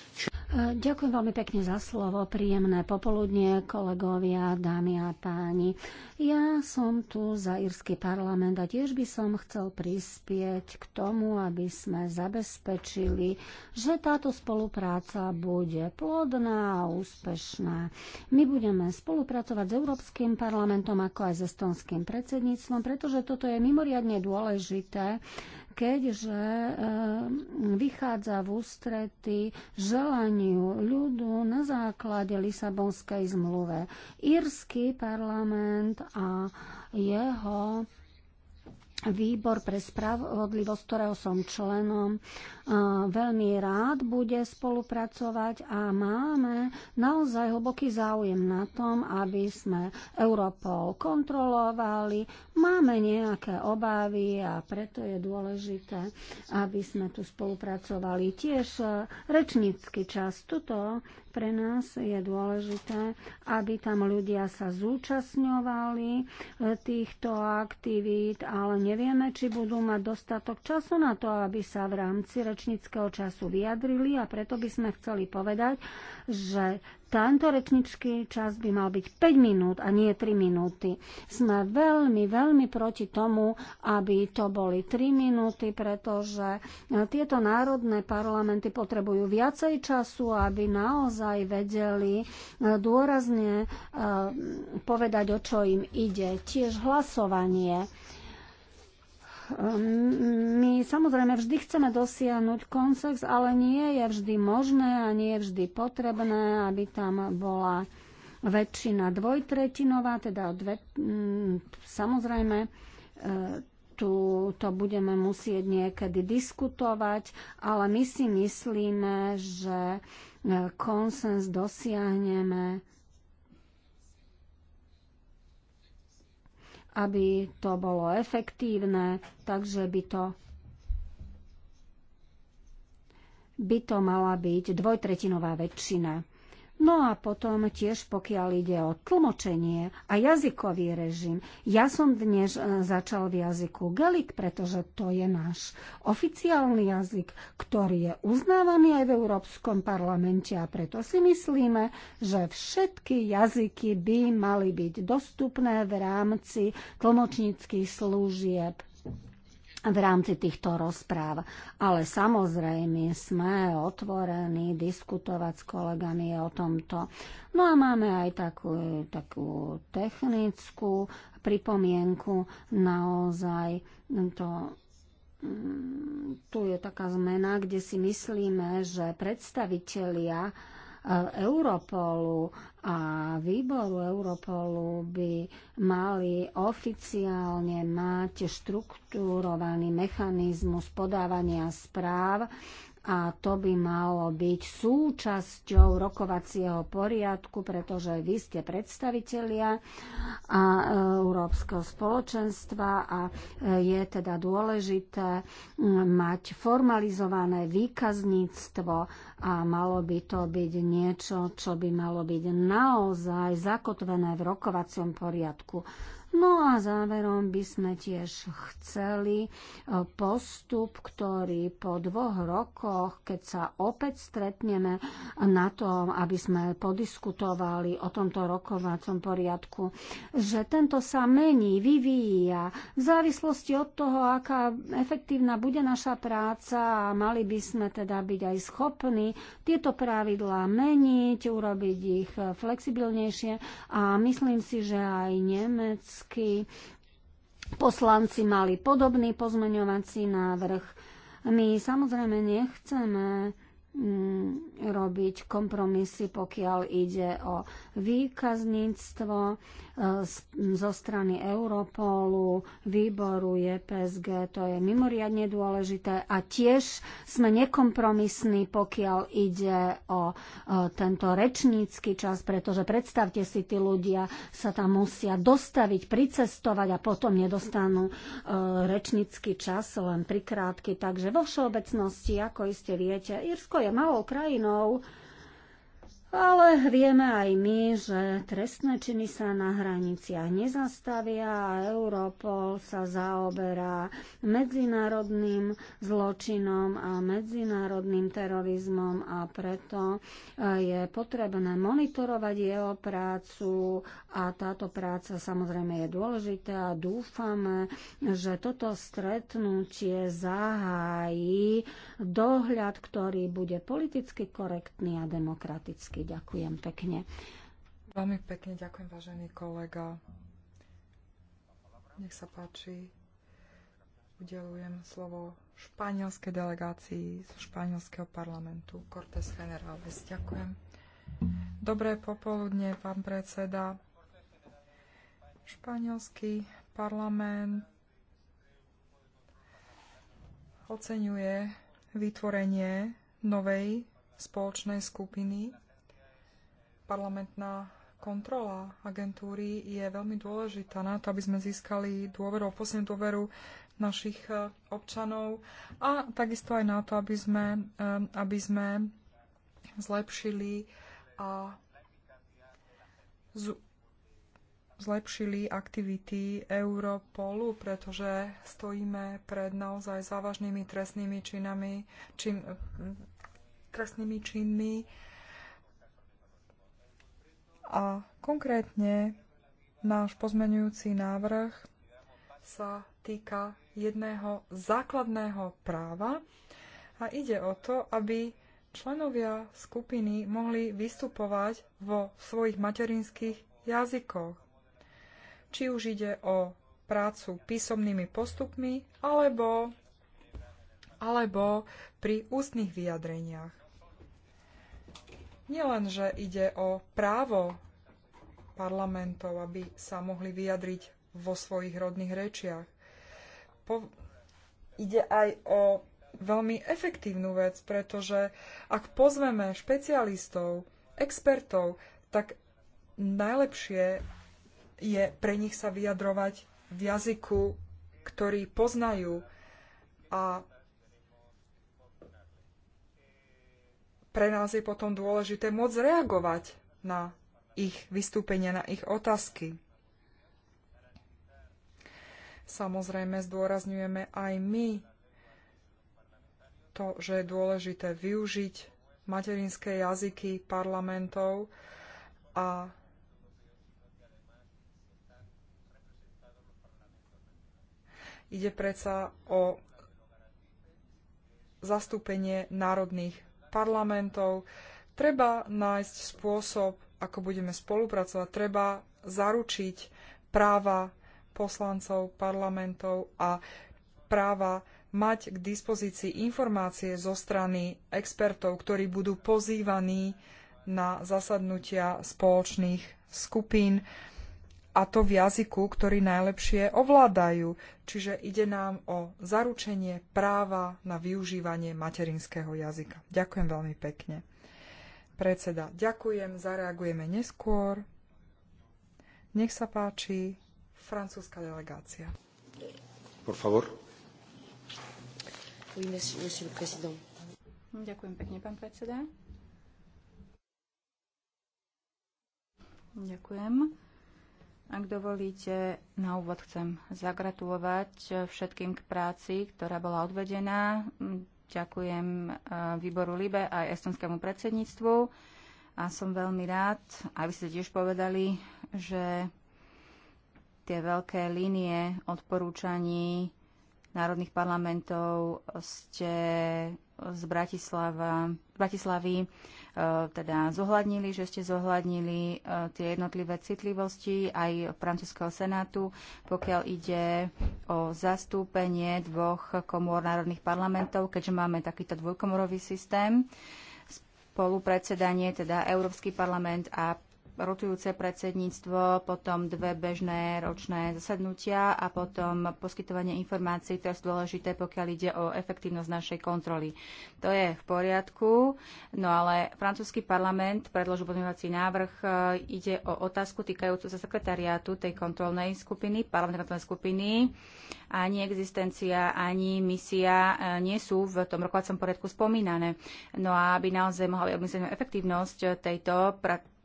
Speaker 1: Ďakujem veľmi pekne za slovo. Príjemné popoludnie, kolegovia, dámy a páni. Ja som tu za Írsky parlament a tiež by som chcel prispieť k tomu, aby sme zabezpečili, že táto spolupráca bude plodná a úspešná. My budeme spolupracovať s Európskym parlamentom ako aj s estonským predsedníctvom, pretože toto je mimoriadne dôležité keďže eh, vychádza v ústrety želaniu ľudu na základe Lisabonskej zmluve. Írsky parlament a jeho výbor pre spravodlivosť, ktorého som členom, veľmi rád bude spolupracovať a máme naozaj hlboký záujem na tom, aby sme Europol kontrolovali. Máme nejaké obavy a preto je dôležité, aby sme tu spolupracovali. Tiež e, rečnícky čas. Tuto pre nás je dôležité, aby tam ľudia sa zúčastňovali e, týchto aktivít, ale nevieme, či budú mať dostatok času na to, aby sa v rámci rečníckého času vyjadrili a preto by sme chceli povedať, že tento rečnícky čas by mal byť 5 minút a nie 3 minúty. Sme veľmi, veľmi proti tomu, aby to boli 3 minúty, pretože tieto národné parlamenty potrebujú viacej času, aby naozaj vedeli dôrazne eh, povedať, o čo im ide. Tiež hlasovanie. Ehm, my samozrejme vždy chceme dosiahnuť konsex, ale nie je vždy možné a nie je vždy potrebné, aby tam bola väčšina dvojtretinová, teda dve, mm, samozrejme e, tu to budeme musieť niekedy diskutovať, ale my si myslíme, že e, konsens dosiahneme aby to bolo efektívne, takže by to by to mala byť dvojtretinová väčšina. No a potom tiež pokiaľ ide o tlmočenie a jazykový režim. Ja som dnes e, začal v jazyku Gelik, pretože to je náš oficiálny jazyk, ktorý je uznávaný aj v Európskom parlamente a preto si myslíme, že všetky jazyky by mali byť dostupné v rámci tlmočníckých služieb v rámci týchto rozpráv. Ale samozrejme sme otvorení diskutovať s kolegami o tomto. No a máme aj takú, takú technickú pripomienku. Naozaj to tu je taká zmena, kde si myslíme, že predstavitelia e, Europolu a výboru Europolu by mali oficiálne mať štruktúrovaný mechanizmus podávania správ a to by malo byť súčasťou rokovacieho poriadku, pretože vy ste predstavitelia a e, Európskeho spoločenstva a e, je teda dôležité mať formalizované výkazníctvo a malo by to byť niečo, čo by malo byť naozaj zakotvené v rokovacom poriadku. No a záverom by sme tiež chceli e, postup, ktorý po dvoch rokoch, keď sa opäť stretneme na tom, aby sme podiskutovali o tomto rokovacom poriadku, že tento sa mení, vyvíja v závislosti od toho, aká efektívna bude naša práca a mali by sme teda byť aj schopní tieto pravidlá meniť, urobiť ich flexibilnejšie a myslím si, že aj Nemec Európsky poslanci mali podobný pozmeňovací návrh. My samozrejme nechceme mm, robiť kompromisy, pokiaľ ide o výkazníctvo e, zo strany Europolu, výboru JPSG, to je mimoriadne dôležité a tiež sme nekompromisní, pokiaľ ide o e, tento rečnícky čas, pretože predstavte si, tí ľudia sa tam musia dostaviť, pricestovať a potom nedostanú e, rečnícky čas len prikrátky. Takže vo všeobecnosti, ako iste viete, Irsko je malou krajinou, ale vieme aj my, že trestné činy sa na hraniciach nezastavia a Europol sa zaoberá medzinárodným zločinom a medzinárodným terorizmom a preto e, je potrebné monitorovať jeho prácu a táto práca samozrejme je dôležitá a dúfame, že toto stretnutie zahájí dohľad, ktorý bude politicky korektný a demokratický roky. Ďakujem pekne.
Speaker 2: Veľmi pekne ďakujem, vážený kolega. Nech sa páči. Udelujem slovo španielskej delegácii zo španielského parlamentu. Cortés Generales, ďakujem. Dobré popoludne, pán predseda. Španielský parlament oceňuje vytvorenie novej spoločnej skupiny parlamentná kontrola agentúry je veľmi dôležitá na to, aby sme získali dôveru, poslednú dôveru našich e, občanov a takisto aj na to, aby sme, e, aby sme zlepšili a zlepšili aktivity Europolu, pretože stojíme pred naozaj závažnými trestnými činami, čin, e, trestnými činmi, a konkrétne náš pozmenujúci návrh sa týka jedného základného práva a ide o to, aby členovia skupiny mohli vystupovať vo svojich materinských jazykoch. Či už ide o prácu písomnými postupmi alebo, alebo pri ústnych vyjadreniach. Nielen, že ide o právo parlamentov, aby sa mohli vyjadriť vo svojich rodných rečiach. Po, ide aj o veľmi efektívnu vec, pretože ak pozveme špecialistov, expertov, tak najlepšie je pre nich sa vyjadrovať v jazyku, ktorý poznajú a pre nás je potom dôležité môcť reagovať na ich vystúpenia, na ich otázky. Samozrejme, zdôrazňujeme aj my to, že je dôležité využiť materinské jazyky parlamentov a ide predsa o zastúpenie národných parlamentov. Treba nájsť spôsob, ako budeme spolupracovať. Treba zaručiť práva poslancov parlamentov a práva mať k dispozícii informácie zo strany expertov, ktorí budú pozývaní na zasadnutia spoločných skupín a to v jazyku, ktorý najlepšie ovládajú. Čiže ide nám o zaručenie práva na využívanie materinského jazyka. Ďakujem veľmi pekne. Predseda, ďakujem, zareagujeme neskôr. Nech sa páči, francúzska delegácia.
Speaker 3: Por favor.
Speaker 4: Oui, monsieur, monsieur le président. Ďakujem pekne, pán predseda. Ďakujem. Ak dovolíte, na úvod chcem zagratulovať všetkým k práci, ktorá bola odvedená. Ďakujem e, výboru LIBE aj estonskému predsedníctvu. A som veľmi rád, aby vy ste tiež povedali, že tie veľké línie odporúčaní národných parlamentov ste z Bratislava, Bratislavy Eh, teda zohľadnili, že ste zohľadnili eh, tie jednotlivé citlivosti aj francúzského senátu, pokiaľ ide o zastúpenie dvoch komôr národných parlamentov, keďže máme takýto dvojkomorový systém spolupredsedanie, teda Európsky parlament a rotujúce predsedníctvo, potom dve bežné ročné zasadnutia a potom poskytovanie informácií, ktoré sú dôležité, pokiaľ ide o efektívnosť našej kontroly. To je v poriadku, no ale francúzsky parlament predložil pozmeňovací návrh. E, ide o otázku týkajúcu sa sekretariátu tej kontrolnej skupiny, parlamentnej skupiny. Ani existencia, ani misia e, nie sú v tom rokovacom poriadku spomínané. No a aby naozaj mohla byť efektívnosť tejto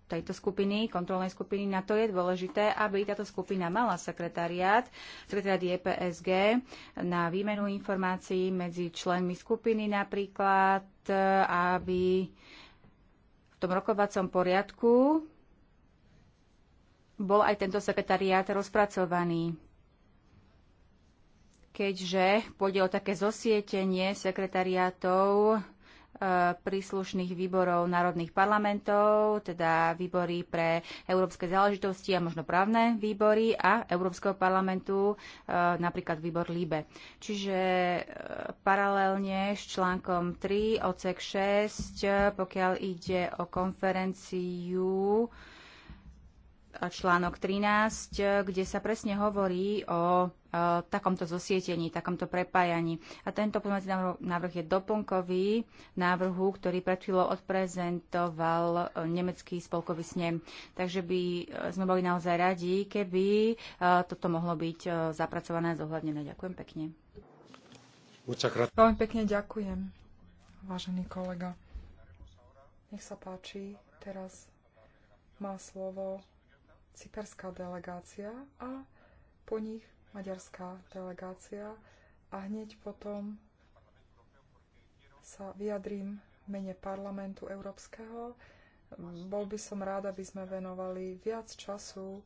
Speaker 4: tejto skupiny, kontrolnej skupiny, na to je dôležité, aby táto skupina mala sekretariát, sekretariát EPSG na výmenu informácií medzi členmi skupiny napríklad, aby v tom rokovacom poriadku bol aj tento sekretariát rozpracovaný keďže pôjde o také zosietenie sekretariátov príslušných výborov národných parlamentov, teda výbory pre európske záležitosti a možno právne výbory a Európskeho parlamentu, e, napríklad výbor LIBE. Čiže e, paralelne s článkom 3 odsek 6, pokiaľ ide o konferenciu článok 13, kde sa presne hovorí o Eh, takomto zosietení, takomto prepájaní. A tento pozmeňovací návrh, návrh je doplnkový návrhu, ktorý pred chvíľou odprezentoval eh, nemecký spolkový snem. Takže by eh, sme boli naozaj radi, keby toto mohlo byť zapracované a zohľadnené. Ďakujem pekne.
Speaker 2: Veľmi pekne ďakujem, vážený kolega. Nech sa páči, teraz má slovo cyperská delegácia a po nich maďarská delegácia a hneď potom sa vyjadrím mene parlamentu európskeho. Bol by som rád, aby sme venovali viac času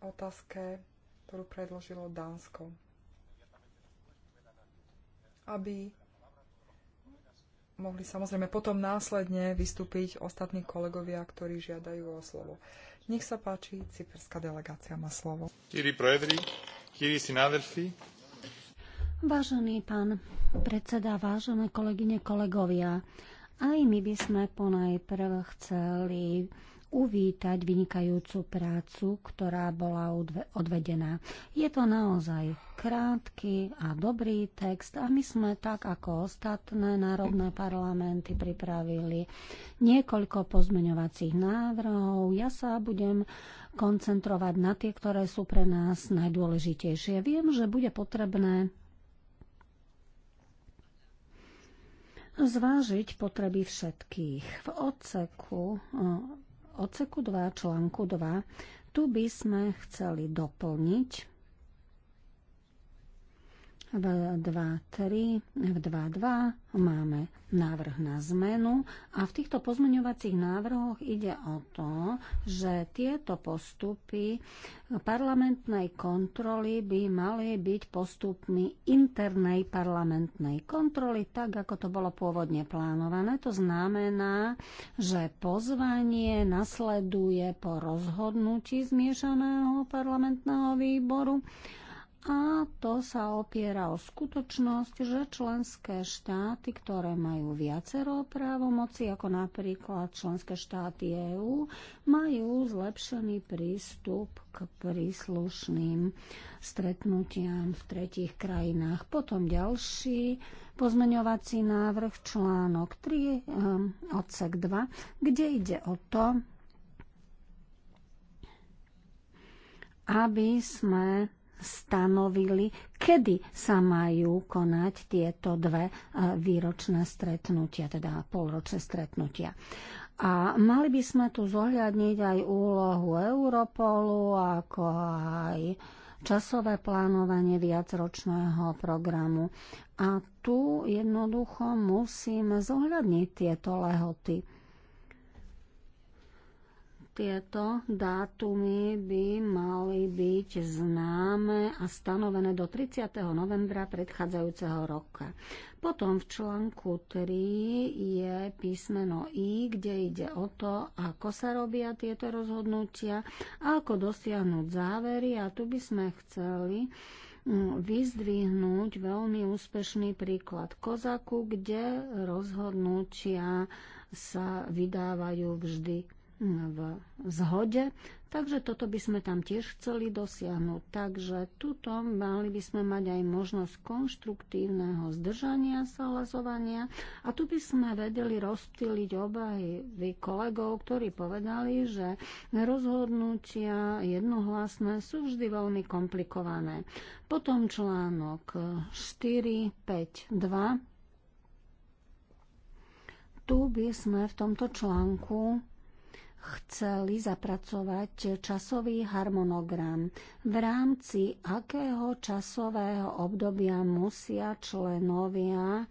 Speaker 2: otázke, ktorú predložilo Dánsko. Aby mohli samozrejme potom následne vystúpiť ostatní kolegovia, ktorí žiadajú o slovo. Nech sa páči, cyperská delegácia má slovo.
Speaker 3: Kýri proedri, kýri synádelfi.
Speaker 1: Vážený pán predseda, vážené kolegyne, kolegovia, aj my by sme ponajprv chceli uvítať vynikajúcu prácu, ktorá bola odvedená. Je to naozaj krátky a dobrý text a my sme tak ako ostatné národné parlamenty pripravili niekoľko pozmeňovacích návrhov. Ja sa budem koncentrovať na tie, ktoré sú pre nás najdôležitejšie. Viem, že bude potrebné zvážiť potreby všetkých. V odseku odseku 2 článku 2 tu by sme chceli doplniť v 2.3, v 2.2 máme návrh na zmenu a v týchto pozmeňovacích návrhoch ide o to, že tieto postupy parlamentnej kontroly by mali byť postupmi internej parlamentnej kontroly, tak ako to bolo pôvodne plánované. To znamená, že pozvanie nasleduje po rozhodnutí zmiešaného parlamentného výboru a to sa opiera o skutočnosť, že členské štáty, ktoré majú viacero právomoci, ako napríklad členské štáty EÚ, majú zlepšený prístup k príslušným stretnutiam v tretich krajinách. Potom ďalší pozmeňovací návrh článok 3 ehm, odsek 2, kde ide o to, aby sme stanovili, kedy sa majú konať tieto dve e, výročné stretnutia, teda polročné stretnutia. A mali by sme tu zohľadniť aj úlohu Europolu, ako aj časové plánovanie viacročného programu. A tu jednoducho musíme zohľadniť tieto lehoty. Tieto dátumy by mali byť známe a stanovené do 30. novembra predchádzajúceho roka. Potom v článku 3 je písmeno I, kde ide o to, ako sa robia tieto rozhodnutia, ako dosiahnuť závery a tu by sme chceli mm, vyzdvihnúť veľmi úspešný príklad Kozaku, kde rozhodnutia sa vydávajú vždy v zhode, takže toto by sme tam tiež chceli dosiahnuť. Takže tuto mali by sme mať aj možnosť konštruktívneho zdržania sa hlasovania a tu by sme vedeli rozptýliť obavy kolegov, ktorí povedali, že rozhodnutia jednohlasné sú vždy veľmi komplikované. Potom článok 4, 5, 2. Tu by sme v tomto článku chceli zapracovať časový harmonogram, v rámci akého časového obdobia musia členovia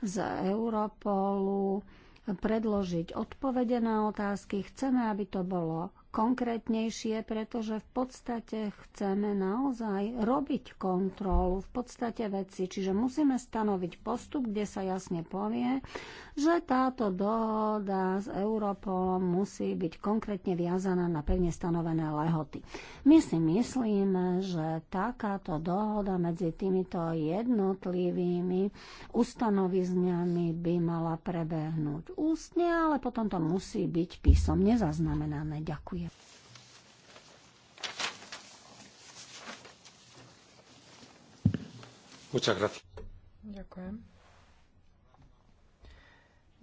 Speaker 1: z Europolu predložiť odpovede na otázky. Chceme, aby to bolo konkrétnejšie, pretože v podstate chceme naozaj robiť kontrolu v podstate veci. Čiže musíme stanoviť postup, kde sa jasne povie, že táto dohoda s Europolom musí byť konkrétne viazaná na pevne stanovené lehoty. My si myslíme, že takáto dohoda medzi týmito jednotlivými ustanovizňami by mala prebehnúť ústne, ale potom to musí byť písomne zaznamenané. Ďakujem.
Speaker 2: Ďakujem.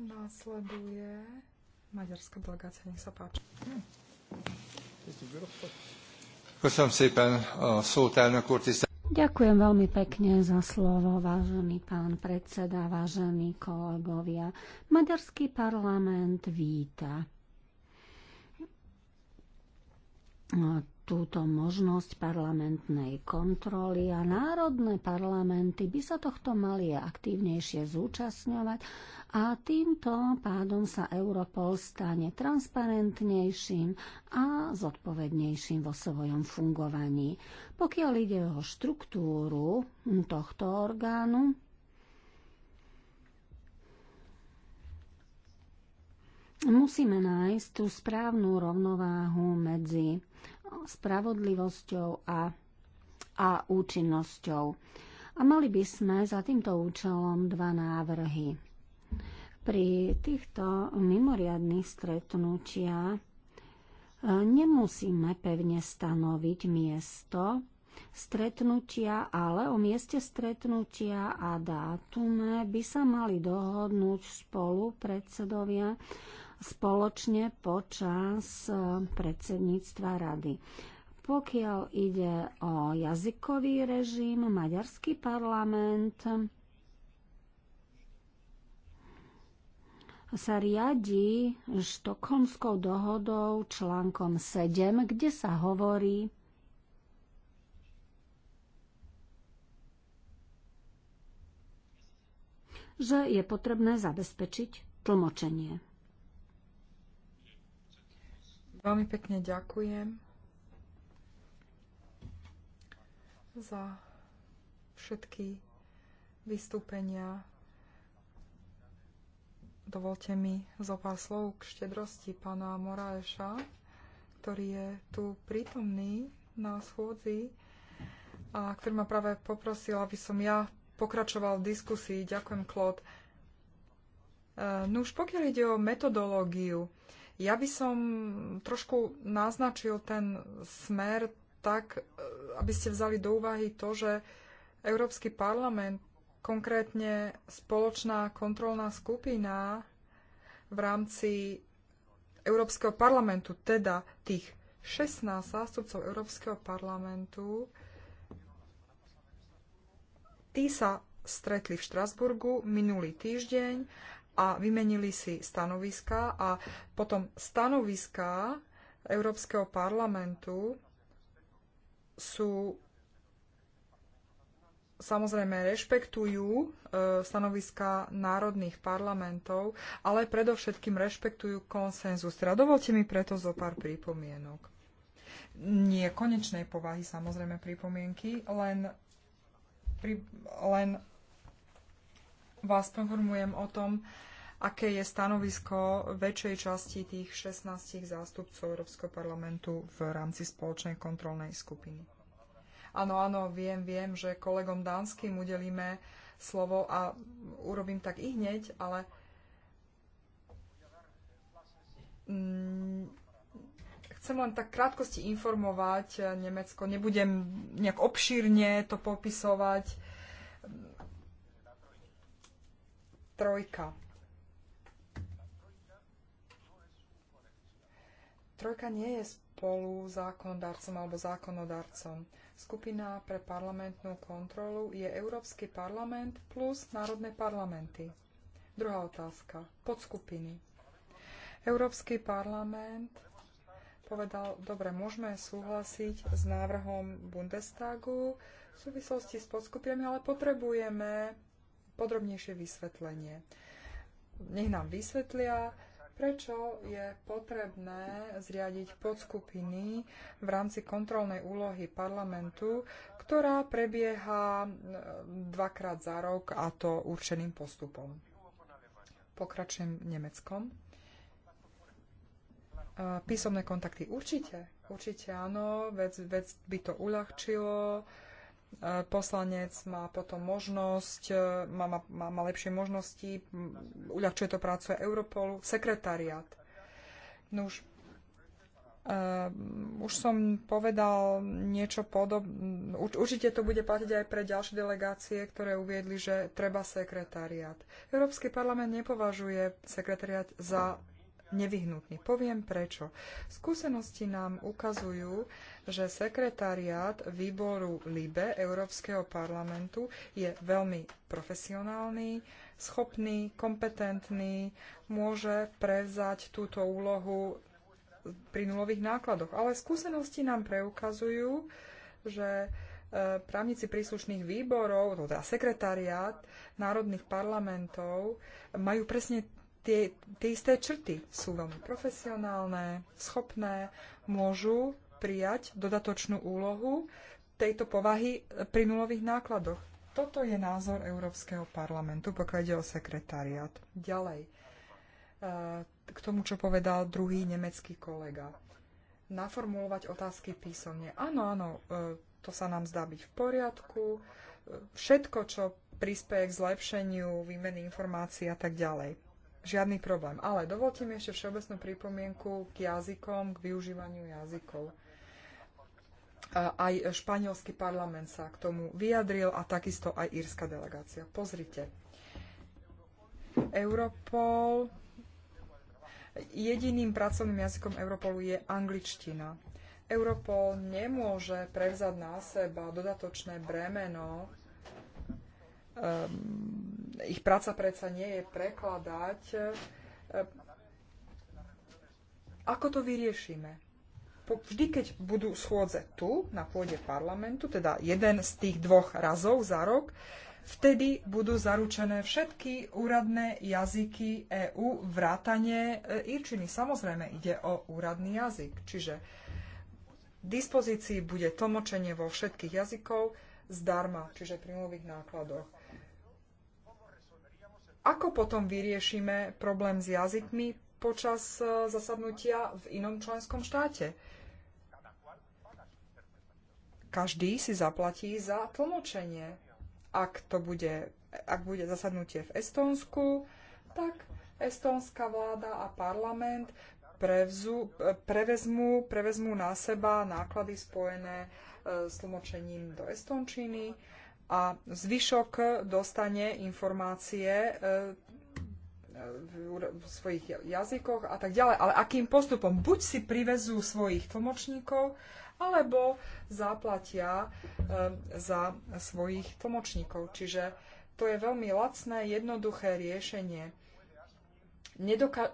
Speaker 2: Následuje maďarská delegácia. Nech sa páči. Hm.
Speaker 1: Ďakujem veľmi pekne za slovo, vážený pán predseda, vážení kolegovia. Maďarský parlament víta túto možnosť parlamentnej kontroly a národné parlamenty by sa tohto mali aktívnejšie zúčastňovať a týmto pádom sa Europol stane transparentnejším a zodpovednejším vo svojom fungovaní. Pokiaľ ide o štruktúru tohto orgánu, musíme nájsť tú správnu rovnováhu medzi spravodlivosťou a, a účinnosťou. A mali by sme za týmto účelom dva návrhy. Pri týchto mimoriadných stretnutia e, nemusíme pevne stanoviť miesto stretnutia, ale o mieste stretnutia a dátume by sa mali dohodnúť spolu predsedovia spoločne počas e, predsedníctva rady. Pokiaľ ide o jazykový režim, maďarský parlament sa riadi štokholmskou dohodou článkom 7, kde sa hovorí že je potrebné zabezpečiť tlmočenie.
Speaker 2: Veľmi pekne ďakujem za všetky vystúpenia. Dovolte mi zo pár slov k štedrosti pána Moraeša, ktorý je tu prítomný na schôdzi a ktorý ma práve poprosil, aby som ja pokračoval v diskusii. Ďakujem, Klod. E, no už pokiaľ ide o metodológiu, ja by som trošku naznačil ten smer tak, e, aby ste vzali do úvahy to, že Európsky parlament, konkrétne spoločná kontrolná skupina v rámci Európskeho parlamentu, teda tých 16 zástupcov Európskeho parlamentu, tí sa stretli v Štrasburgu minulý týždeň a vymenili si stanoviska a potom stanoviska Európskeho parlamentu sú samozrejme rešpektujú e, stanoviska národných parlamentov, ale predovšetkým rešpektujú konsenzus. Teda dovolte mi preto zo pár pripomienok. Nie konečnej povahy samozrejme pripomienky, len, pri, len vás informujem o tom, aké je stanovisko väčšej časti tých 16 zástupcov Európskeho parlamentu v rámci spoločnej kontrolnej skupiny. Áno, áno, viem, viem, že kolegom dánskym udelíme slovo a urobím tak i hneď, ale mm, chcem len tak krátkosti informovať Nemecko. Nebudem nejak obšírne to popisovať Trojka. Trojka nie je spolu zákonodarcom alebo zákonodarcom. Skupina pre parlamentnú kontrolu je Európsky parlament plus národné parlamenty. Druhá otázka. Podskupiny. Európsky parlament povedal, dobre, môžeme súhlasiť s návrhom Bundestagu v súvislosti s podskupinami, ale potrebujeme podrobnejšie vysvetlenie. Nech nám vysvetlia, prečo je potrebné zriadiť podskupiny v rámci kontrolnej úlohy parlamentu, ktorá prebieha e, dvakrát za rok a to určeným postupom. Pokračujem Nemeckom. E, písomné kontakty určite, určite áno, vec, vec by to uľahčilo poslanec má potom možnosť, e, má, má, má lepšie možnosti, uľahčuje to prácu Europolu, sekretariat. No už, uh, e, už som povedal niečo podobné. Určite to bude platiť aj pre ďalšie delegácie, ktoré uviedli, že treba sekretariat. Európsky parlament nepovažuje sekretariat za nevyhnutný. Poviem prečo. Skúsenosti nám ukazujú, že sekretariát výboru LIBE Európskeho parlamentu je veľmi profesionálny, schopný, kompetentný, môže prevzať túto úlohu pri nulových nákladoch. Ale skúsenosti nám preukazujú, že e, právnici príslušných výborov, teda sekretariát národných parlamentov, majú presne tie, tie isté črty sú veľmi profesionálne, schopné, môžu prijať dodatočnú úlohu tejto povahy pri nulových nákladoch. Toto je názor Európskeho parlamentu, pokiaľ ide o sekretariat. Ďalej, eh, k tomu, čo povedal druhý nemecký kolega. Naformulovať otázky písomne. Áno, áno, eh, to sa nám zdá byť v poriadku. Eh, všetko, čo prispieje k zlepšeniu výmeny informácií a tak ďalej žiadny problém. Ale dovolte mi ešte všeobecnú pripomienku k jazykom, k využívaniu jazykov. Aj španielský parlament sa k tomu vyjadril a takisto aj írska delegácia. Pozrite. Europol. Jediným pracovným jazykom Europolu je angličtina. Europol nemôže prevzať na seba dodatočné bremeno um, ich práca predsa nie je prekladať. Ehm, ako to vyriešime? Vždy, keď budú schôdze tu, na pôde parlamentu, teda jeden z tých dvoch razov za rok, vtedy budú zaručené všetky úradné jazyky EÚ, vrátane e, Irčiny. Samozrejme, ide o úradný jazyk, čiže v dispozícii bude tlmočenie vo všetkých jazykov zdarma, čiže pri nulových nákladoch. Ako potom vyriešime problém s jazykmi počas e, zasadnutia v inom členskom štáte? Každý si zaplatí za tlmočenie. Ak, to bude, ak bude zasadnutie v Estónsku, tak estónska vláda a parlament prevzu, prevezmú, prevezmú na seba náklady spojené e, s tlmočením do estončiny a zvyšok dostane informácie e, e, v svojich jazykoch a tak ďalej. Ale akým postupom? Buď si privezú svojich tlmočníkov, alebo zaplatia e, za svojich tlmočníkov. Čiže to je veľmi lacné, jednoduché riešenie. Nedoka-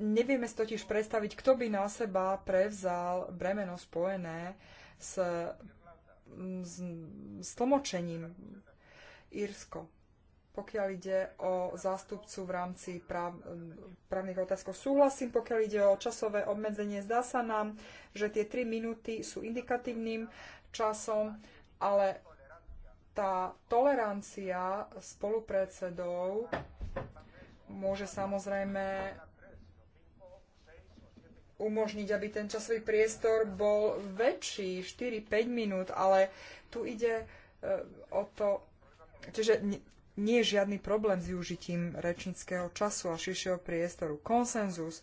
Speaker 2: nevieme si totiž predstaviť, kto by na seba prevzal bremeno spojené s Mm, s, s tlmočením Írsko. Pokiaľ ide o zástupcu v rámci práv, mm, právnych otázkov, súhlasím. Pokiaľ ide o časové obmedzenie, zdá sa nám, že tie tri minúty sú indikatívnym časom, ale tá tolerancia spolupredsedov môže samozrejme umožniť, aby ten časový priestor bol väčší, 4-5 minút, ale tu ide e, o to, čiže nie je žiadny problém s využitím rečnického času a širšieho priestoru. Konsenzus.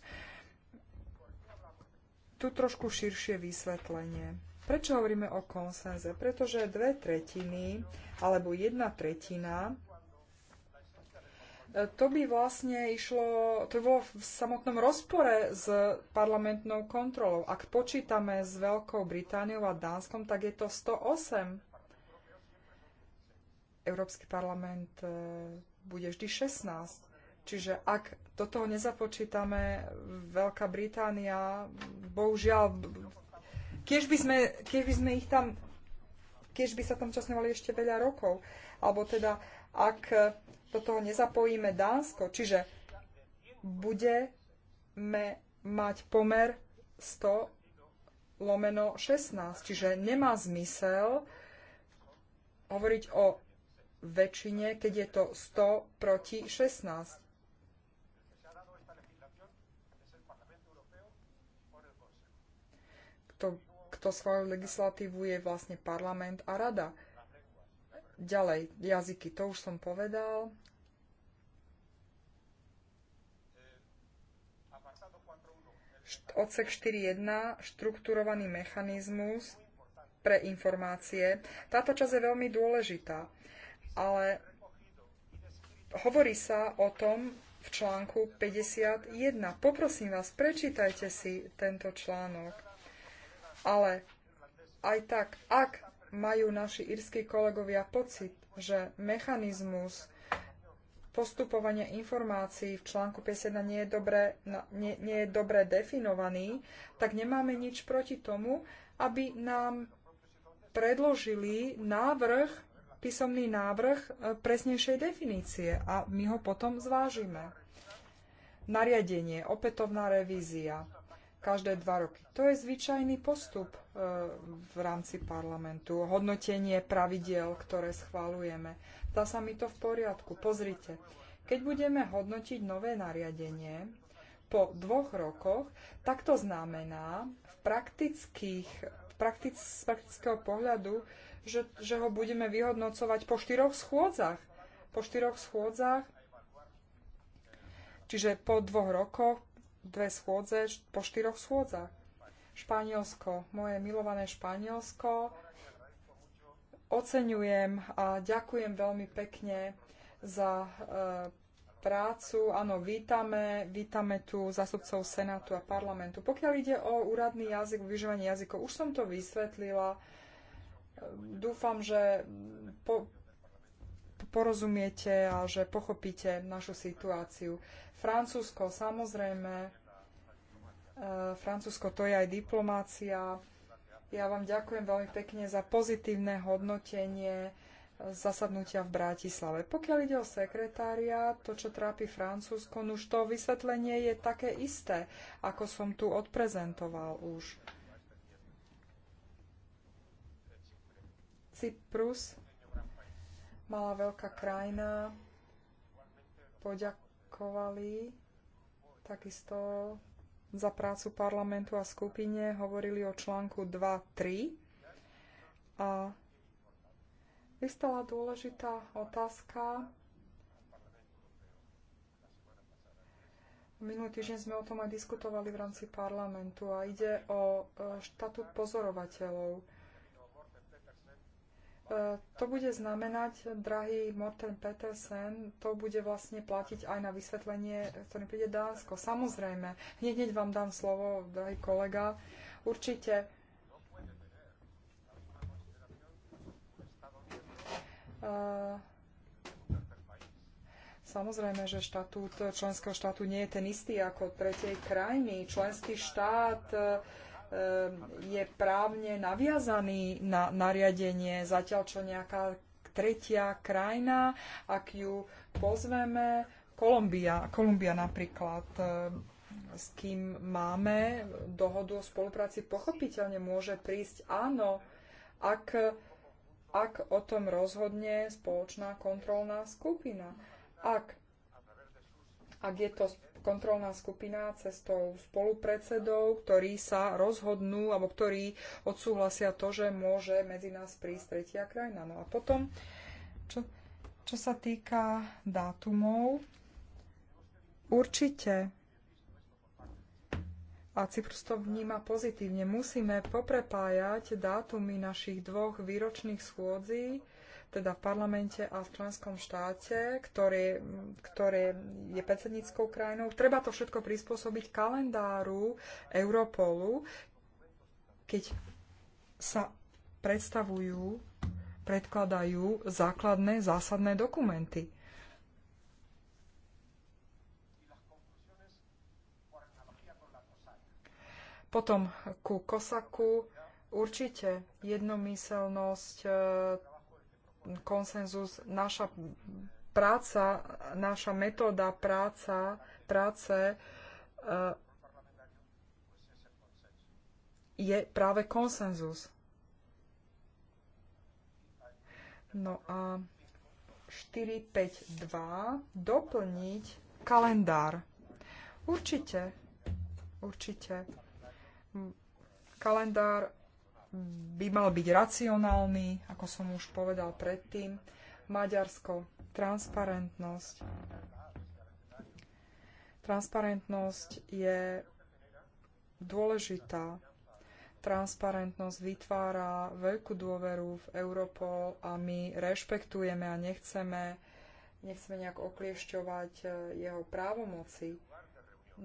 Speaker 2: Tu trošku širšie vysvetlenie. Prečo hovoríme o konsenze? Pretože dve tretiny alebo jedna tretina E, to by vlastne išlo, to by bolo v samotnom rozpore s parlamentnou kontrolou. Ak počítame s Veľkou Britániou a Dánskom, tak je to 108. Európsky parlament e, bude vždy 16. Čiže ak do toho nezapočítame Veľká Británia, bohužiaľ, keď by sme, keď by sme ich tam, keď by sa tam časnevali ešte veľa rokov, alebo teda ak do toho nezapojíme Dánsko, čiže budeme mať pomer 100 lomeno 16. Čiže nemá zmysel hovoriť o väčšine, keď je to 100 proti 16. Kto, kto legislatívu je vlastne parlament a rada. Ďalej, jazyky, to už som povedal. Odsek 4.1, štrukturovaný mechanizmus pre informácie. Táto časť je veľmi dôležitá, ale hovorí sa o tom v článku 51. Poprosím vás, prečítajte si tento článok. Ale aj tak, ak majú naši írsky kolegovia pocit, že mechanizmus postupovania informácií v článku 51 nie je dobre, nie, nie je dobre definovaný, tak nemáme nič proti tomu, aby nám predložili návrh, písomný návrh e, presnejšej definície a my ho potom zvážime. Nariadenie, opätovná revízia každé dva roky. To je zvyčajný postup e, v rámci parlamentu, hodnotenie pravidiel, ktoré schválujeme. Zdá sa mi to v poriadku. Pozrite, keď budeme hodnotiť nové nariadenie po dvoch rokoch, tak to znamená v praktických, z praktického pohľadu, že, že ho budeme vyhodnocovať po štyroch schôdzach. Po štyroch schôdzach Čiže po dvoch rokoch dve schôdze po štyroch schôdzach. Španielsko, moje milované Španielsko, oceňujem a ďakujem veľmi pekne za e, prácu. Áno, vítame, vítame tu zastupcov Senátu a parlamentu. Pokiaľ ide o úradný jazyk, vyžívanie jazykov, už som to vysvetlila. Dúfam, že po, porozumiete a že pochopíte našu situáciu. Francúzsko, samozrejme, e, Francúzsko to je aj diplomácia. Ja vám ďakujem veľmi pekne za pozitívne hodnotenie zasadnutia v Bratislave. Pokiaľ ide o sekretária, to, čo trápi Francúzsko, už to vysvetlenie je také isté, ako som tu odprezentoval už. Cyprus malá veľká krajina poďakovali takisto za prácu parlamentu a skupine. Hovorili o článku 2.3 a vystala dôležitá otázka. Minulý týždeň sme o tom aj diskutovali v rámci parlamentu a ide o e, štatút pozorovateľov E, to bude znamenať, drahý Morten Petersen, to bude vlastne platiť aj na vysvetlenie, ktoré príde Dánsko. Samozrejme, hneď, hneď vám dám slovo, drahý kolega. Určite e, Samozrejme, že štatút členského štátu nie je ten istý ako tretej krajiny. Členský štát E, je právne naviazaný na nariadenie, zatiaľ čo nejaká tretia krajina, ak ju pozveme, Kolumbia, Kolumbia napríklad, e, s kým máme dohodu o spolupráci, pochopiteľne môže prísť áno, ak, ak o tom rozhodne spoločná kontrolná skupina. Ak, ak je to kontrolná skupina cestou spolupredsedov, ktorí sa rozhodnú alebo ktorí odsúhlasia to, že môže medzi nás prísť tretia krajina. No a potom, čo, čo sa týka dátumov, určite a Cyprus to vníma pozitívne. Musíme poprepájať dátumy našich dvoch výročných schôdzí, teda v parlamente a v členskom štáte, ktorý, ktorý je predsedníckou krajinou. Treba to všetko prispôsobiť kalendáru Europolu, keď sa predstavujú, predkladajú základné, zásadné dokumenty. Potom ku Kosaku určite jednomyselnosť e, konsenzus, naša práca, naša metóda práca, práce eh, je práve konsenzus. No a 452 doplniť kalendár. Určite, určite. Kalendár by mal byť racionálny, ako som už povedal predtým. Maďarsko, transparentnosť. Transparentnosť je dôležitá. Transparentnosť vytvára veľkú dôveru v Europol a my rešpektujeme a nechceme, nechceme nejak okliešťovať e, jeho právomoci.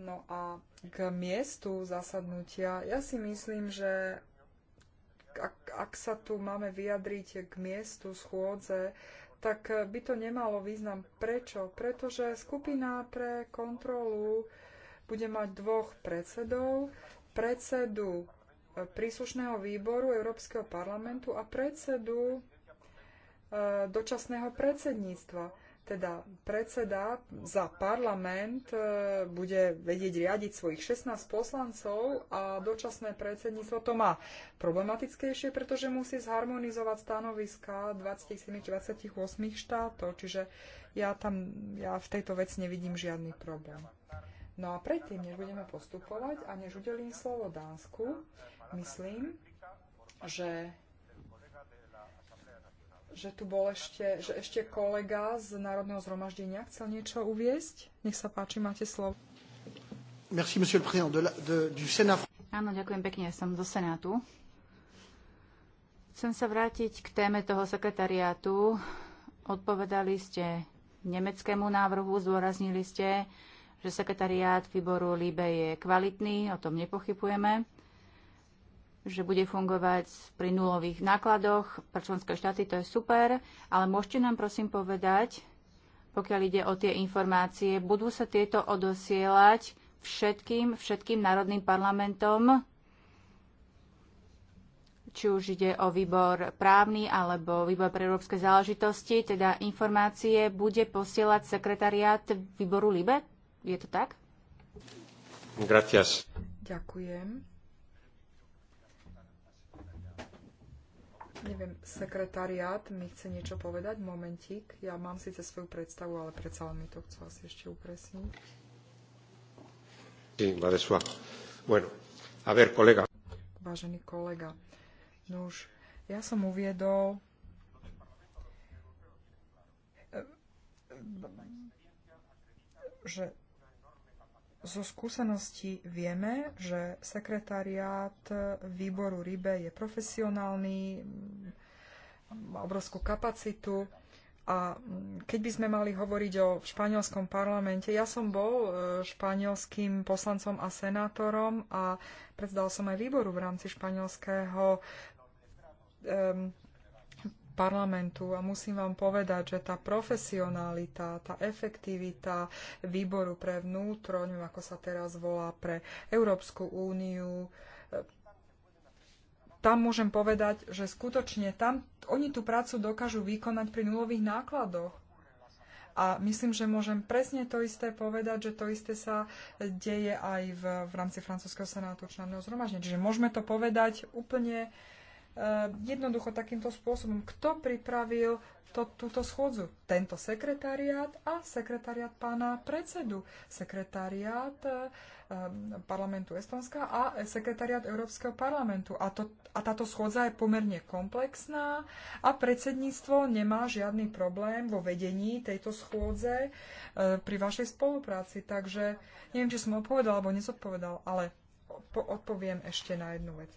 Speaker 2: No a k miestu zasadnutia, ja si myslím, že ak, ak sa tu máme vyjadriť k miestu schôdze, tak eh, by to nemalo význam. Prečo? Pretože skupina pre kontrolu bude mať dvoch predsedov, predsedu eh, príslušného výboru Európskeho parlamentu a predsedu eh, dočasného predsedníctva. Teda predseda za parlament e, bude vedieť riadiť svojich 16 poslancov a dočasné predsedníctvo to má problematickejšie, pretože musí zharmonizovať stanoviska 27-28 štátov, čiže ja tam ja v tejto veci nevidím žiadny problém. No a predtým, než budeme postupovať a než udelím slovo Dánsku, myslím, že že tu bol ešte, že ešte kolega z Národného zhromaždenia chcel niečo uviesť. Nech sa páči, máte slovo. Merci, monsieur le président, de la, de, du Sénat. Áno, ďakujem pekne, som zo Senátu.
Speaker 4: Chcem sa vrátiť k téme toho sekretariátu. Odpovedali ste nemeckému návrhu, zdôraznili ste, že sekretariát výboru Líbe je kvalitný, o tom nepochybujeme že bude fungovať pri nulových nákladoch pre členské štáty, to je super, ale môžete nám prosím povedať, pokiaľ ide o tie informácie, budú sa tieto odosielať všetkým, všetkým národným parlamentom, či už ide o výbor právny alebo výbor pre európske záležitosti, teda informácie bude posielať sekretariát výboru LIBE? Je to tak?
Speaker 2: Gracias. Ďakujem. Neviem, sekretariát mi chce niečo povedať, momentík. Ja mám síce svoju predstavu, ale predsa len mi to chcú asi ešte upresniť.
Speaker 3: Sí, sua. Bueno, a ver, kolega.
Speaker 2: Vážený kolega, no už ja som uviedol, eh, eh, že zo skúseností vieme, že sekretariát výboru RIBE je profesionálny, má obrovskú kapacitu a keď by sme mali hovoriť o španielskom parlamente, ja som bol e, španielským poslancom a senátorom a predsedal som aj výboru v rámci španielského um, parlamentu a musím vám povedať, že tá profesionalita, tá efektivita výboru pre vnútro, neviem ako sa teraz volá, pre Európsku úniu, e, tam môžem povedať, že skutočne tam oni tú prácu dokážu vykonať pri nulových nákladoch. A myslím, že môžem presne to isté povedať, že to isté sa deje aj v, v rámci francúzského senátu členného zhromaždenia. Čiže môžeme to povedať úplne uh, Eh, jednoducho takýmto spôsobom. Kto pripravil to, túto schôdzu? Tento sekretariát a sekretariát pána predsedu, sekretariát eh, parlamentu Estonska a sekretariát Európskeho parlamentu. A, to, a táto schôdza je pomerne komplexná a predsedníctvo nemá žiadny problém vo vedení tejto schôdze eh, pri vašej spolupráci. Takže neviem, či som odpovedal alebo nezodpovedal, ale odpoviem ešte na jednu vec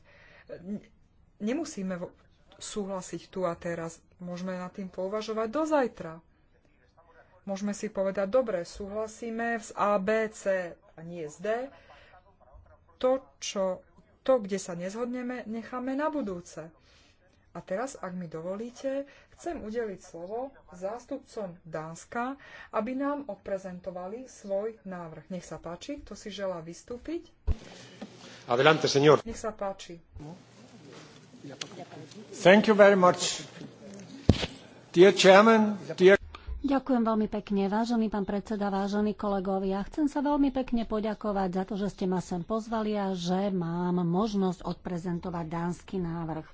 Speaker 2: nemusíme súhlasiť tu a teraz. Môžeme nad tým pouvažovať do zajtra. Môžeme si povedať, dobre, súhlasíme s A, B, C a nie s D. To, čo, to, kde sa nezhodneme, necháme na budúce. A teraz, ak mi dovolíte, chcem udeliť slovo zástupcom Dánska, aby nám odprezentovali svoj návrh. Nech sa páči, kto si želá vystúpiť.
Speaker 3: Adelante, señor.
Speaker 2: Nech sa páči. No.
Speaker 1: Ďakujem veľmi pekne, vážený pán predseda, vážení kolegovia. Chcem sa veľmi pekne poďakovať za to, že ste ma sem pozvali a že mám možnosť odprezentovať dánsky návrh.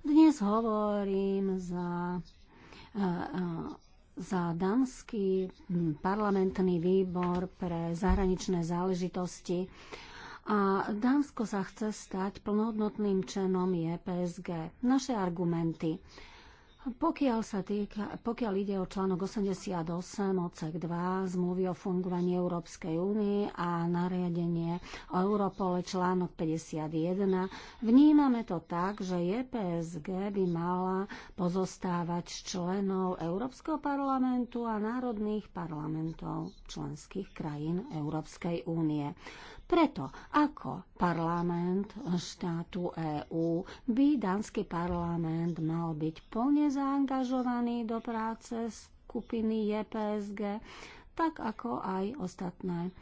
Speaker 1: Dnes hovorím za, eh, eh, za dánsky hm, parlamentný výbor pre zahraničné záležitosti a Dánsko sa chce stať plnohodnotným členom je PSG. Naše argumenty. Pokiaľ, sa týka, pokiaľ ide o článok 88 odsek 2 zmluvy o fungovaní Európskej únie a nariadenie o Europole článok 51, vnímame to tak, že EPSG by mala pozostávať členov Európskeho parlamentu a národných parlamentov členských krajín Európskej únie. Preto ako parlament štátu EÚ by dánsky parlament mal byť plne zaangažovaní do práce skupiny JPSG, tak ako aj ostatné e,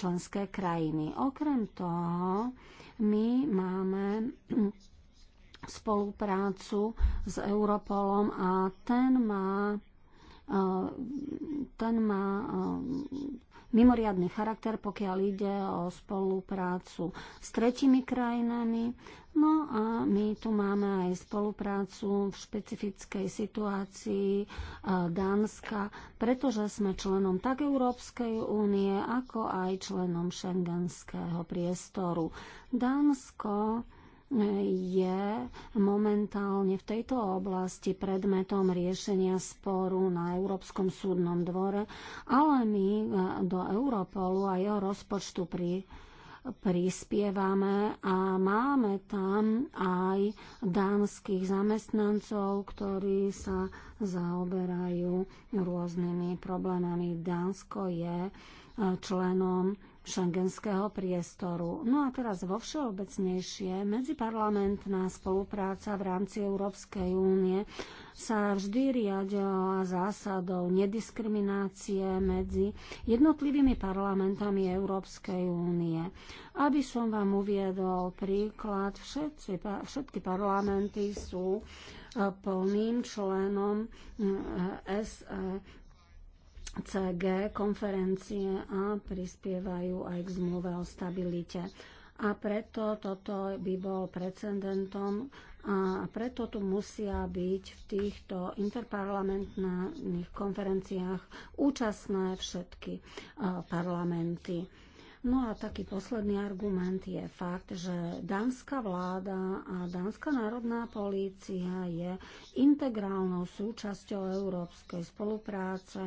Speaker 1: členské krajiny. Okrem toho, my máme spoluprácu s Europolom a ten má e, ten má e, mimoriadný charakter, pokiaľ ide o spoluprácu s tretimi krajinami. No a my tu máme aj spoluprácu v špecifickej situácii e, Dánska, pretože sme členom tak Európskej únie, ako aj členom šengenského priestoru. Dánsko je momentálne v tejto oblasti predmetom riešenia sporu na Európskom súdnom dvore, ale my e, do Europolu a jeho rozpočtu pri prispievame a máme tam aj dánskych zamestnancov, ktorí sa zaoberajú rôznymi problémami. Dánsko je e, členom šengenského priestoru. No a teraz vo všeobecnejšie medziparlamentná spolupráca v rámci Európskej únie sa vždy riadila zásadou nediskriminácie medzi jednotlivými parlamentami Európskej únie. Aby som vám uviedol príklad, všetci, všetky parlamenty sú e, plným členom SE CG konferencie a prispievajú aj k zmluve o stabilite. A preto toto by bolo precedentom a preto tu musia byť v týchto interparlamentných konferenciách účastné všetky parlamenty. No a taký posledný argument je fakt, že dánska vláda a dánska národná polícia je integrálnou súčasťou európskej spolupráce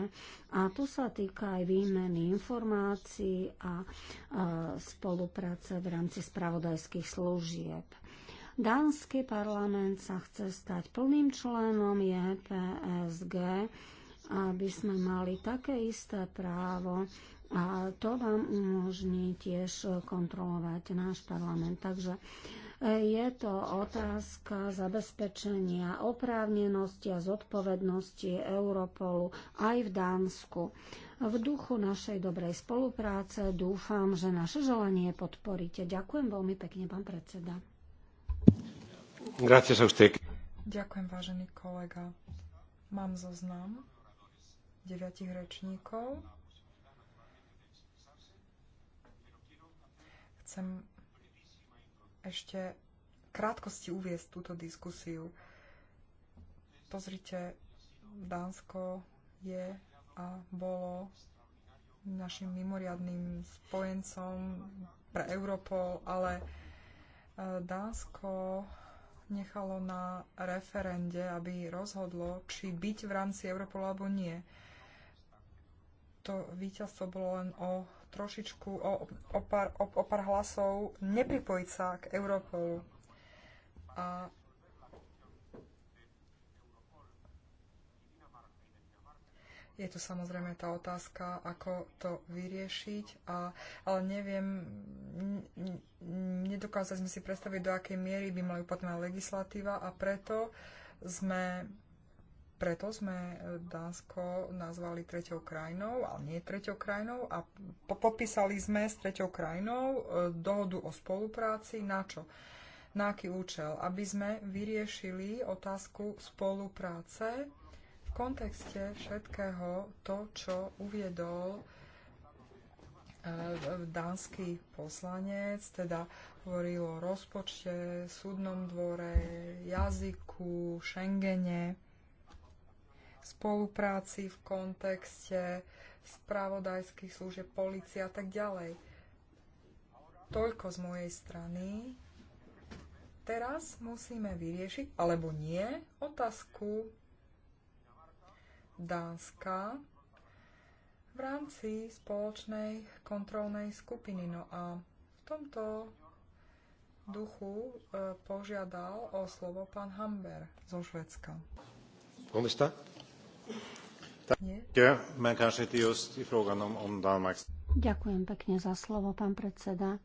Speaker 1: a to sa týka aj výmeny informácií a, a spolupráce v rámci spravodajských služieb. Dánsky parlament sa chce stať plným členom JPSG, aby sme mali také isté právo a to vám umožní tiež kontrolovať náš parlament. Takže e, je to otázka zabezpečenia oprávnenosti a zodpovednosti Europolu aj v Dánsku. V duchu našej dobrej spolupráce dúfam, že naše želanie podporíte. Ďakujem veľmi pekne, pán predseda.
Speaker 2: Ďakujem, vážený kolega. Mám zoznam deviatich rečníkov Chcem ešte krátkosti uviezť túto diskusiu. Pozrite, Dánsko je a bolo našim mimoriadným spojencom pre Europol, ale e, Dánsko nechalo na referende, aby rozhodlo, či byť v rámci Europolu alebo nie. To víťazstvo bolo len o trošičku o, o, pár, o, o pár hlasov nepripojiť sa k Europolu. A je tu samozrejme tá otázka, ako to vyriešiť, a, ale neviem, nedokázali sme si predstaviť, do akej miery by mali upadnúť legislatíva a preto sme preto sme e, Dánsko nazvali treťou krajinou, ale nie treťou krajinou a popísali sme s treťou krajinou e, dohodu o spolupráci na čo? Na aký účel? Aby sme vyriešili otázku spolupráce v kontexte všetkého to, čo uviedol e, dánsky poslanec, teda hovoril o rozpočte, súdnom dvore, jazyku, Schengene spolupráci v kontexte spravodajských služieb, policie a tak ďalej. Toľko z mojej strany. Teraz musíme vyriešiť, alebo nie, otázku Dánska v rámci spoločnej kontrolnej skupiny. No a v tomto duchu e, požiadal o slovo pán Hamber zo Švedska.
Speaker 3: Um
Speaker 1: Ďakujem pekne za slovo, pán predseda.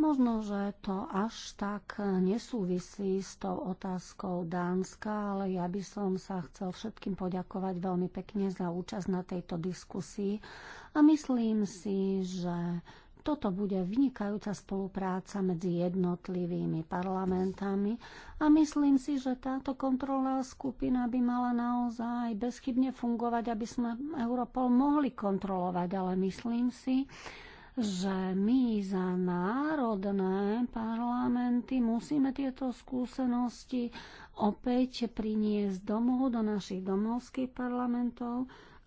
Speaker 1: Možno, že to až tak nesúvisí s tou otázkou Dánska, ale ja by som sa chcel všetkým poďakovať veľmi pekne za účasť na tejto diskusii a myslím si, že toto bude vynikajúca spolupráca medzi jednotlivými parlamentami a myslím si, že táto kontrolná skupina by mala naozaj bezchybne fungovať, aby sme Europol mohli kontrolovať, ale myslím si, že my za národné parlamenty musíme tieto skúsenosti opäť priniesť domov do našich domovských parlamentov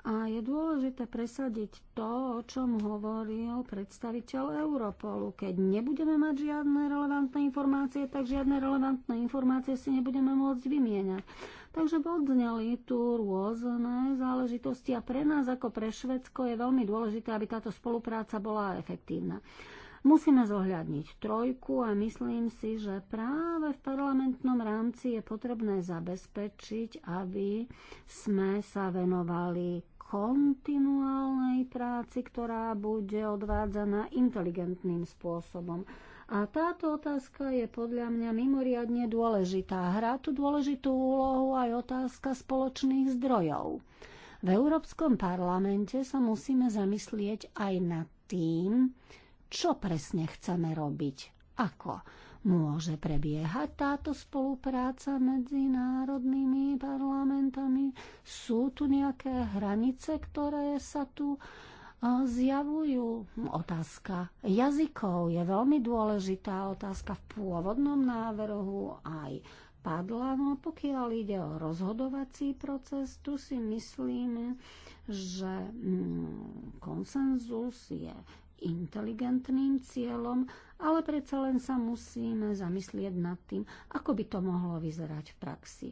Speaker 1: a je dôležité presadiť to, o čom hovoril predstaviteľ Europolu. Keď nebudeme mať žiadne relevantné informácie, tak žiadne relevantné informácie si nebudeme môcť vymieňať. Takže odzneli tu rôzne záležitosti a pre nás ako pre Švedsko je veľmi dôležité, aby táto spolupráca bola efektívna. Musíme zohľadniť trojku a myslím si, že práve v parlamentnom rámci je potrebné zabezpečiť, aby sme sa venovali kontinuálnej práci, ktorá bude odvádzaná inteligentným spôsobom. A táto otázka je podľa mňa mimoriadne dôležitá. Hrá tu dôležitú úlohu aj otázka spoločných zdrojov. V Európskom parlamente sa musíme zamyslieť aj nad tým, čo presne chceme robiť, ako môže prebiehať táto spolupráca medzi národnými parlamentami? Sú tu nejaké hranice, ktoré sa tu zjavujú. Otázka jazykov je veľmi dôležitá otázka v pôvodnom návrhu aj padla. No pokiaľ ide o rozhodovací proces, tu si myslíme, že mm, konsenzus je inteligentným cieľom, ale predsa len sa musíme zamyslieť nad tým, ako by to mohlo vyzerať v praxi.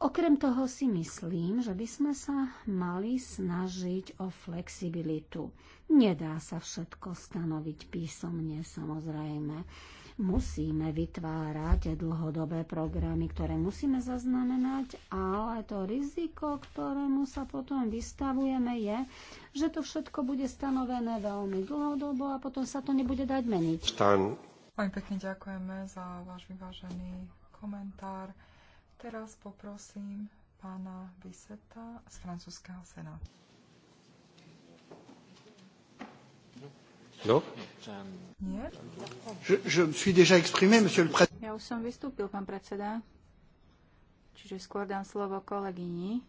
Speaker 1: Okrem toho si myslím, že by sme sa mali snažiť o flexibilitu. Nedá sa všetko stanoviť písomne, samozrejme musíme vytvárať dlhodobé programy, ktoré musíme zaznamenať, ale to riziko, ktorému sa potom vystavujeme, je, že to všetko bude stanovené veľmi dlhodobo a potom
Speaker 2: sa to nebude dať meniť. Stan. Veľmi pekne ďakujeme za váš vyvážený komentár. Teraz poprosím pána Vyseta z francúzského senátu.
Speaker 3: Ja
Speaker 4: už som vystúpil, pán predseda. Čiže skôr dám slovo kolegyni.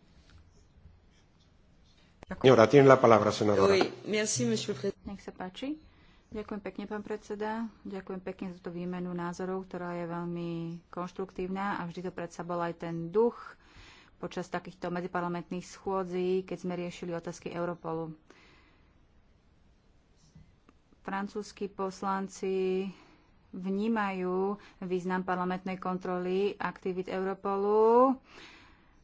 Speaker 3: tiene la palabra, senadora.
Speaker 4: Nech sa páči. Ďakujem pekne, pán predseda. Ďakujem pekne za tú výmenu názorov, ktorá je veľmi konštruktívna a vždy to predsa bol aj ten duch počas takýchto medziparlamentných schôdzí, keď sme riešili otázky Europolu francúzskí poslanci vnímajú význam parlamentnej kontroly aktivít Europolu.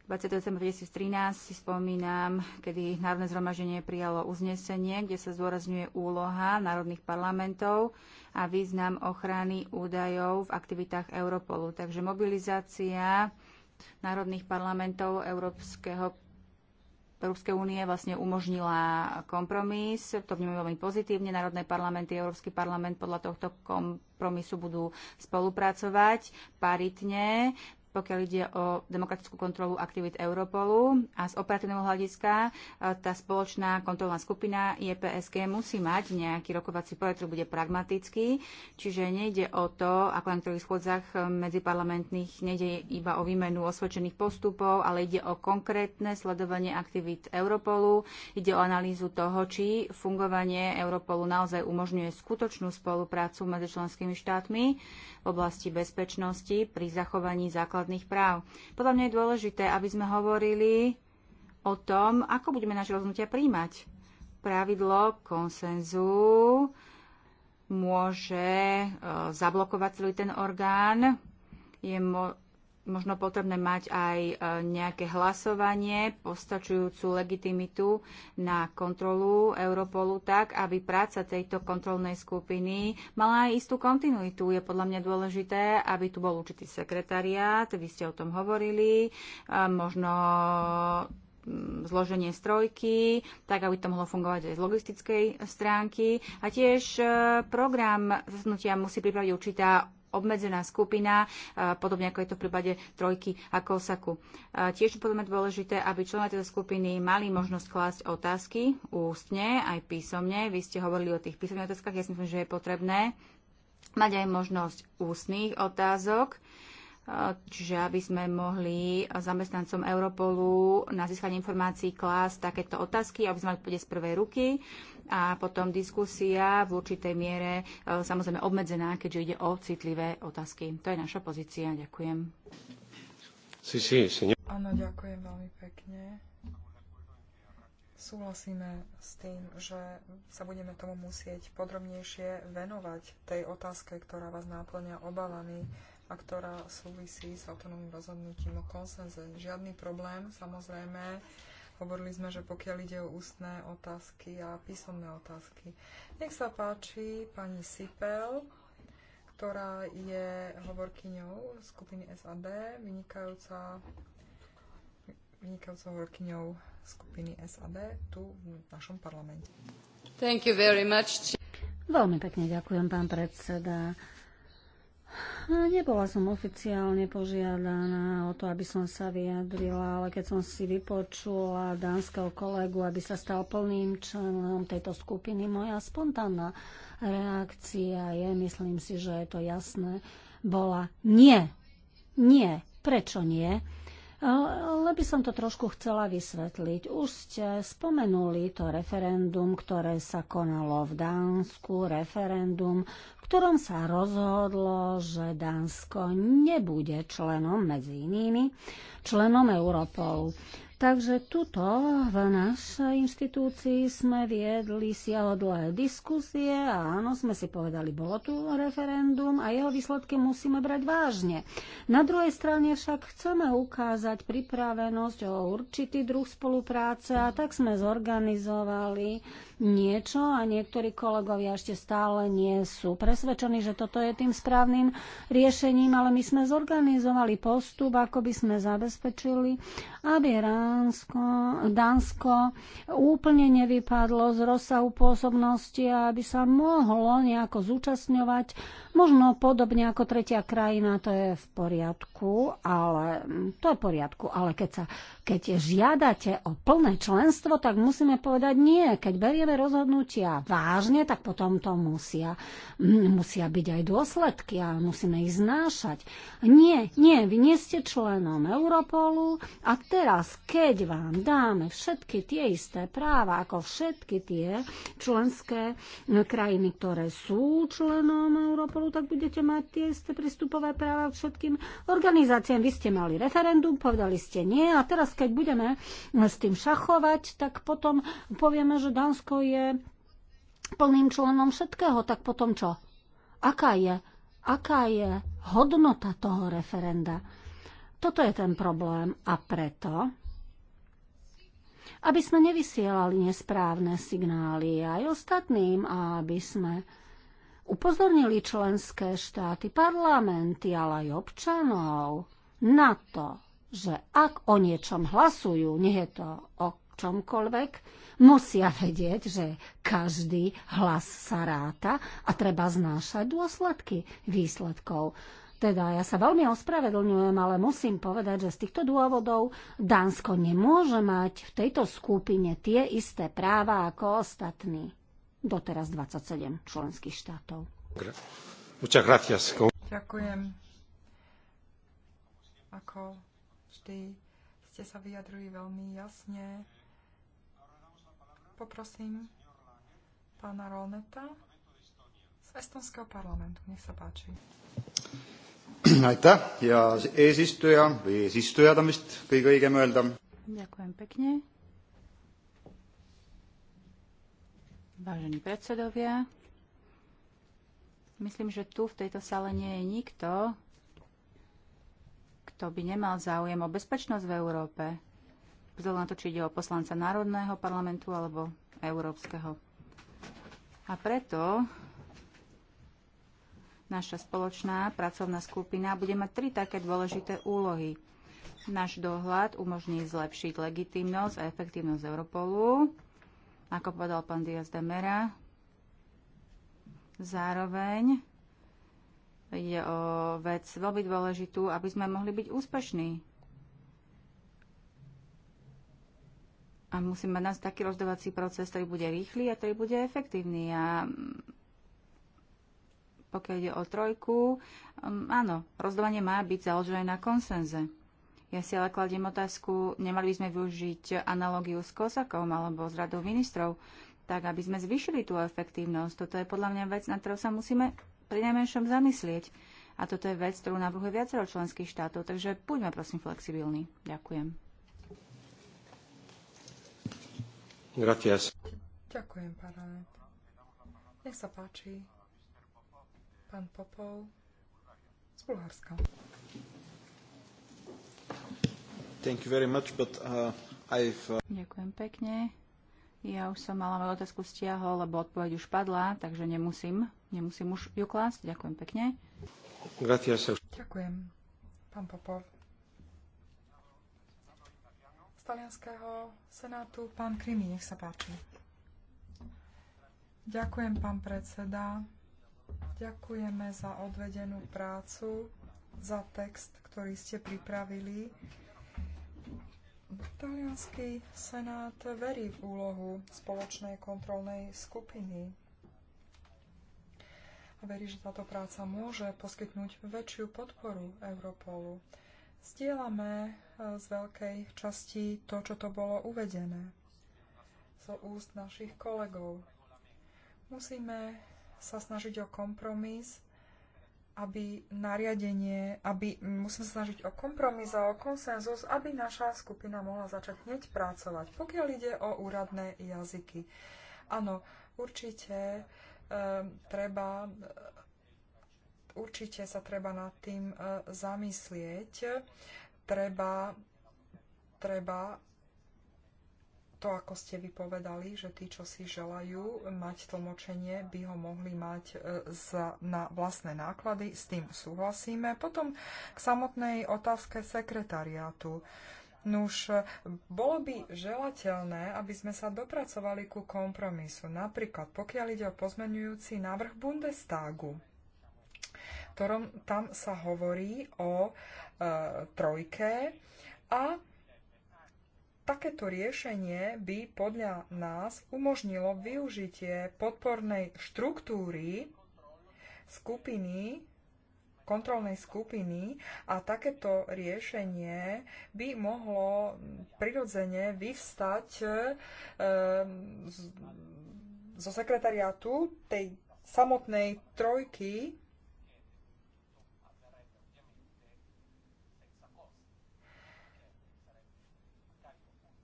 Speaker 4: 20. 2013 si spomínam, kedy Národné zhromaždenie prijalo uznesenie, kde sa zdôrazňuje úloha národných parlamentov a význam ochrany údajov v aktivitách Europolu. Takže mobilizácia národných parlamentov Európskeho Európskej únie vlastne umožnila kompromis. To vnímame veľmi pozitívne. Národné parlamenty, Európsky parlament podľa tohto kompromisu budú spolupracovať paritne pokiaľ ide o demokratickú kontrolu aktivít Europolu a z operatívneho hľadiska e, tá spoločná kontrolná skupina IEPSG musí mať nejaký rokovací projekt, ktorý bude pragmatický, čiže nejde o to, ako na ktorých schôdzach e, medziparlamentných nejde iba o výmenu osvedčených postupov, ale ide o konkrétne sledovanie aktivít Europolu, ide o analýzu toho, či fungovanie Europolu naozaj umožňuje skutočnú spoluprácu medzi členskými štátmi v oblasti bezpečnosti pri zachovaní základných základných práv. Podľa mňa je dôležité, aby sme hovorili o tom, ako budeme naše rozhodnutia príjmať. Pravidlo konsenzu môže e, zablokovať celý ten orgán, je mo- možno potrebné mať aj e, nejaké hlasovanie, postačujúcu legitimitu na kontrolu Europolu tak, aby práca tejto kontrolnej skupiny mala aj istú kontinuitu. Je podľa mňa dôležité, aby tu bol určitý sekretariát, vy ste o tom hovorili, e, možno zloženie strojky, tak aby to mohlo fungovať aj z logistickej stránky. A tiež e, program zasnutia musí pripraviť určitá obmedzená skupina, podobne ako je to v prípade trojky a kosaku. Tiež podľa dôležité, aby členovia tejto skupiny mali možnosť klásť otázky ústne, aj písomne. Vy ste hovorili o tých písomných otázkach, ja si myslím, že je potrebné mať aj možnosť ústnych otázok čiže aby sme mohli zamestnancom Europolu na získanie informácií klásť takéto otázky, aby sme mali pôjde z prvej ruky a potom diskusia v určitej miere e, samozrejme obmedzená, keďže ide o citlivé otázky. To je naša pozícia. Ďakujem.
Speaker 3: Si, si, si.
Speaker 2: Áno, ďakujem veľmi pekne. Súhlasíme s tým, že sa budeme tomu musieť podrobnejšie venovať tej otázke, ktorá vás náplňa obavami a ktorá súvisí s autonómnym rozhodnutím o konsenze. Žiadny problém, samozrejme. Hovorili sme, že pokiaľ ide o ústne otázky a písomné otázky. Nech sa páči pani Sipel, ktorá je hovorkyňou skupiny SAD, vynikajúca, vynikajúca hovorkyňou skupiny SAD tu v našom parlamente. Thank you very much.
Speaker 1: Veľmi pekne ďakujem, pán predseda. Nebola som oficiálne požiadaná o to, aby som sa vyjadrila, ale keď som si vypočula dánskeho kolegu, aby sa stal plným členom tejto skupiny, moja spontánna reakcia je, myslím si, že je to jasné, bola nie. Nie. Prečo nie? Ale by som to trošku chcela vysvetliť. Už ste spomenuli to referendum, ktoré sa konalo v Dánsku, referendum, v ktorom sa rozhodlo, že Dánsko nebude členom, medzi inými, členom Europol. Takže tuto v našej inštitúcii sme viedli dlhé diskusie a áno, sme si povedali, bolo tu referendum a jeho výsledky musíme brať vážne. Na druhej strane však chceme ukázať pripravenosť o určitý druh spolupráce a tak sme zorganizovali niečo a niektorí kolegovia ešte stále nie sú presvedčení, že toto je tým správnym riešením, ale my sme zorganizovali postup, ako by sme zabezpečili, aby Ránsko, Dánsko úplne nevypadlo z rozsahu pôsobnosti a aby sa mohlo nejako zúčastňovať, možno podobne ako tretia krajina, to je v poriadku, ale to je v poriadku, ale keď, sa, keď žiadate o plné členstvo, tak musíme povedať nie. Keď berieme jednotlivé rozhodnutia vážne, tak potom to musia, mm, musia byť aj dôsledky a musíme ich znášať. Nie, nie, vy nie ste členom Europolu a teraz, keď vám dáme všetky tie isté práva ako všetky tie členské mm, krajiny, ktoré sú členom Europolu, tak budete mať tie isté prístupové práva všetkým organizáciám. Vy ste mali referendum, povedali ste nie a teraz, keď budeme s tým šachovať, tak potom povieme, že Dánsko ako je plným členom všetkého, tak potom čo? Aká je, aká je hodnota toho referenda? Toto je ten problém a preto aby sme nevysielali nesprávne signály aj ostatným a aby sme upozornili členské štáty, parlamenty, ale aj občanov na to, že ak o niečom hlasujú, nie je to o čomkoľvek, musia vedieť, že každý hlas sa ráta a treba znášať dôsledky výsledkov. Teda ja sa veľmi ospravedlňujem, ale musím povedať, že z týchto dôvodov Dánsko nemôže mať v tejto skupine tie isté práva ako ostatní. Doteraz 27 členských štátov.
Speaker 3: Ďakujem.
Speaker 2: Ako vždy ste sa vyjadrujú veľmi jasne Poprosím pána Rolneta z Estonského parlamentu. Nech sa páči.
Speaker 3: Aitäh eesistuja või vist kõige õigem öelda.
Speaker 2: Ďakujem pekne.
Speaker 4: Vážení predsedovia, myslím, že tu v tejto sále nie je nikto, kto by nemal záujem o bezpečnosť v Európe vzhľadom na to, či ide o poslanca Národného parlamentu alebo Európskeho. A preto naša spoločná pracovná skupina bude mať tri také dôležité úlohy. Náš dohľad umožní zlepšiť legitimnosť a efektívnosť Europolu, ako povedal pán Diaz de Mera. Zároveň ide o vec veľmi dôležitú, aby sme mohli byť úspešní A musíme mať taký rozhodovací proces, ktorý bude rýchly a ktorý bude efektívny. A mm, pokiaľ ide o trojku, um, áno, rozdovanie má byť založené na konsenze. Ja si ale kladiem otázku, nemali by sme využiť analogiu s Kosakom alebo s radou ministrov, tak aby sme zvýšili tú efektívnosť. Toto je podľa mňa vec, na ktorou sa musíme pri najmenšom zamyslieť. A toto je vec, ktorú navrhuje viacero členských štátov, takže buďme prosím flexibilní. Ďakujem.
Speaker 3: Gratias.
Speaker 2: Ďakujem, Nech sa páči. Pán Popov z Bulharska.
Speaker 3: Thank you very much, but uh, I've... Uh...
Speaker 4: Ďakujem pekne. Ja už som mala moju otázku stiahol, lebo odpoveď už padla, takže nemusím, nemusím už ju klásť. Ďakujem pekne.
Speaker 3: Ďakujem,
Speaker 2: pán Popov talianského senátu, pán Krimi, nech sa páči. Ďakujem, pán predseda. Ďakujeme za odvedenú prácu, za text, ktorý ste pripravili. Talianský senát verí v úlohu spoločnej kontrolnej skupiny a verí, že táto práca môže poskytnúť väčšiu podporu Europolu. Zdieľame e, z veľkej časti to, čo to bolo uvedené zo úst našich kolegov. Musíme sa snažiť o kompromis, aby nariadenie, aby musíme sa snažiť o kompromis a o konsenzus, aby naša skupina mohla začať hneď pracovať, pokiaľ ide o úradné jazyky. Áno, určite e, treba určite sa treba nad tým e, zamyslieť. Treba, treba to, ako ste vypovedali, že tí, čo si želajú mať tlmočenie, by ho mohli mať e, za, na vlastné náklady. S tým súhlasíme. Potom k samotnej otázke sekretariátu. Nuž, e, bolo by želateľné, aby sme sa dopracovali ku kompromisu. Napríklad, pokiaľ ide o pozmenujúci návrh Bundestagu ktorom tam sa hovorí o e, trojke a takéto riešenie by podľa nás umožnilo využitie podpornej štruktúry skupiny kontrolnej skupiny a takéto riešenie by mohlo prirodzene vyvstať e, zo sekretariátu tej samotnej trojky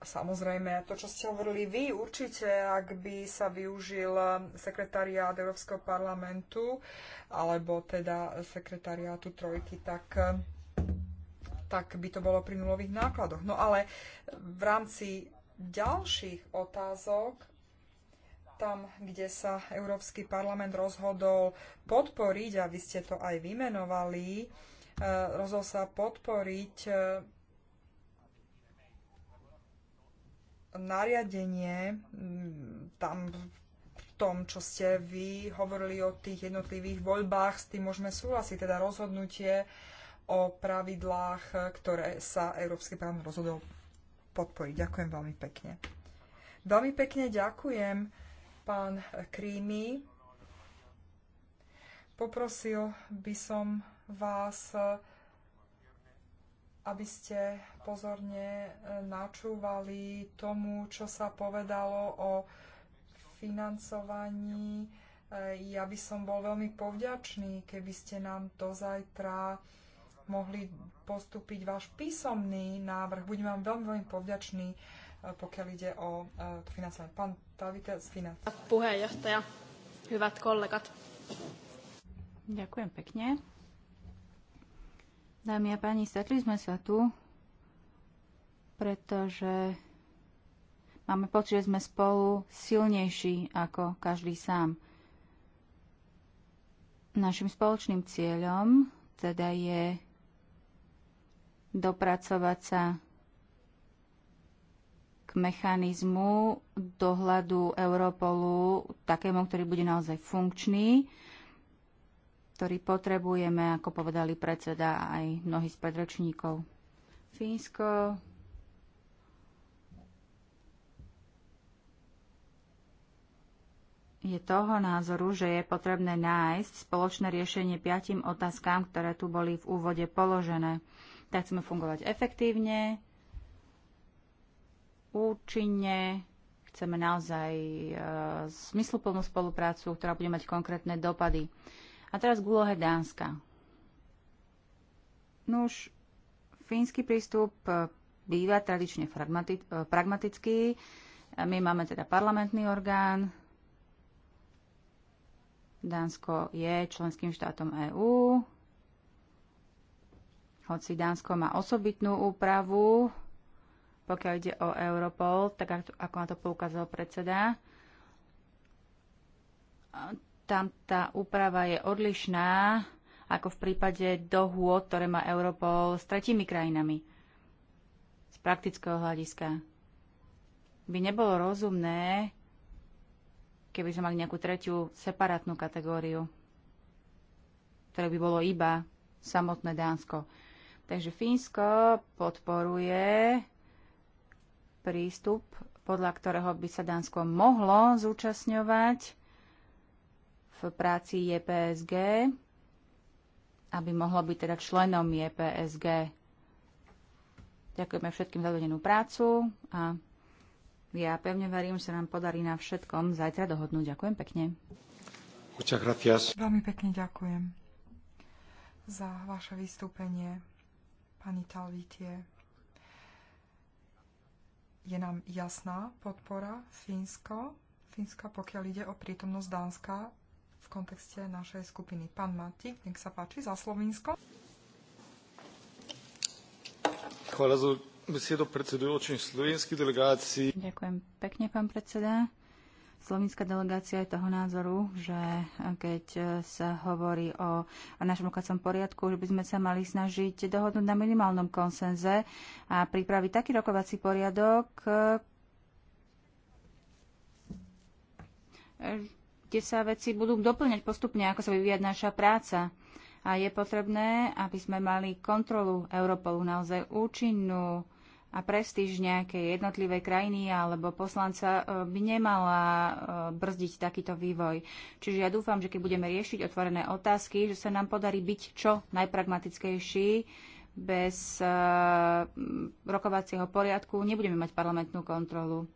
Speaker 2: Samozrejme, to, čo ste hovorili vy, určite, ak by sa využil eh, sekretariát Európskeho parlamentu, alebo teda sekretariátu Trojky, tak eh, tak by to bolo pri nulových nákladoch. No ale eh, v rámci ďalších otázok, tam, kde sa Európsky parlament rozhodol podporiť, a vy ste to aj vymenovali, rozhodol sa podporiť nariadenie, mm, tam v tom, čo ste vy hovorili o tých jednotlivých voľbách, s tým môžeme súhlasiť, teda rozhodnutie o pravidlách, ktoré sa Európsky parlament rozhodol podporiť. Ďakujem veľmi pekne. Veľmi pekne ďakujem, pán Krímy. Poprosil by som vás aby ste pozorne e, načúvali tomu, čo sa povedalo o financovaní. E, ja by som bol veľmi povďačný, keby ste nám do zajtra mohli postúpiť váš písomný návrh. Budem vám veľmi, veľmi povďačný, e, pokiaľ ide o to financovanie. Pán Tavite z Finans.
Speaker 4: hyvät kollegat. Ďakujem pekne. Dámy a páni, stretli sme sa tu, pretože máme pocit, že sme spolu silnejší ako každý sám. Našim spoločným cieľom teda je dopracovať sa k mechanizmu dohľadu Europolu, takému, ktorý bude naozaj funkčný, ktorý potrebujeme, ako povedali predseda aj mnohí z predročníkov. Fínsko je toho názoru, že je potrebné nájsť spoločné riešenie piatim otázkám, ktoré tu boli v úvode položené. Tak chceme fungovať efektívne, účinne, chceme naozaj e, zmysluplnú spoluprácu, ktorá bude mať konkrétne dopady. A teraz k úlohe Dánska. Nuž, fínsky prístup e, býva tradične e, pragmatický. E, my máme teda parlamentný orgán. Dánsko je členským štátom EÚ. Hoci Dánsko má osobitnú úpravu, pokiaľ ide o Europol, tak ako na to poukázal predseda, tam tá úprava je odlišná ako v prípade dohôd, ktoré má Europol s tretími krajinami z praktického hľadiska. By nebolo rozumné, keby sme mali nejakú tretiu separátnu kategóriu, ktoré by bolo iba samotné Dánsko. Takže Fínsko podporuje prístup, podľa ktorého by sa Dánsko mohlo zúčastňovať v práci JPSG, aby mohlo byť teda členom JPSG. Ďakujeme všetkým za dodenú prácu a ja pevne verím, že sa nám podarí na všetkom zajtra dohodnúť. Ďakujem pekne.
Speaker 2: Veľmi pekne ďakujem za vaše vystúpenie, pani Talvitie. Je nám jasná podpora Fínsko, Fínska, pokiaľ ide o prítomnosť Dánska kontexte našej skupiny. Pán Matík, nech sa páči, za Slovinsko.
Speaker 3: Chváľa za besedo predsedujočim slovenskej delegácii.
Speaker 4: Ďakujem pekne, pán predseda. Slovenská delegácia je toho názoru, že keď sa hovorí o našom rokovacom poriadku, že by sme sa mali snažiť dohodnúť na minimálnom konsenze a pripraviť taký rokovací poriadok, tie sa veci budú doplňať postupne, ako sa vyvíja naša práca. A je potrebné, aby sme mali kontrolu Europolu naozaj účinnú a prestíž nejakej jednotlivej krajiny alebo poslanca e, by nemala e, brzdiť takýto vývoj. Čiže ja dúfam, že keď budeme riešiť otvorené otázky, že sa nám podarí byť čo najpragmatickejší bez e, rokovacieho poriadku, nebudeme mať parlamentnú kontrolu.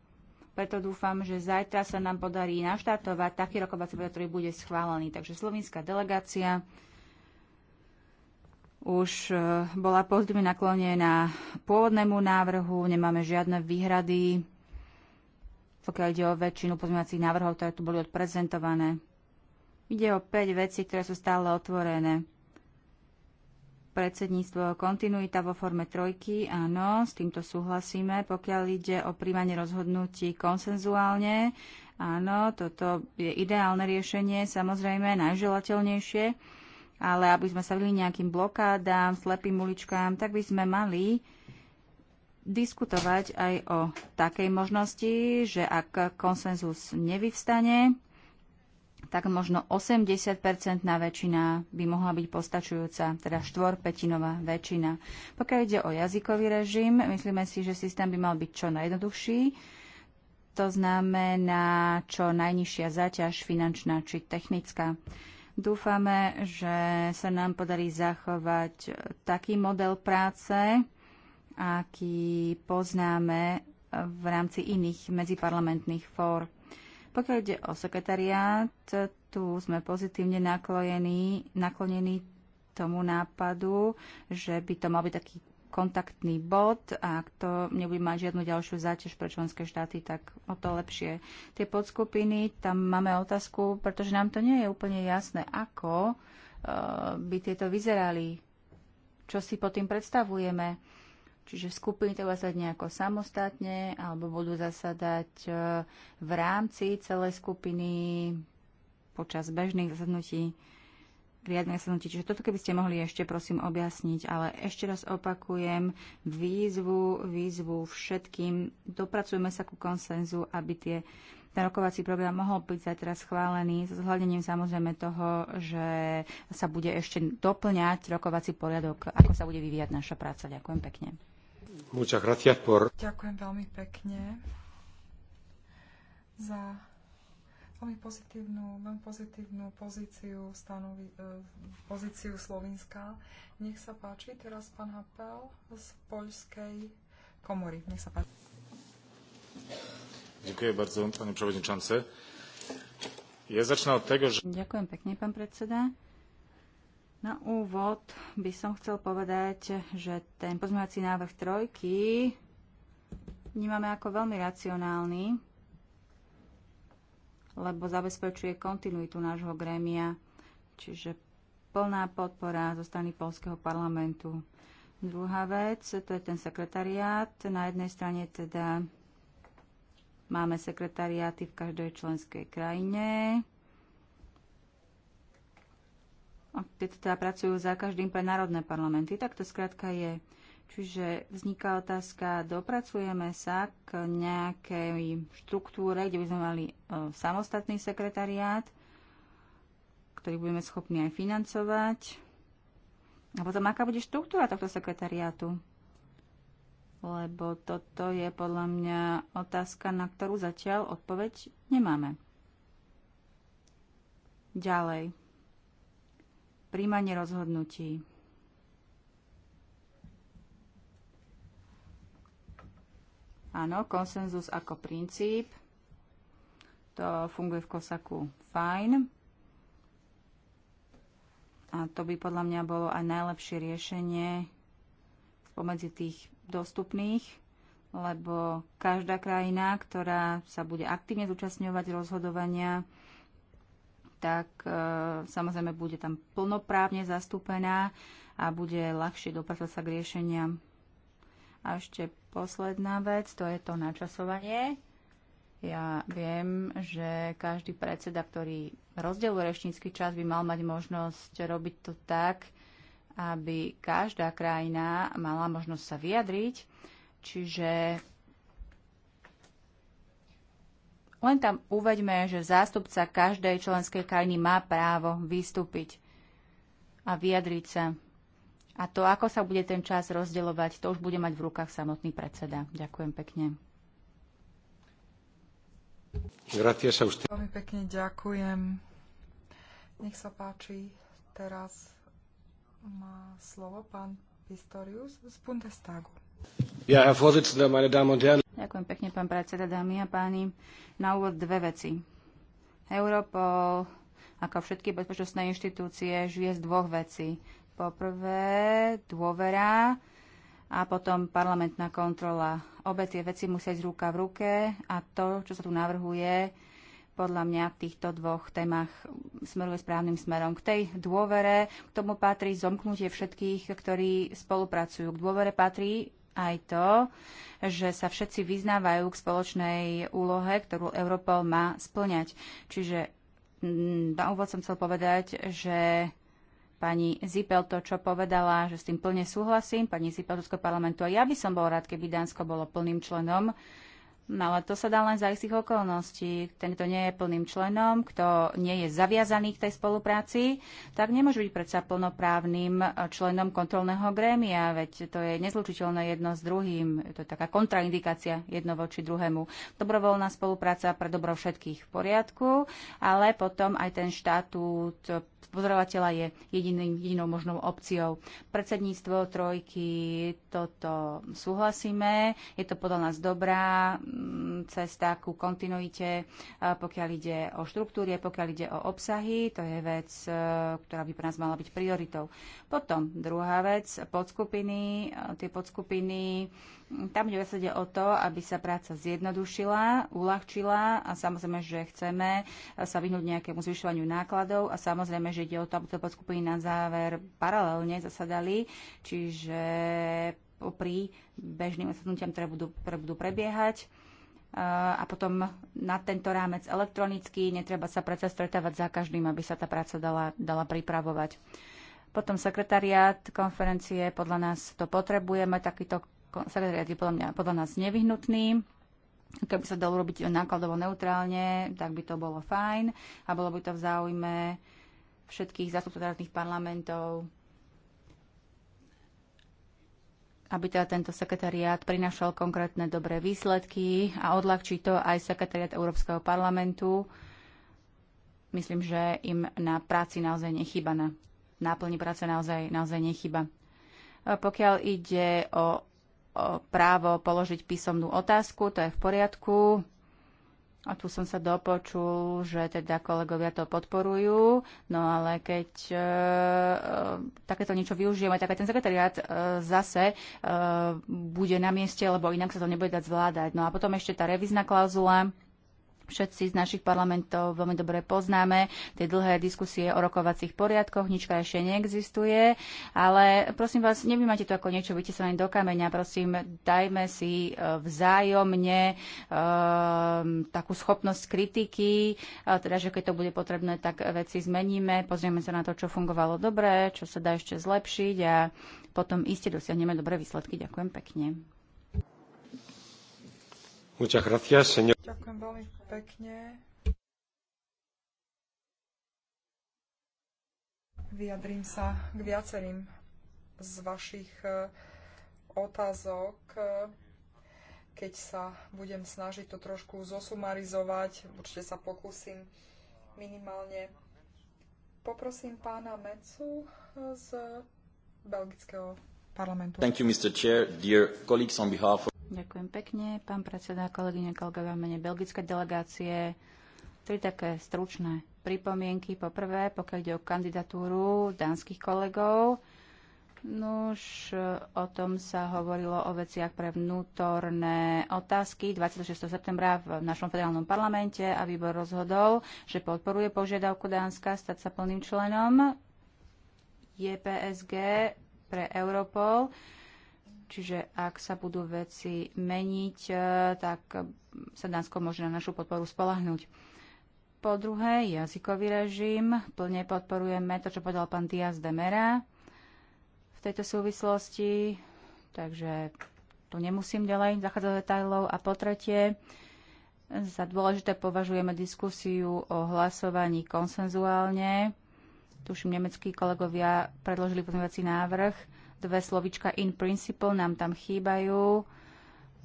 Speaker 4: Preto dúfam, že zajtra sa nám podarí naštartovať taký rokovací bod, ktorý bude schválený. Takže slovinská delegácia už e, bola pozitívne naklonená pôvodnému návrhu, nemáme žiadne výhrady, pokiaľ ide o väčšinu pozmeňovacích návrhov, ktoré tu boli odprezentované. Ide o 5 vecí, ktoré sú stále otvorené predsedníctvo kontinuita vo forme trojky, áno, s týmto súhlasíme. Pokiaľ ide o príjmanie rozhodnutí konsenzuálne, áno, toto je ideálne riešenie, samozrejme najželateľnejšie, ale aby sme sa vyli nejakým blokádám, slepým uličkám, tak by sme mali diskutovať aj o takej možnosti, že ak konsenzus nevyvstane, tak možno 80-percentná väčšina by mohla byť postačujúca, teda štvorpetinová väčšina. Pokiaľ ide o jazykový režim, myslíme si, že systém by mal byť čo najjednoduchší, to znamená čo najnižšia zaťaž finančná či technická. Dúfame, že sa nám podarí zachovať taký model práce, aký poznáme v rámci iných medziparlamentných fór. Pokiaľ ide o sekretariát, tu sme pozitívne naklonení, naklonení tomu nápadu, že by to mal byť taký kontaktný bod a ak to nebude mať žiadnu ďalšiu záťaž pre členské štáty, tak o to lepšie. Tie podskupiny, tam máme otázku, pretože nám to nie je úplne jasné, ako eh, by tieto vyzerali, čo si pod tým predstavujeme Čiže skupiny treba sa nejako samostatne alebo budú zasadať e, v rámci celej skupiny počas bežných zasadnutí, riadne zasadnutí. Čiže toto keby ste mohli ešte prosím objasniť, ale ešte raz opakujem výzvu, výzvu všetkým. Dopracujeme sa ku konsenzu, aby tie ten rokovací program mohol byť zajtra schválený s hľadením samozrejme toho, že sa bude ešte doplňať rokovací poriadok, ako sa bude vyvíjať naša práca. Ďakujem pekne.
Speaker 3: Ďakujem
Speaker 2: veľmi pekne za veľmi pozitívnu, veľmi pozitívnu pozíciu, stanovi, e, pozíciu Slovenska. Nech sa páči teraz pán Hapel z Poľskej komory. Nech sa páči.
Speaker 3: Ďakujem bardzo, panie przewodniczący. Ja zacznę od tego, że...
Speaker 4: Ďakujem pekne, pán predseda. Na úvod by som chcel povedať, že ten pozmeňovací návrh trojky vnímame ako veľmi racionálny, lebo zabezpečuje kontinuitu nášho grémia, čiže plná podpora zo strany Polského parlamentu. Druhá vec, to je ten sekretariát. Na jednej strane teda máme sekretariáty v každej členskej krajine, keď teda pracujú za každým pre národné parlamenty. Tak to skrátka je. Čiže vzniká otázka, dopracujeme sa k nejakej štruktúre, kde by sme mali e, samostatný sekretariát, ktorý budeme schopní aj financovať. A potom, aká bude štruktúra tohto sekretariátu? Lebo toto je podľa mňa otázka, na ktorú zatiaľ odpoveď nemáme. Ďalej príjmanie rozhodnutí. Áno, konsenzus ako princíp. To funguje v Kosaku fajn. A to by podľa mňa bolo aj najlepšie riešenie spomedzi tých dostupných, lebo každá krajina, ktorá sa bude aktívne zúčastňovať rozhodovania, tak e, samozrejme bude tam plnoprávne zastúpená a bude ľahšie dopracovať sa k riešeniam. A ešte posledná vec, to je to načasovanie. Ja viem, že každý predseda, ktorý rozdeluje rečnícky čas, by mal mať možnosť robiť to tak, aby každá krajina mala možnosť sa vyjadriť. Čiže len tam uveďme, že zástupca každej členskej krajiny má právo vystúpiť a vyjadriť sa. A to, ako sa bude ten čas rozdeľovať, to už bude mať v rukách samotný predseda. Ďakujem pekne.
Speaker 3: Veľmi
Speaker 2: pekne ďakujem. Nech sa páči, teraz má slovo pán Pistorius z Bundestagu.
Speaker 3: Ja, Herr Vorsitzender, meine Damen und Herren.
Speaker 4: Ďakujem pekne, pán predseda, dámy a páni. Na úvod dve veci. Europol, ako všetky bezpečnostné inštitúcie, žije z dvoch vecí. Poprvé, dôvera a potom parlamentná kontrola. Obe tie veci musia ísť ruka v ruke a to, čo sa tu navrhuje, podľa mňa v týchto dvoch témach smeruje správnym smerom. K tej dôvere, k tomu patrí zomknutie všetkých, ktorí spolupracujú. K dôvere patrí aj to, že sa všetci vyznávajú k spoločnej úlohe, ktorú Europol má splňať. Čiže mm, na úvod som chcel povedať, že pani Zipel to, čo povedala, že s tým plne súhlasím, pani Zipel Ruského parlamentu a ja by som bol rád, keby Dánsko bolo plným členom No ale to sa dá len za istých okolností. Ten, kto nie je plným členom, kto nie je zaviazaný k tej spolupráci, tak nemôže byť predsa plnoprávnym členom kontrolného grémia, veď to je nezlučiteľné jedno s druhým. To je taká kontraindikácia jedno voči druhému. Dobrovoľná spolupráca pre dobro všetkých v poriadku, ale potom aj ten štatút pozorovateľa je jediným, jedinou možnou opciou. Predsedníctvo trojky, toto súhlasíme, je to podľa nás dobrá cesta ku kontinuite, pokiaľ ide o štruktúrie, pokiaľ ide o obsahy. To je vec, e, ktorá by pre nás mala byť prioritou. Potom druhá vec, podskupiny. E, tie podskupiny, tam ide v zásade o to, aby sa práca zjednodušila, uľahčila a samozrejme, že chceme sa vyhnúť nejakému zvyšovaniu nákladov a samozrejme, že ide o to, aby to podskupiny na záver paralelne zasadali, čiže pri bežným zasadnutiam, ktoré budú, ktoré budú prebiehať a potom na tento rámec elektronicky, netreba sa predsa stretávať za každým, aby sa tá práca dala, dala pripravovať. Potom sekretariát konferencie, podľa nás to potrebujeme, takýto sekretariát je podľa, mňa, podľa nás nevyhnutný. Keby sa dalo robiť nákladovo neutrálne, tak by to bolo fajn a bolo by to v záujme všetkých zástupcov parlamentov aby teda tento sekretariát prinašal konkrétne dobré výsledky a odľahčí to aj sekretariát Európskeho parlamentu. Myslím, že im na práci naozaj nechýba, na náplni práce naozaj, naozaj nechyba. E, pokiaľ ide o, o právo položiť písomnú otázku, to je v poriadku. A tu som sa dopočul, že teda kolegovia to podporujú, no ale keď e, e takéto niečo využijeme, tak aj ten sekretariát e, zase e, bude na mieste, lebo inak sa to nebude dať zvládať. No a potom ešte tá revizná klauzula všetci z našich parlamentov veľmi dobre poznáme. Tie dlhé diskusie o rokovacích poriadkoch, nič ešte neexistuje. Ale prosím vás, nevnímate to ako niečo vytesané do kameňa. Prosím, dajme si e, vzájomne um, takú schopnosť kritiky, e, teda, že keď to bude potrebné, tak veci zmeníme, pozrieme sa na to, čo fungovalo dobre, čo sa dá ešte zlepšiť a potom iste dosiahneme dobré výsledky. Ďakujem pekne.
Speaker 3: Gracias,
Speaker 2: Ďakujem veľmi pekne. Vyjadrím sa k viacerým z vašich e, otázok. E, keď sa budem snažiť to trošku zosumarizovať, určite sa pokúsim minimálne. Poprosím pána Mecu e, z belgického parlamentu. Thank you, Mr. Chair, dear colleagues, on behalf of
Speaker 4: Ďakujem pekne. Pán predseda, kolegyne, kolegovia, mene belgické delegácie. Tri také stručné pripomienky. Po prvé, pokiaľ ide o kandidatúru dánskych kolegov, Nuž, o tom sa hovorilo o veciach pre vnútorné otázky 26. septembra v našom federálnom parlamente a výbor rozhodol, že podporuje požiadavku Dánska stať sa plným členom JPSG pre Europol. Čiže ak sa budú veci meniť, e, tak sa Dánsko môže na našu podporu spolahnuť. Po druhé, jazykový režim. Plne podporujeme to, čo povedal pán Diaz de Mera v tejto súvislosti, takže tu nemusím ďalej zachádzať detailov. A po tretie, za dôležité považujeme diskusiu o hlasovaní konsenzuálne. Tuším, nemeckí kolegovia predložili pozmeňovací návrh Dve slovička in principle nám tam chýbajú,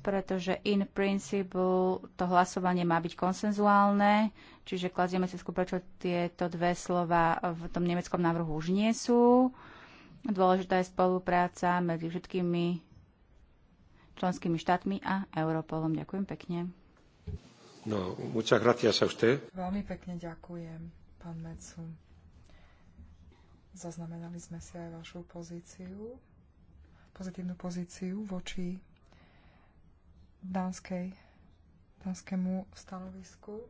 Speaker 4: pretože in principle to hlasovanie má byť konsenzuálne, čiže kladieme si prečo tieto dve slova v tom nemeckom návrhu už nie sú. Dôležitá je spolupráca medzi všetkými členskými štátmi a Europolom. Ďakujem pekne.
Speaker 3: No, muchas gracias a usted.
Speaker 2: Veľmi pekne ďakujem, pán Mecu. Zaznamenali sme si aj vašu pozíciu, pozitívnu pozíciu voči dánskej, dánskemu stanovisku.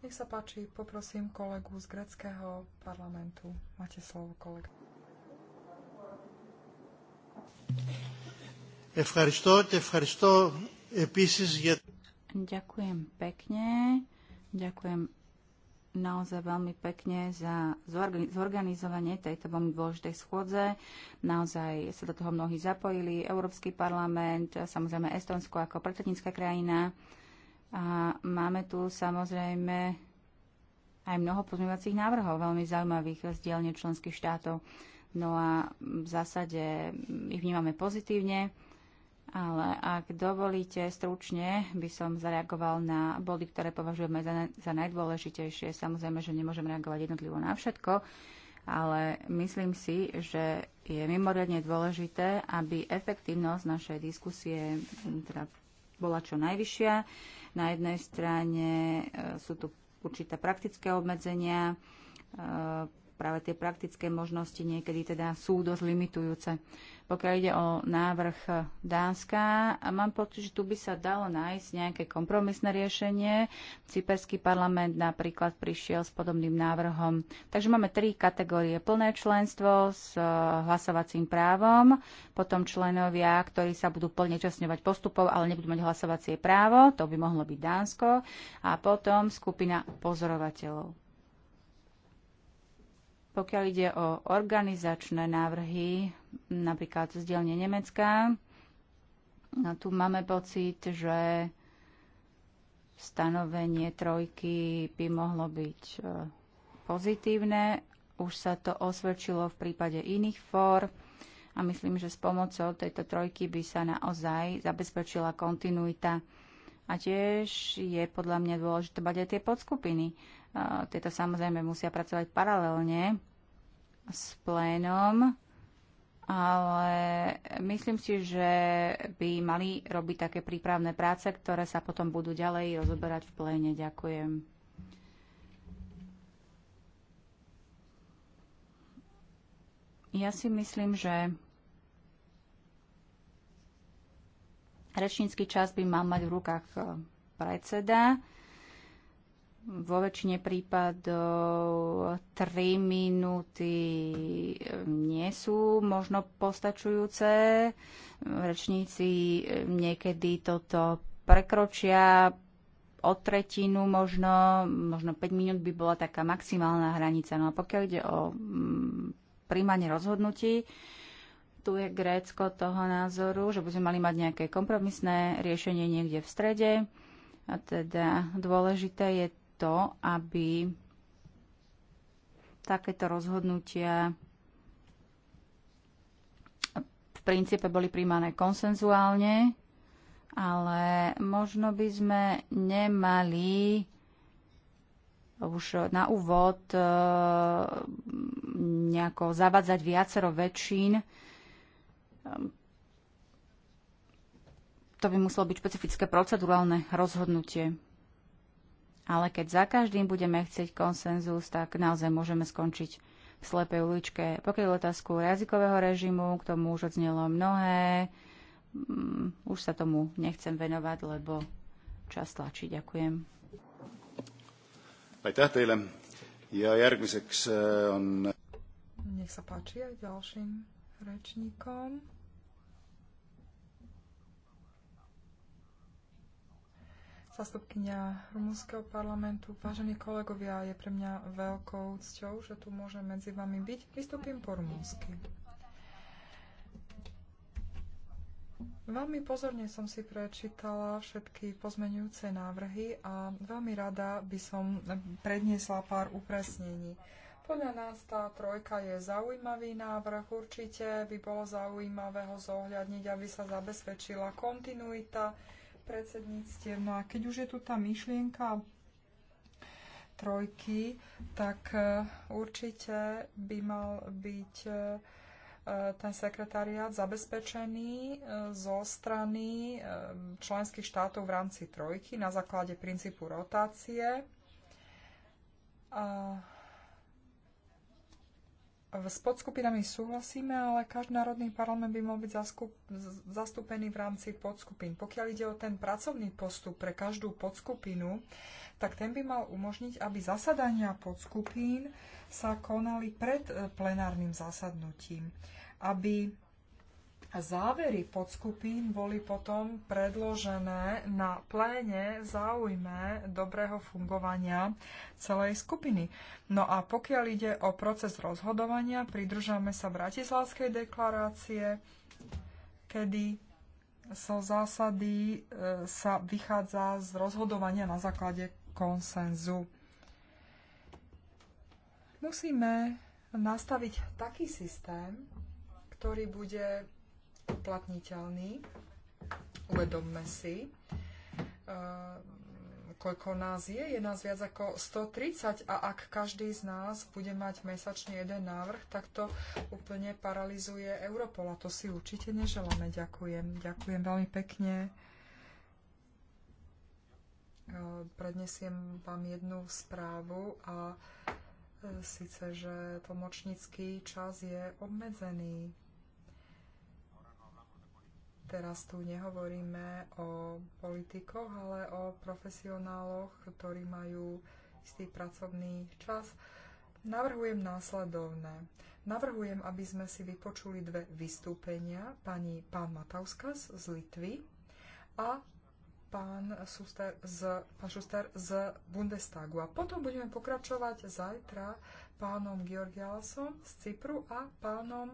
Speaker 2: Nech sa páči, poprosím kolegu z greckého parlamentu. Máte slovo, kolega. Ďakujem
Speaker 4: pekne. Ďakujem naozaj veľmi pekne za zorganizovanie tejto veľmi dôležitej schôdze. Naozaj sa do toho mnohí zapojili. Európsky parlament, samozrejme Estonsko ako predsednícka krajina. A máme tu samozrejme aj mnoho pozmývacích návrhov, veľmi zaujímavých z členských štátov. No a v zásade ich vnímame pozitívne. Ale ak dovolíte, stručne by som zareagoval na body, ktoré považujeme za, ne- za najdôležitejšie. Samozrejme, že nemôžem reagovať jednotlivo na všetko, ale myslím si, že je mimoriadne dôležité, aby efektívnosť našej diskusie teda bola čo najvyššia. Na jednej strane e, sú tu určité praktické obmedzenia, e, práve tie praktické možnosti niekedy teda sú dosť limitujúce. Pokiaľ ide o návrh Dánska, mám pocit, že tu by sa dalo nájsť nejaké kompromisné riešenie. Cyperský parlament napríklad prišiel s podobným návrhom. Takže máme tri kategórie. Plné členstvo s e, hlasovacím právom, potom členovia, ktorí sa budú plne časňovať postupov, ale nebudú mať hlasovacie právo, to by mohlo byť Dánsko, a potom skupina pozorovateľov. Pokiaľ ide o organizačné návrhy, napríklad z dielne Nemecka, no tu máme pocit, že stanovenie trojky by mohlo byť e, pozitívne. Už sa to osvedčilo v prípade iných fór a myslím, že s pomocou tejto trojky by sa naozaj zabezpečila kontinuita. A tiež je podľa mňa dôležité bať aj tie podskupiny tieto samozrejme musia pracovať paralelne s plénom, ale myslím si, že by mali robiť také prípravné práce, ktoré sa potom budú ďalej rozoberať v pléne. Ďakujem. Ja si myslím, že rečnícky čas by mal mať v rukách eh, predseda vo väčšine prípadov 3 minúty eh, nie sú možno postačujúce. Rečníci eh, niekedy toto prekročia o tretinu možno, možno 5 minút by bola taká maximálna hranica. No a pokiaľ ide o mm, príjmanie rozhodnutí, tu je Grécko toho názoru, že by sme mali mať nejaké kompromisné riešenie niekde v strede. A teda dôležité je to, aby takéto rozhodnutia v princípe boli príjmané konsenzuálne, ale možno by sme nemali už na úvod e, nejako zavadzať viacero väčšín. To by muselo byť špecifické procedurálne rozhodnutie. Ale keď za každým budeme chcieť konsenzus, tak naozaj môžeme skončiť v slepej uličke. Pokiaľ otázku jazykového režimu, k tomu už odznelo mnohé. Mm, už sa tomu nechcem venovať, lebo čas tlačí.
Speaker 3: Ďakujem. Aitäh teile ja järgmiseks eh, on
Speaker 2: nech sa páči aj ďalším rečníkom. zastupkynia Rumunského parlamentu. Vážení kolegovia, je pre mňa veľkou cťou, že tu môžem medzi vami byť. Vystúpim po rumunsky. Veľmi pozorne som si prečítala všetky pozmenujúce návrhy a veľmi rada by som predniesla pár upresnení. Podľa nás tá trojka je zaujímavý návrh. Určite by bolo zaujímavé ho zohľadniť, aby sa zabezpečila kontinuita predsedníctiev. No a keď už je tu tá myšlienka trojky, tak e, určite by mal byť e, ten sekretariát zabezpečený e, zo strany členských štátov v rámci trojky na základe princípu rotácie. A s podskupinami súhlasíme, ale každý národný parlament by mal byť zastúpený v rámci podskupín. Pokiaľ ide o ten pracovný postup pre každú podskupinu, tak ten by mal umožniť, aby zasadania podskupín sa konali pred e, plenárnym zasadnutím, aby Závery podskupín boli potom predložené na pléne záujme dobrého fungovania celej skupiny. No a pokiaľ ide o proces rozhodovania, pridržame sa Bratislavskej deklarácie, kedy so zásady e, sa vychádza z rozhodovania na základe konsenzu. Musíme nastaviť taký systém, ktorý bude uplatniteľný. Uvedomme si, uh, koľko nás je. Je nás viac ako 130 a ak každý z nás bude mať mesačne jeden návrh, tak to úplne paralizuje Europol a to si určite neželáme. Ďakujem. Ďakujem veľmi pekne. Uh, prednesiem vám jednu správu a uh, síce, že tlmočnícky čas je obmedzený teraz tu nehovoríme o politikoch, ale o profesionáloch, ktorí majú istý pracovný čas. Navrhujem následovné. Navrhujem, aby sme si vypočuli dve vystúpenia, pani pán Matauskas z Litvy a pán Suster z, pán Šuster z Bundestagu. A potom budeme pokračovať zajtra pánom Georgiasom z Cypru a pánom...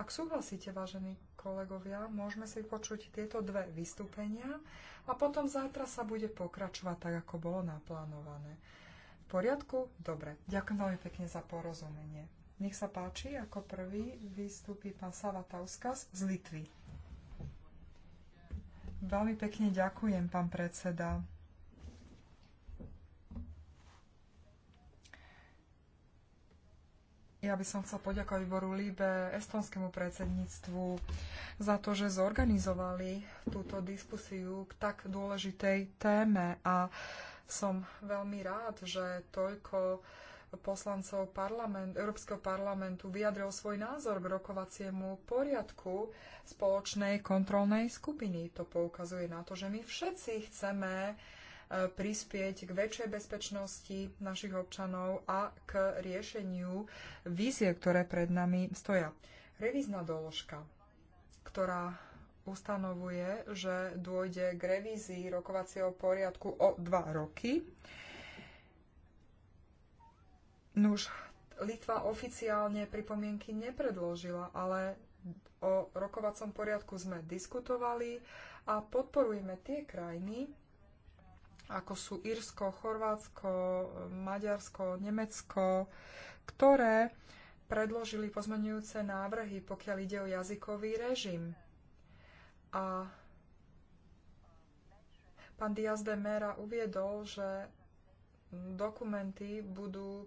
Speaker 2: Ak súhlasíte, vážení kolegovia, môžeme si počuť tieto dve vystúpenia a potom zajtra sa bude pokračovať tak, ako bolo naplánované. V poriadku? Dobre. Ďakujem veľmi pekne za porozumenie. Nech sa páči, ako prvý vystúpi pán Sava Tauskas z Litvy. Veľmi pekne ďakujem, pán predseda. Ja by som chcel poďakovať výboru Líbe, estonskému predsedníctvu za to, že zorganizovali túto diskusiu k tak dôležitej téme a som veľmi rád, že toľko poslancov parlament, Európskeho parlamentu vyjadril svoj názor k rokovaciemu poriadku spoločnej kontrolnej skupiny. To poukazuje na to, že my všetci chceme prispieť k väčšej bezpečnosti našich občanov a k riešeniu vízie, ktoré pred nami stoja. Revízna doložka, ktorá ustanovuje, že dôjde k revízii rokovacieho poriadku o dva roky. Nuž, Litva oficiálne pripomienky nepredložila, ale o rokovacom poriadku sme diskutovali a podporujeme tie krajiny, ako sú Írsko, Chorvátsko, Maďarsko, Nemecko, ktoré predložili pozmenujúce návrhy, pokiaľ ide o jazykový režim. A pán Diaz de Mera uviedol, že dokumenty budú,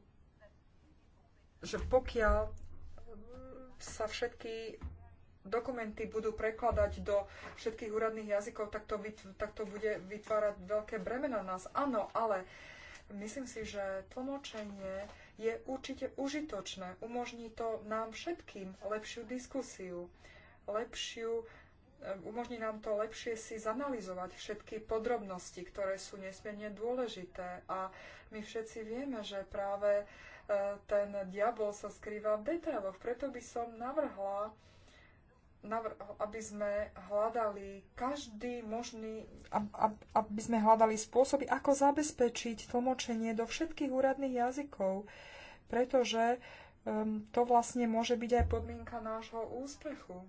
Speaker 2: že pokiaľ sa všetky dokumenty budú prekladať do všetkých úradných jazykov, tak to, tak to bude vytvárať veľké bremena na nás. Áno, ale myslím si, že tlmočenie je určite užitočné. Umožní to nám všetkým lepšiu diskusiu, lepšiu, eh, umožní nám to lepšie si zanalizovať všetky podrobnosti, ktoré sú nesmierne dôležité. A my všetci vieme, že práve eh, ten diabol sa skrýva v detailoch. Preto by som navrhla aby sme hľadali každý možný, aby sme hľadali spôsoby, ako zabezpečiť tlmočenie do všetkých úradných jazykov, pretože um, to vlastne môže byť aj podmienka nášho úspechu.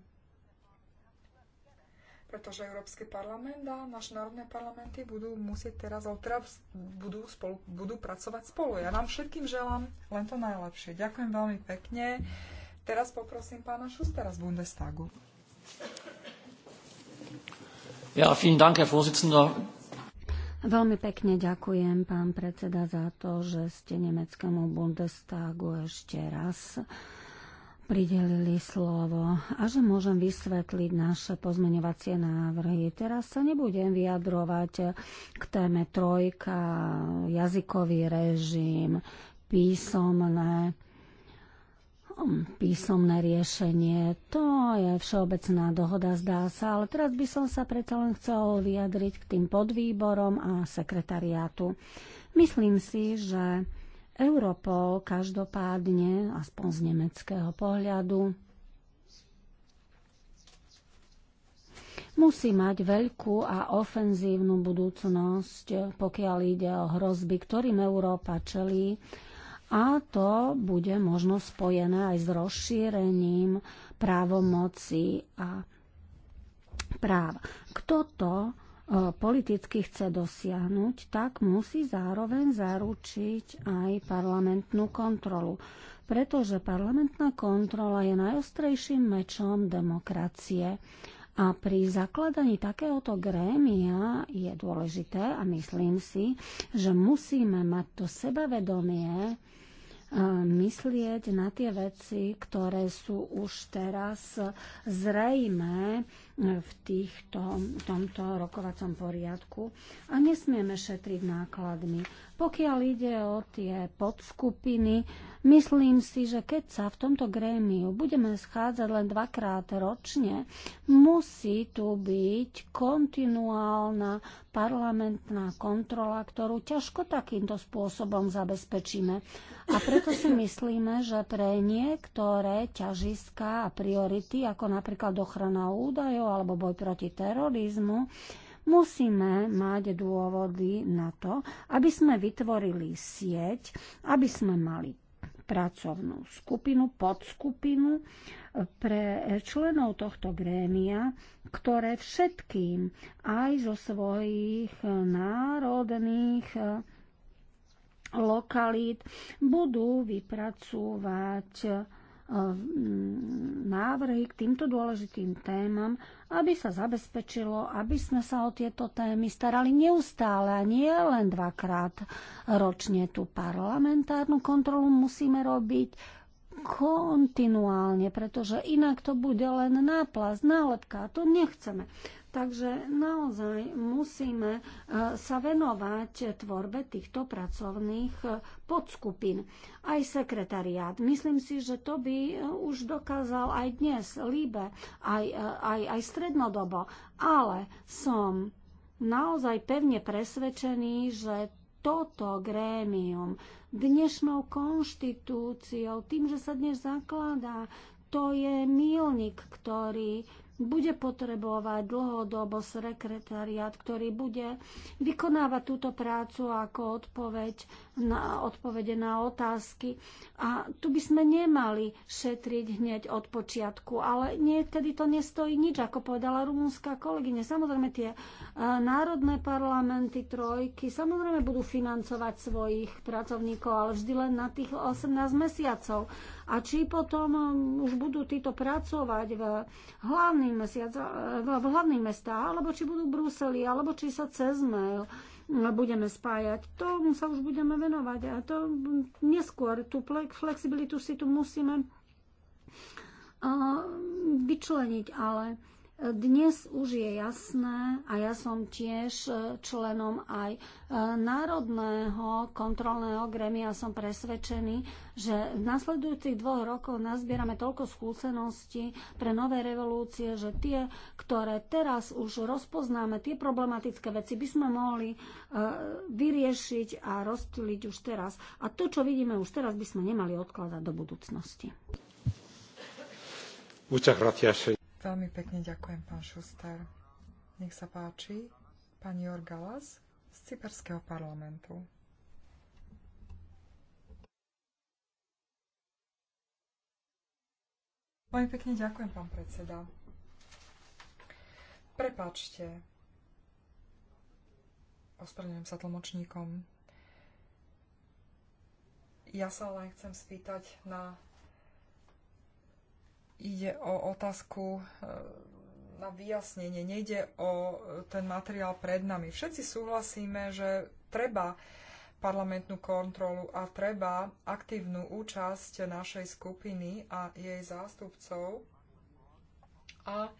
Speaker 2: Pretože Európsky parlament a naše národné parlamenty budú musieť teraz, ale teraz budú, spolu, budú pracovať spolu. Ja vám všetkým želám len to najlepšie. Ďakujem veľmi pekne. Teraz poprosím pána Šustera z Bundestagu.
Speaker 3: Ja, vielen Dank, Herr Vorsitzender.
Speaker 1: Veľmi pekne ďakujem, pán predseda, za to, že ste nemeckému Bundestagu ešte raz pridelili slovo a že môžem vysvetliť naše pozmeňovacie návrhy. Teraz sa nebudem vyjadrovať k téme trojka, jazykový režim, písomné Hm, písomné riešenie. To je všeobecná dohoda, zdá sa, ale teraz by som sa predsa len chcel vyjadriť k tým podvýborom a sekretariátu. Myslím si, že Europol každopádne, aspoň z nemeckého pohľadu, musí mať veľkú a ofenzívnu budúcnosť, pokiaľ ide o hrozby, ktorým Európa čelí a to bude možno spojené aj s rozšírením právomoci a práv. Kto to e, politicky chce dosiahnuť, tak musí zároveň zaručiť aj parlamentnú kontrolu. Pretože parlamentná kontrola je najostrejším mečom demokracie. A pri zakladaní takéhoto grémia je dôležité a myslím si, že musíme mať to sebavedomie, myslieť na tie veci, ktoré sú už teraz zrejme v týchto, tomto rokovacom poriadku a nesmieme šetriť nákladmi. Pokiaľ ide o tie podskupiny, Myslím si, že keď sa v tomto grémiu budeme schádzať len dvakrát ročne, musí tu byť kontinuálna parlamentná kontrola, ktorú ťažko takýmto spôsobom zabezpečíme. A preto si myslíme, že pre niektoré ťažiská a priority, ako napríklad ochrana údajov alebo boj proti terorizmu, musíme mať dôvody na to, aby sme vytvorili sieť, aby sme mali pracovnú skupinu, podskupinu e, pre členov tohto grémia, ktoré všetkým aj zo svojich národných e, lokalít budú vypracúvať E, návrhy k týmto dôležitým témam, aby sa zabezpečilo, aby sme sa o tieto témy starali neustále a nie len dvakrát ročne. Tú parlamentárnu kontrolu musíme robiť kontinuálne, pretože inak to bude len náplast, nálepka a to nechceme. Takže naozaj musíme e, sa venovať tvorbe týchto pracovných e, podskupín. Aj sekretariát. Myslím si, že to by e, už dokázal aj dnes líbe, aj, aj, aj strednodobo. Ale som naozaj pevne presvedčený, že toto grémium dnešnou konštitúciou, tým, že sa dnes zakladá, to je milník, ktorý bude potrebovať dlhodobo sekretariat, ktorý bude vykonávať túto prácu ako odpoveď na, odpovede na otázky. A tu by sme nemali šetriť hneď od počiatku, ale niekedy to nestojí nič, ako povedala rumúnska kolegyne. Samozrejme tie e, národné parlamenty, trojky, samozrejme budú financovať svojich pracovníkov, ale vždy len na tých 18 mesiacov a či potom um, už budú títo pracovať v hlavných, mesiac, v hlavných mestách, alebo či budú v Bruseli, alebo či sa cez mail um, budeme spájať. Tomu sa už budeme venovať a to um, neskôr, tú flexibilitu si tu musíme uh, vyčleniť, ale dnes už je jasné, a ja som tiež e, členom aj e, Národného kontrolného gremia, som presvedčený, že v nasledujúcich dvoch rokoch nazbierame toľko skúseností pre nové revolúcie, že tie, ktoré teraz už rozpoznáme, tie problematické veci by sme mohli e, vyriešiť a rozptýliť už teraz. A to, čo vidíme už teraz, by sme nemali
Speaker 2: odkladať do budúcnosti.
Speaker 3: Muchas gracias.
Speaker 2: Veľmi pekne ďakujem, pán Šuster. Nech sa páči, pán Jorgalas z Cyperského parlamentu. Veľmi pekne ďakujem, pán predseda. Prepačte. Ospravedlňujem sa tlmočníkom. Ja sa len chcem spýtať na ide o otázku e, na vyjasnenie, nejde o e, ten materiál pred nami. Všetci súhlasíme, že treba parlamentnú kontrolu a treba aktívnu účasť našej skupiny a jej zástupcov. A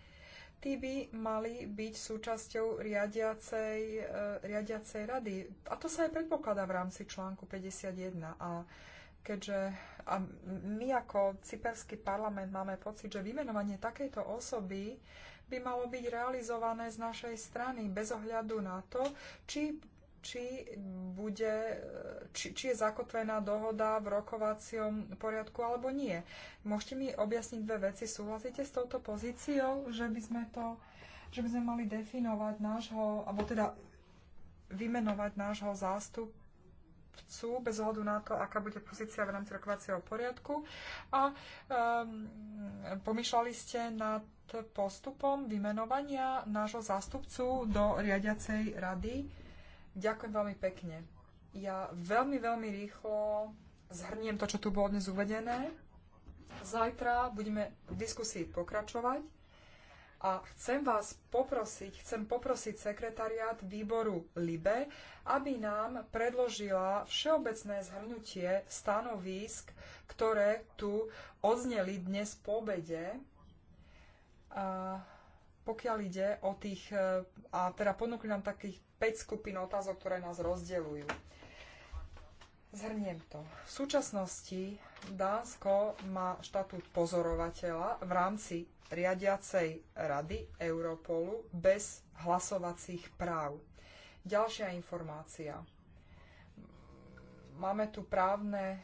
Speaker 2: tí by mali byť súčasťou riadiacej, e, riadiacej rady. A to sa aj predpokladá v rámci článku 51. A keďže a my ako cyperský parlament máme pocit, že vymenovanie takejto osoby by malo byť realizované z našej strany bez ohľadu na to, či, či, bude, či, či je zakotvená dohoda v rokovacom poriadku alebo nie. Môžete mi objasniť dve veci. Súhlasíte s touto pozíciou, že by sme to že by sme mali definovať nášho, alebo teda vymenovať nášho zástup, chcú, bez ohľadu na to, aká bude pozícia v rámci rokovacieho poriadku. A um, pomýšľali ste nad postupom vymenovania nášho zástupcu do riadiacej rady. Ďakujem veľmi pekne. Ja veľmi, veľmi rýchlo zhrniem to, čo tu bolo dnes uvedené. Zajtra budeme v diskusii pokračovať. A chcem vás poprosiť, chcem poprosiť sekretariát výboru LIBE, aby nám predložila všeobecné zhrnutie stanovísk, ktoré tu odzneli dnes po obede. A pokiaľ ide o tých, a teda ponúkli nám takých 5 skupín otázok, ktoré nás rozdeľujú. Zhrniem to. V súčasnosti Dánsko má štatút pozorovateľa v rámci riadiacej rady Europolu bez hlasovacích práv. Ďalšia informácia. Máme tu právne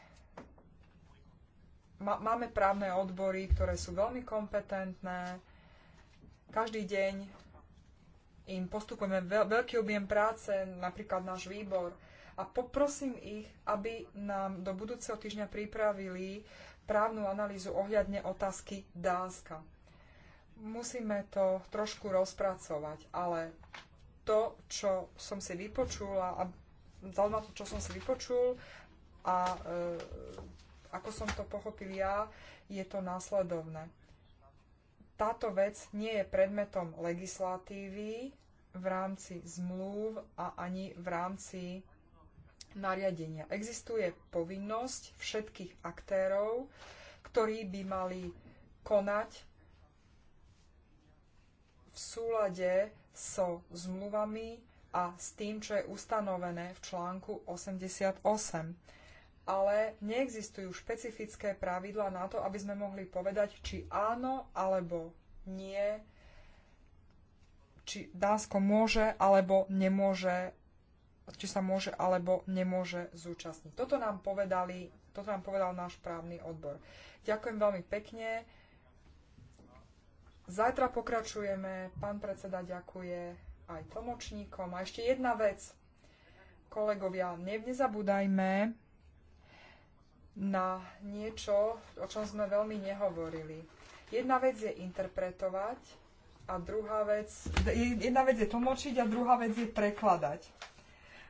Speaker 2: máme právne odbory, ktoré sú veľmi kompetentné. Každý deň im postupujeme veľký objem práce, napríklad náš výbor a poprosím ich, aby nám do budúceho týždňa pripravili právnu analýzu ohľadne otázky Dánska. Musíme to trošku rozpracovať, ale to, čo som si vypočula a zaujíma to, čo som si vypočul a e, ako som to pochopil ja, je to následovné. Táto vec nie je predmetom legislatívy v rámci zmluv a ani v rámci nariadenia. Existuje povinnosť všetkých aktérov, ktorí by mali konať v súlade so zmluvami a s tým, čo je ustanovené v článku 88. Ale neexistujú špecifické pravidla na to, aby sme mohli povedať, či áno alebo nie, či Dánsko môže alebo nemôže či sa môže alebo nemôže zúčastniť. Toto nám, povedali, toto nám povedal náš právny odbor. Ďakujem veľmi pekne. Zajtra pokračujeme. Pán predseda ďakuje aj tlmočníkom. A ešte jedna vec. Kolegovia, nezabúdajme na niečo, o čom sme veľmi nehovorili. Jedna vec je interpretovať a druhá vec, jedna vec je tlmočiť a druhá vec je prekladať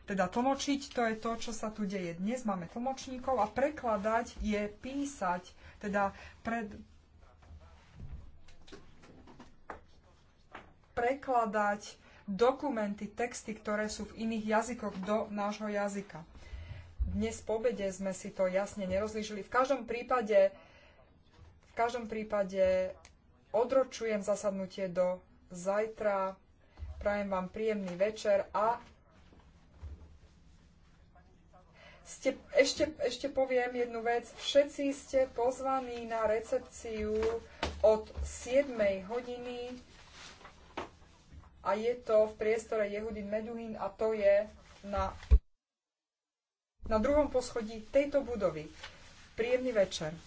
Speaker 2: teda tlmočiť, to je to, čo sa tu deje dnes, máme tlmočníkov a prekladať je písať, teda pred, prekladať dokumenty, texty, ktoré sú v iných jazykoch do nášho jazyka. Dnes po obede sme si to jasne nerozlížili. V každom prípade, v každom prípade odročujem zasadnutie do zajtra. Prajem vám príjemný večer a ste, ešte, ešte poviem jednu vec. Všetci ste pozvaní na recepciu od 7. hodiny a je to v priestore Jehudin Meduhin a to je na, na druhom poschodí tejto budovy. Príjemný večer.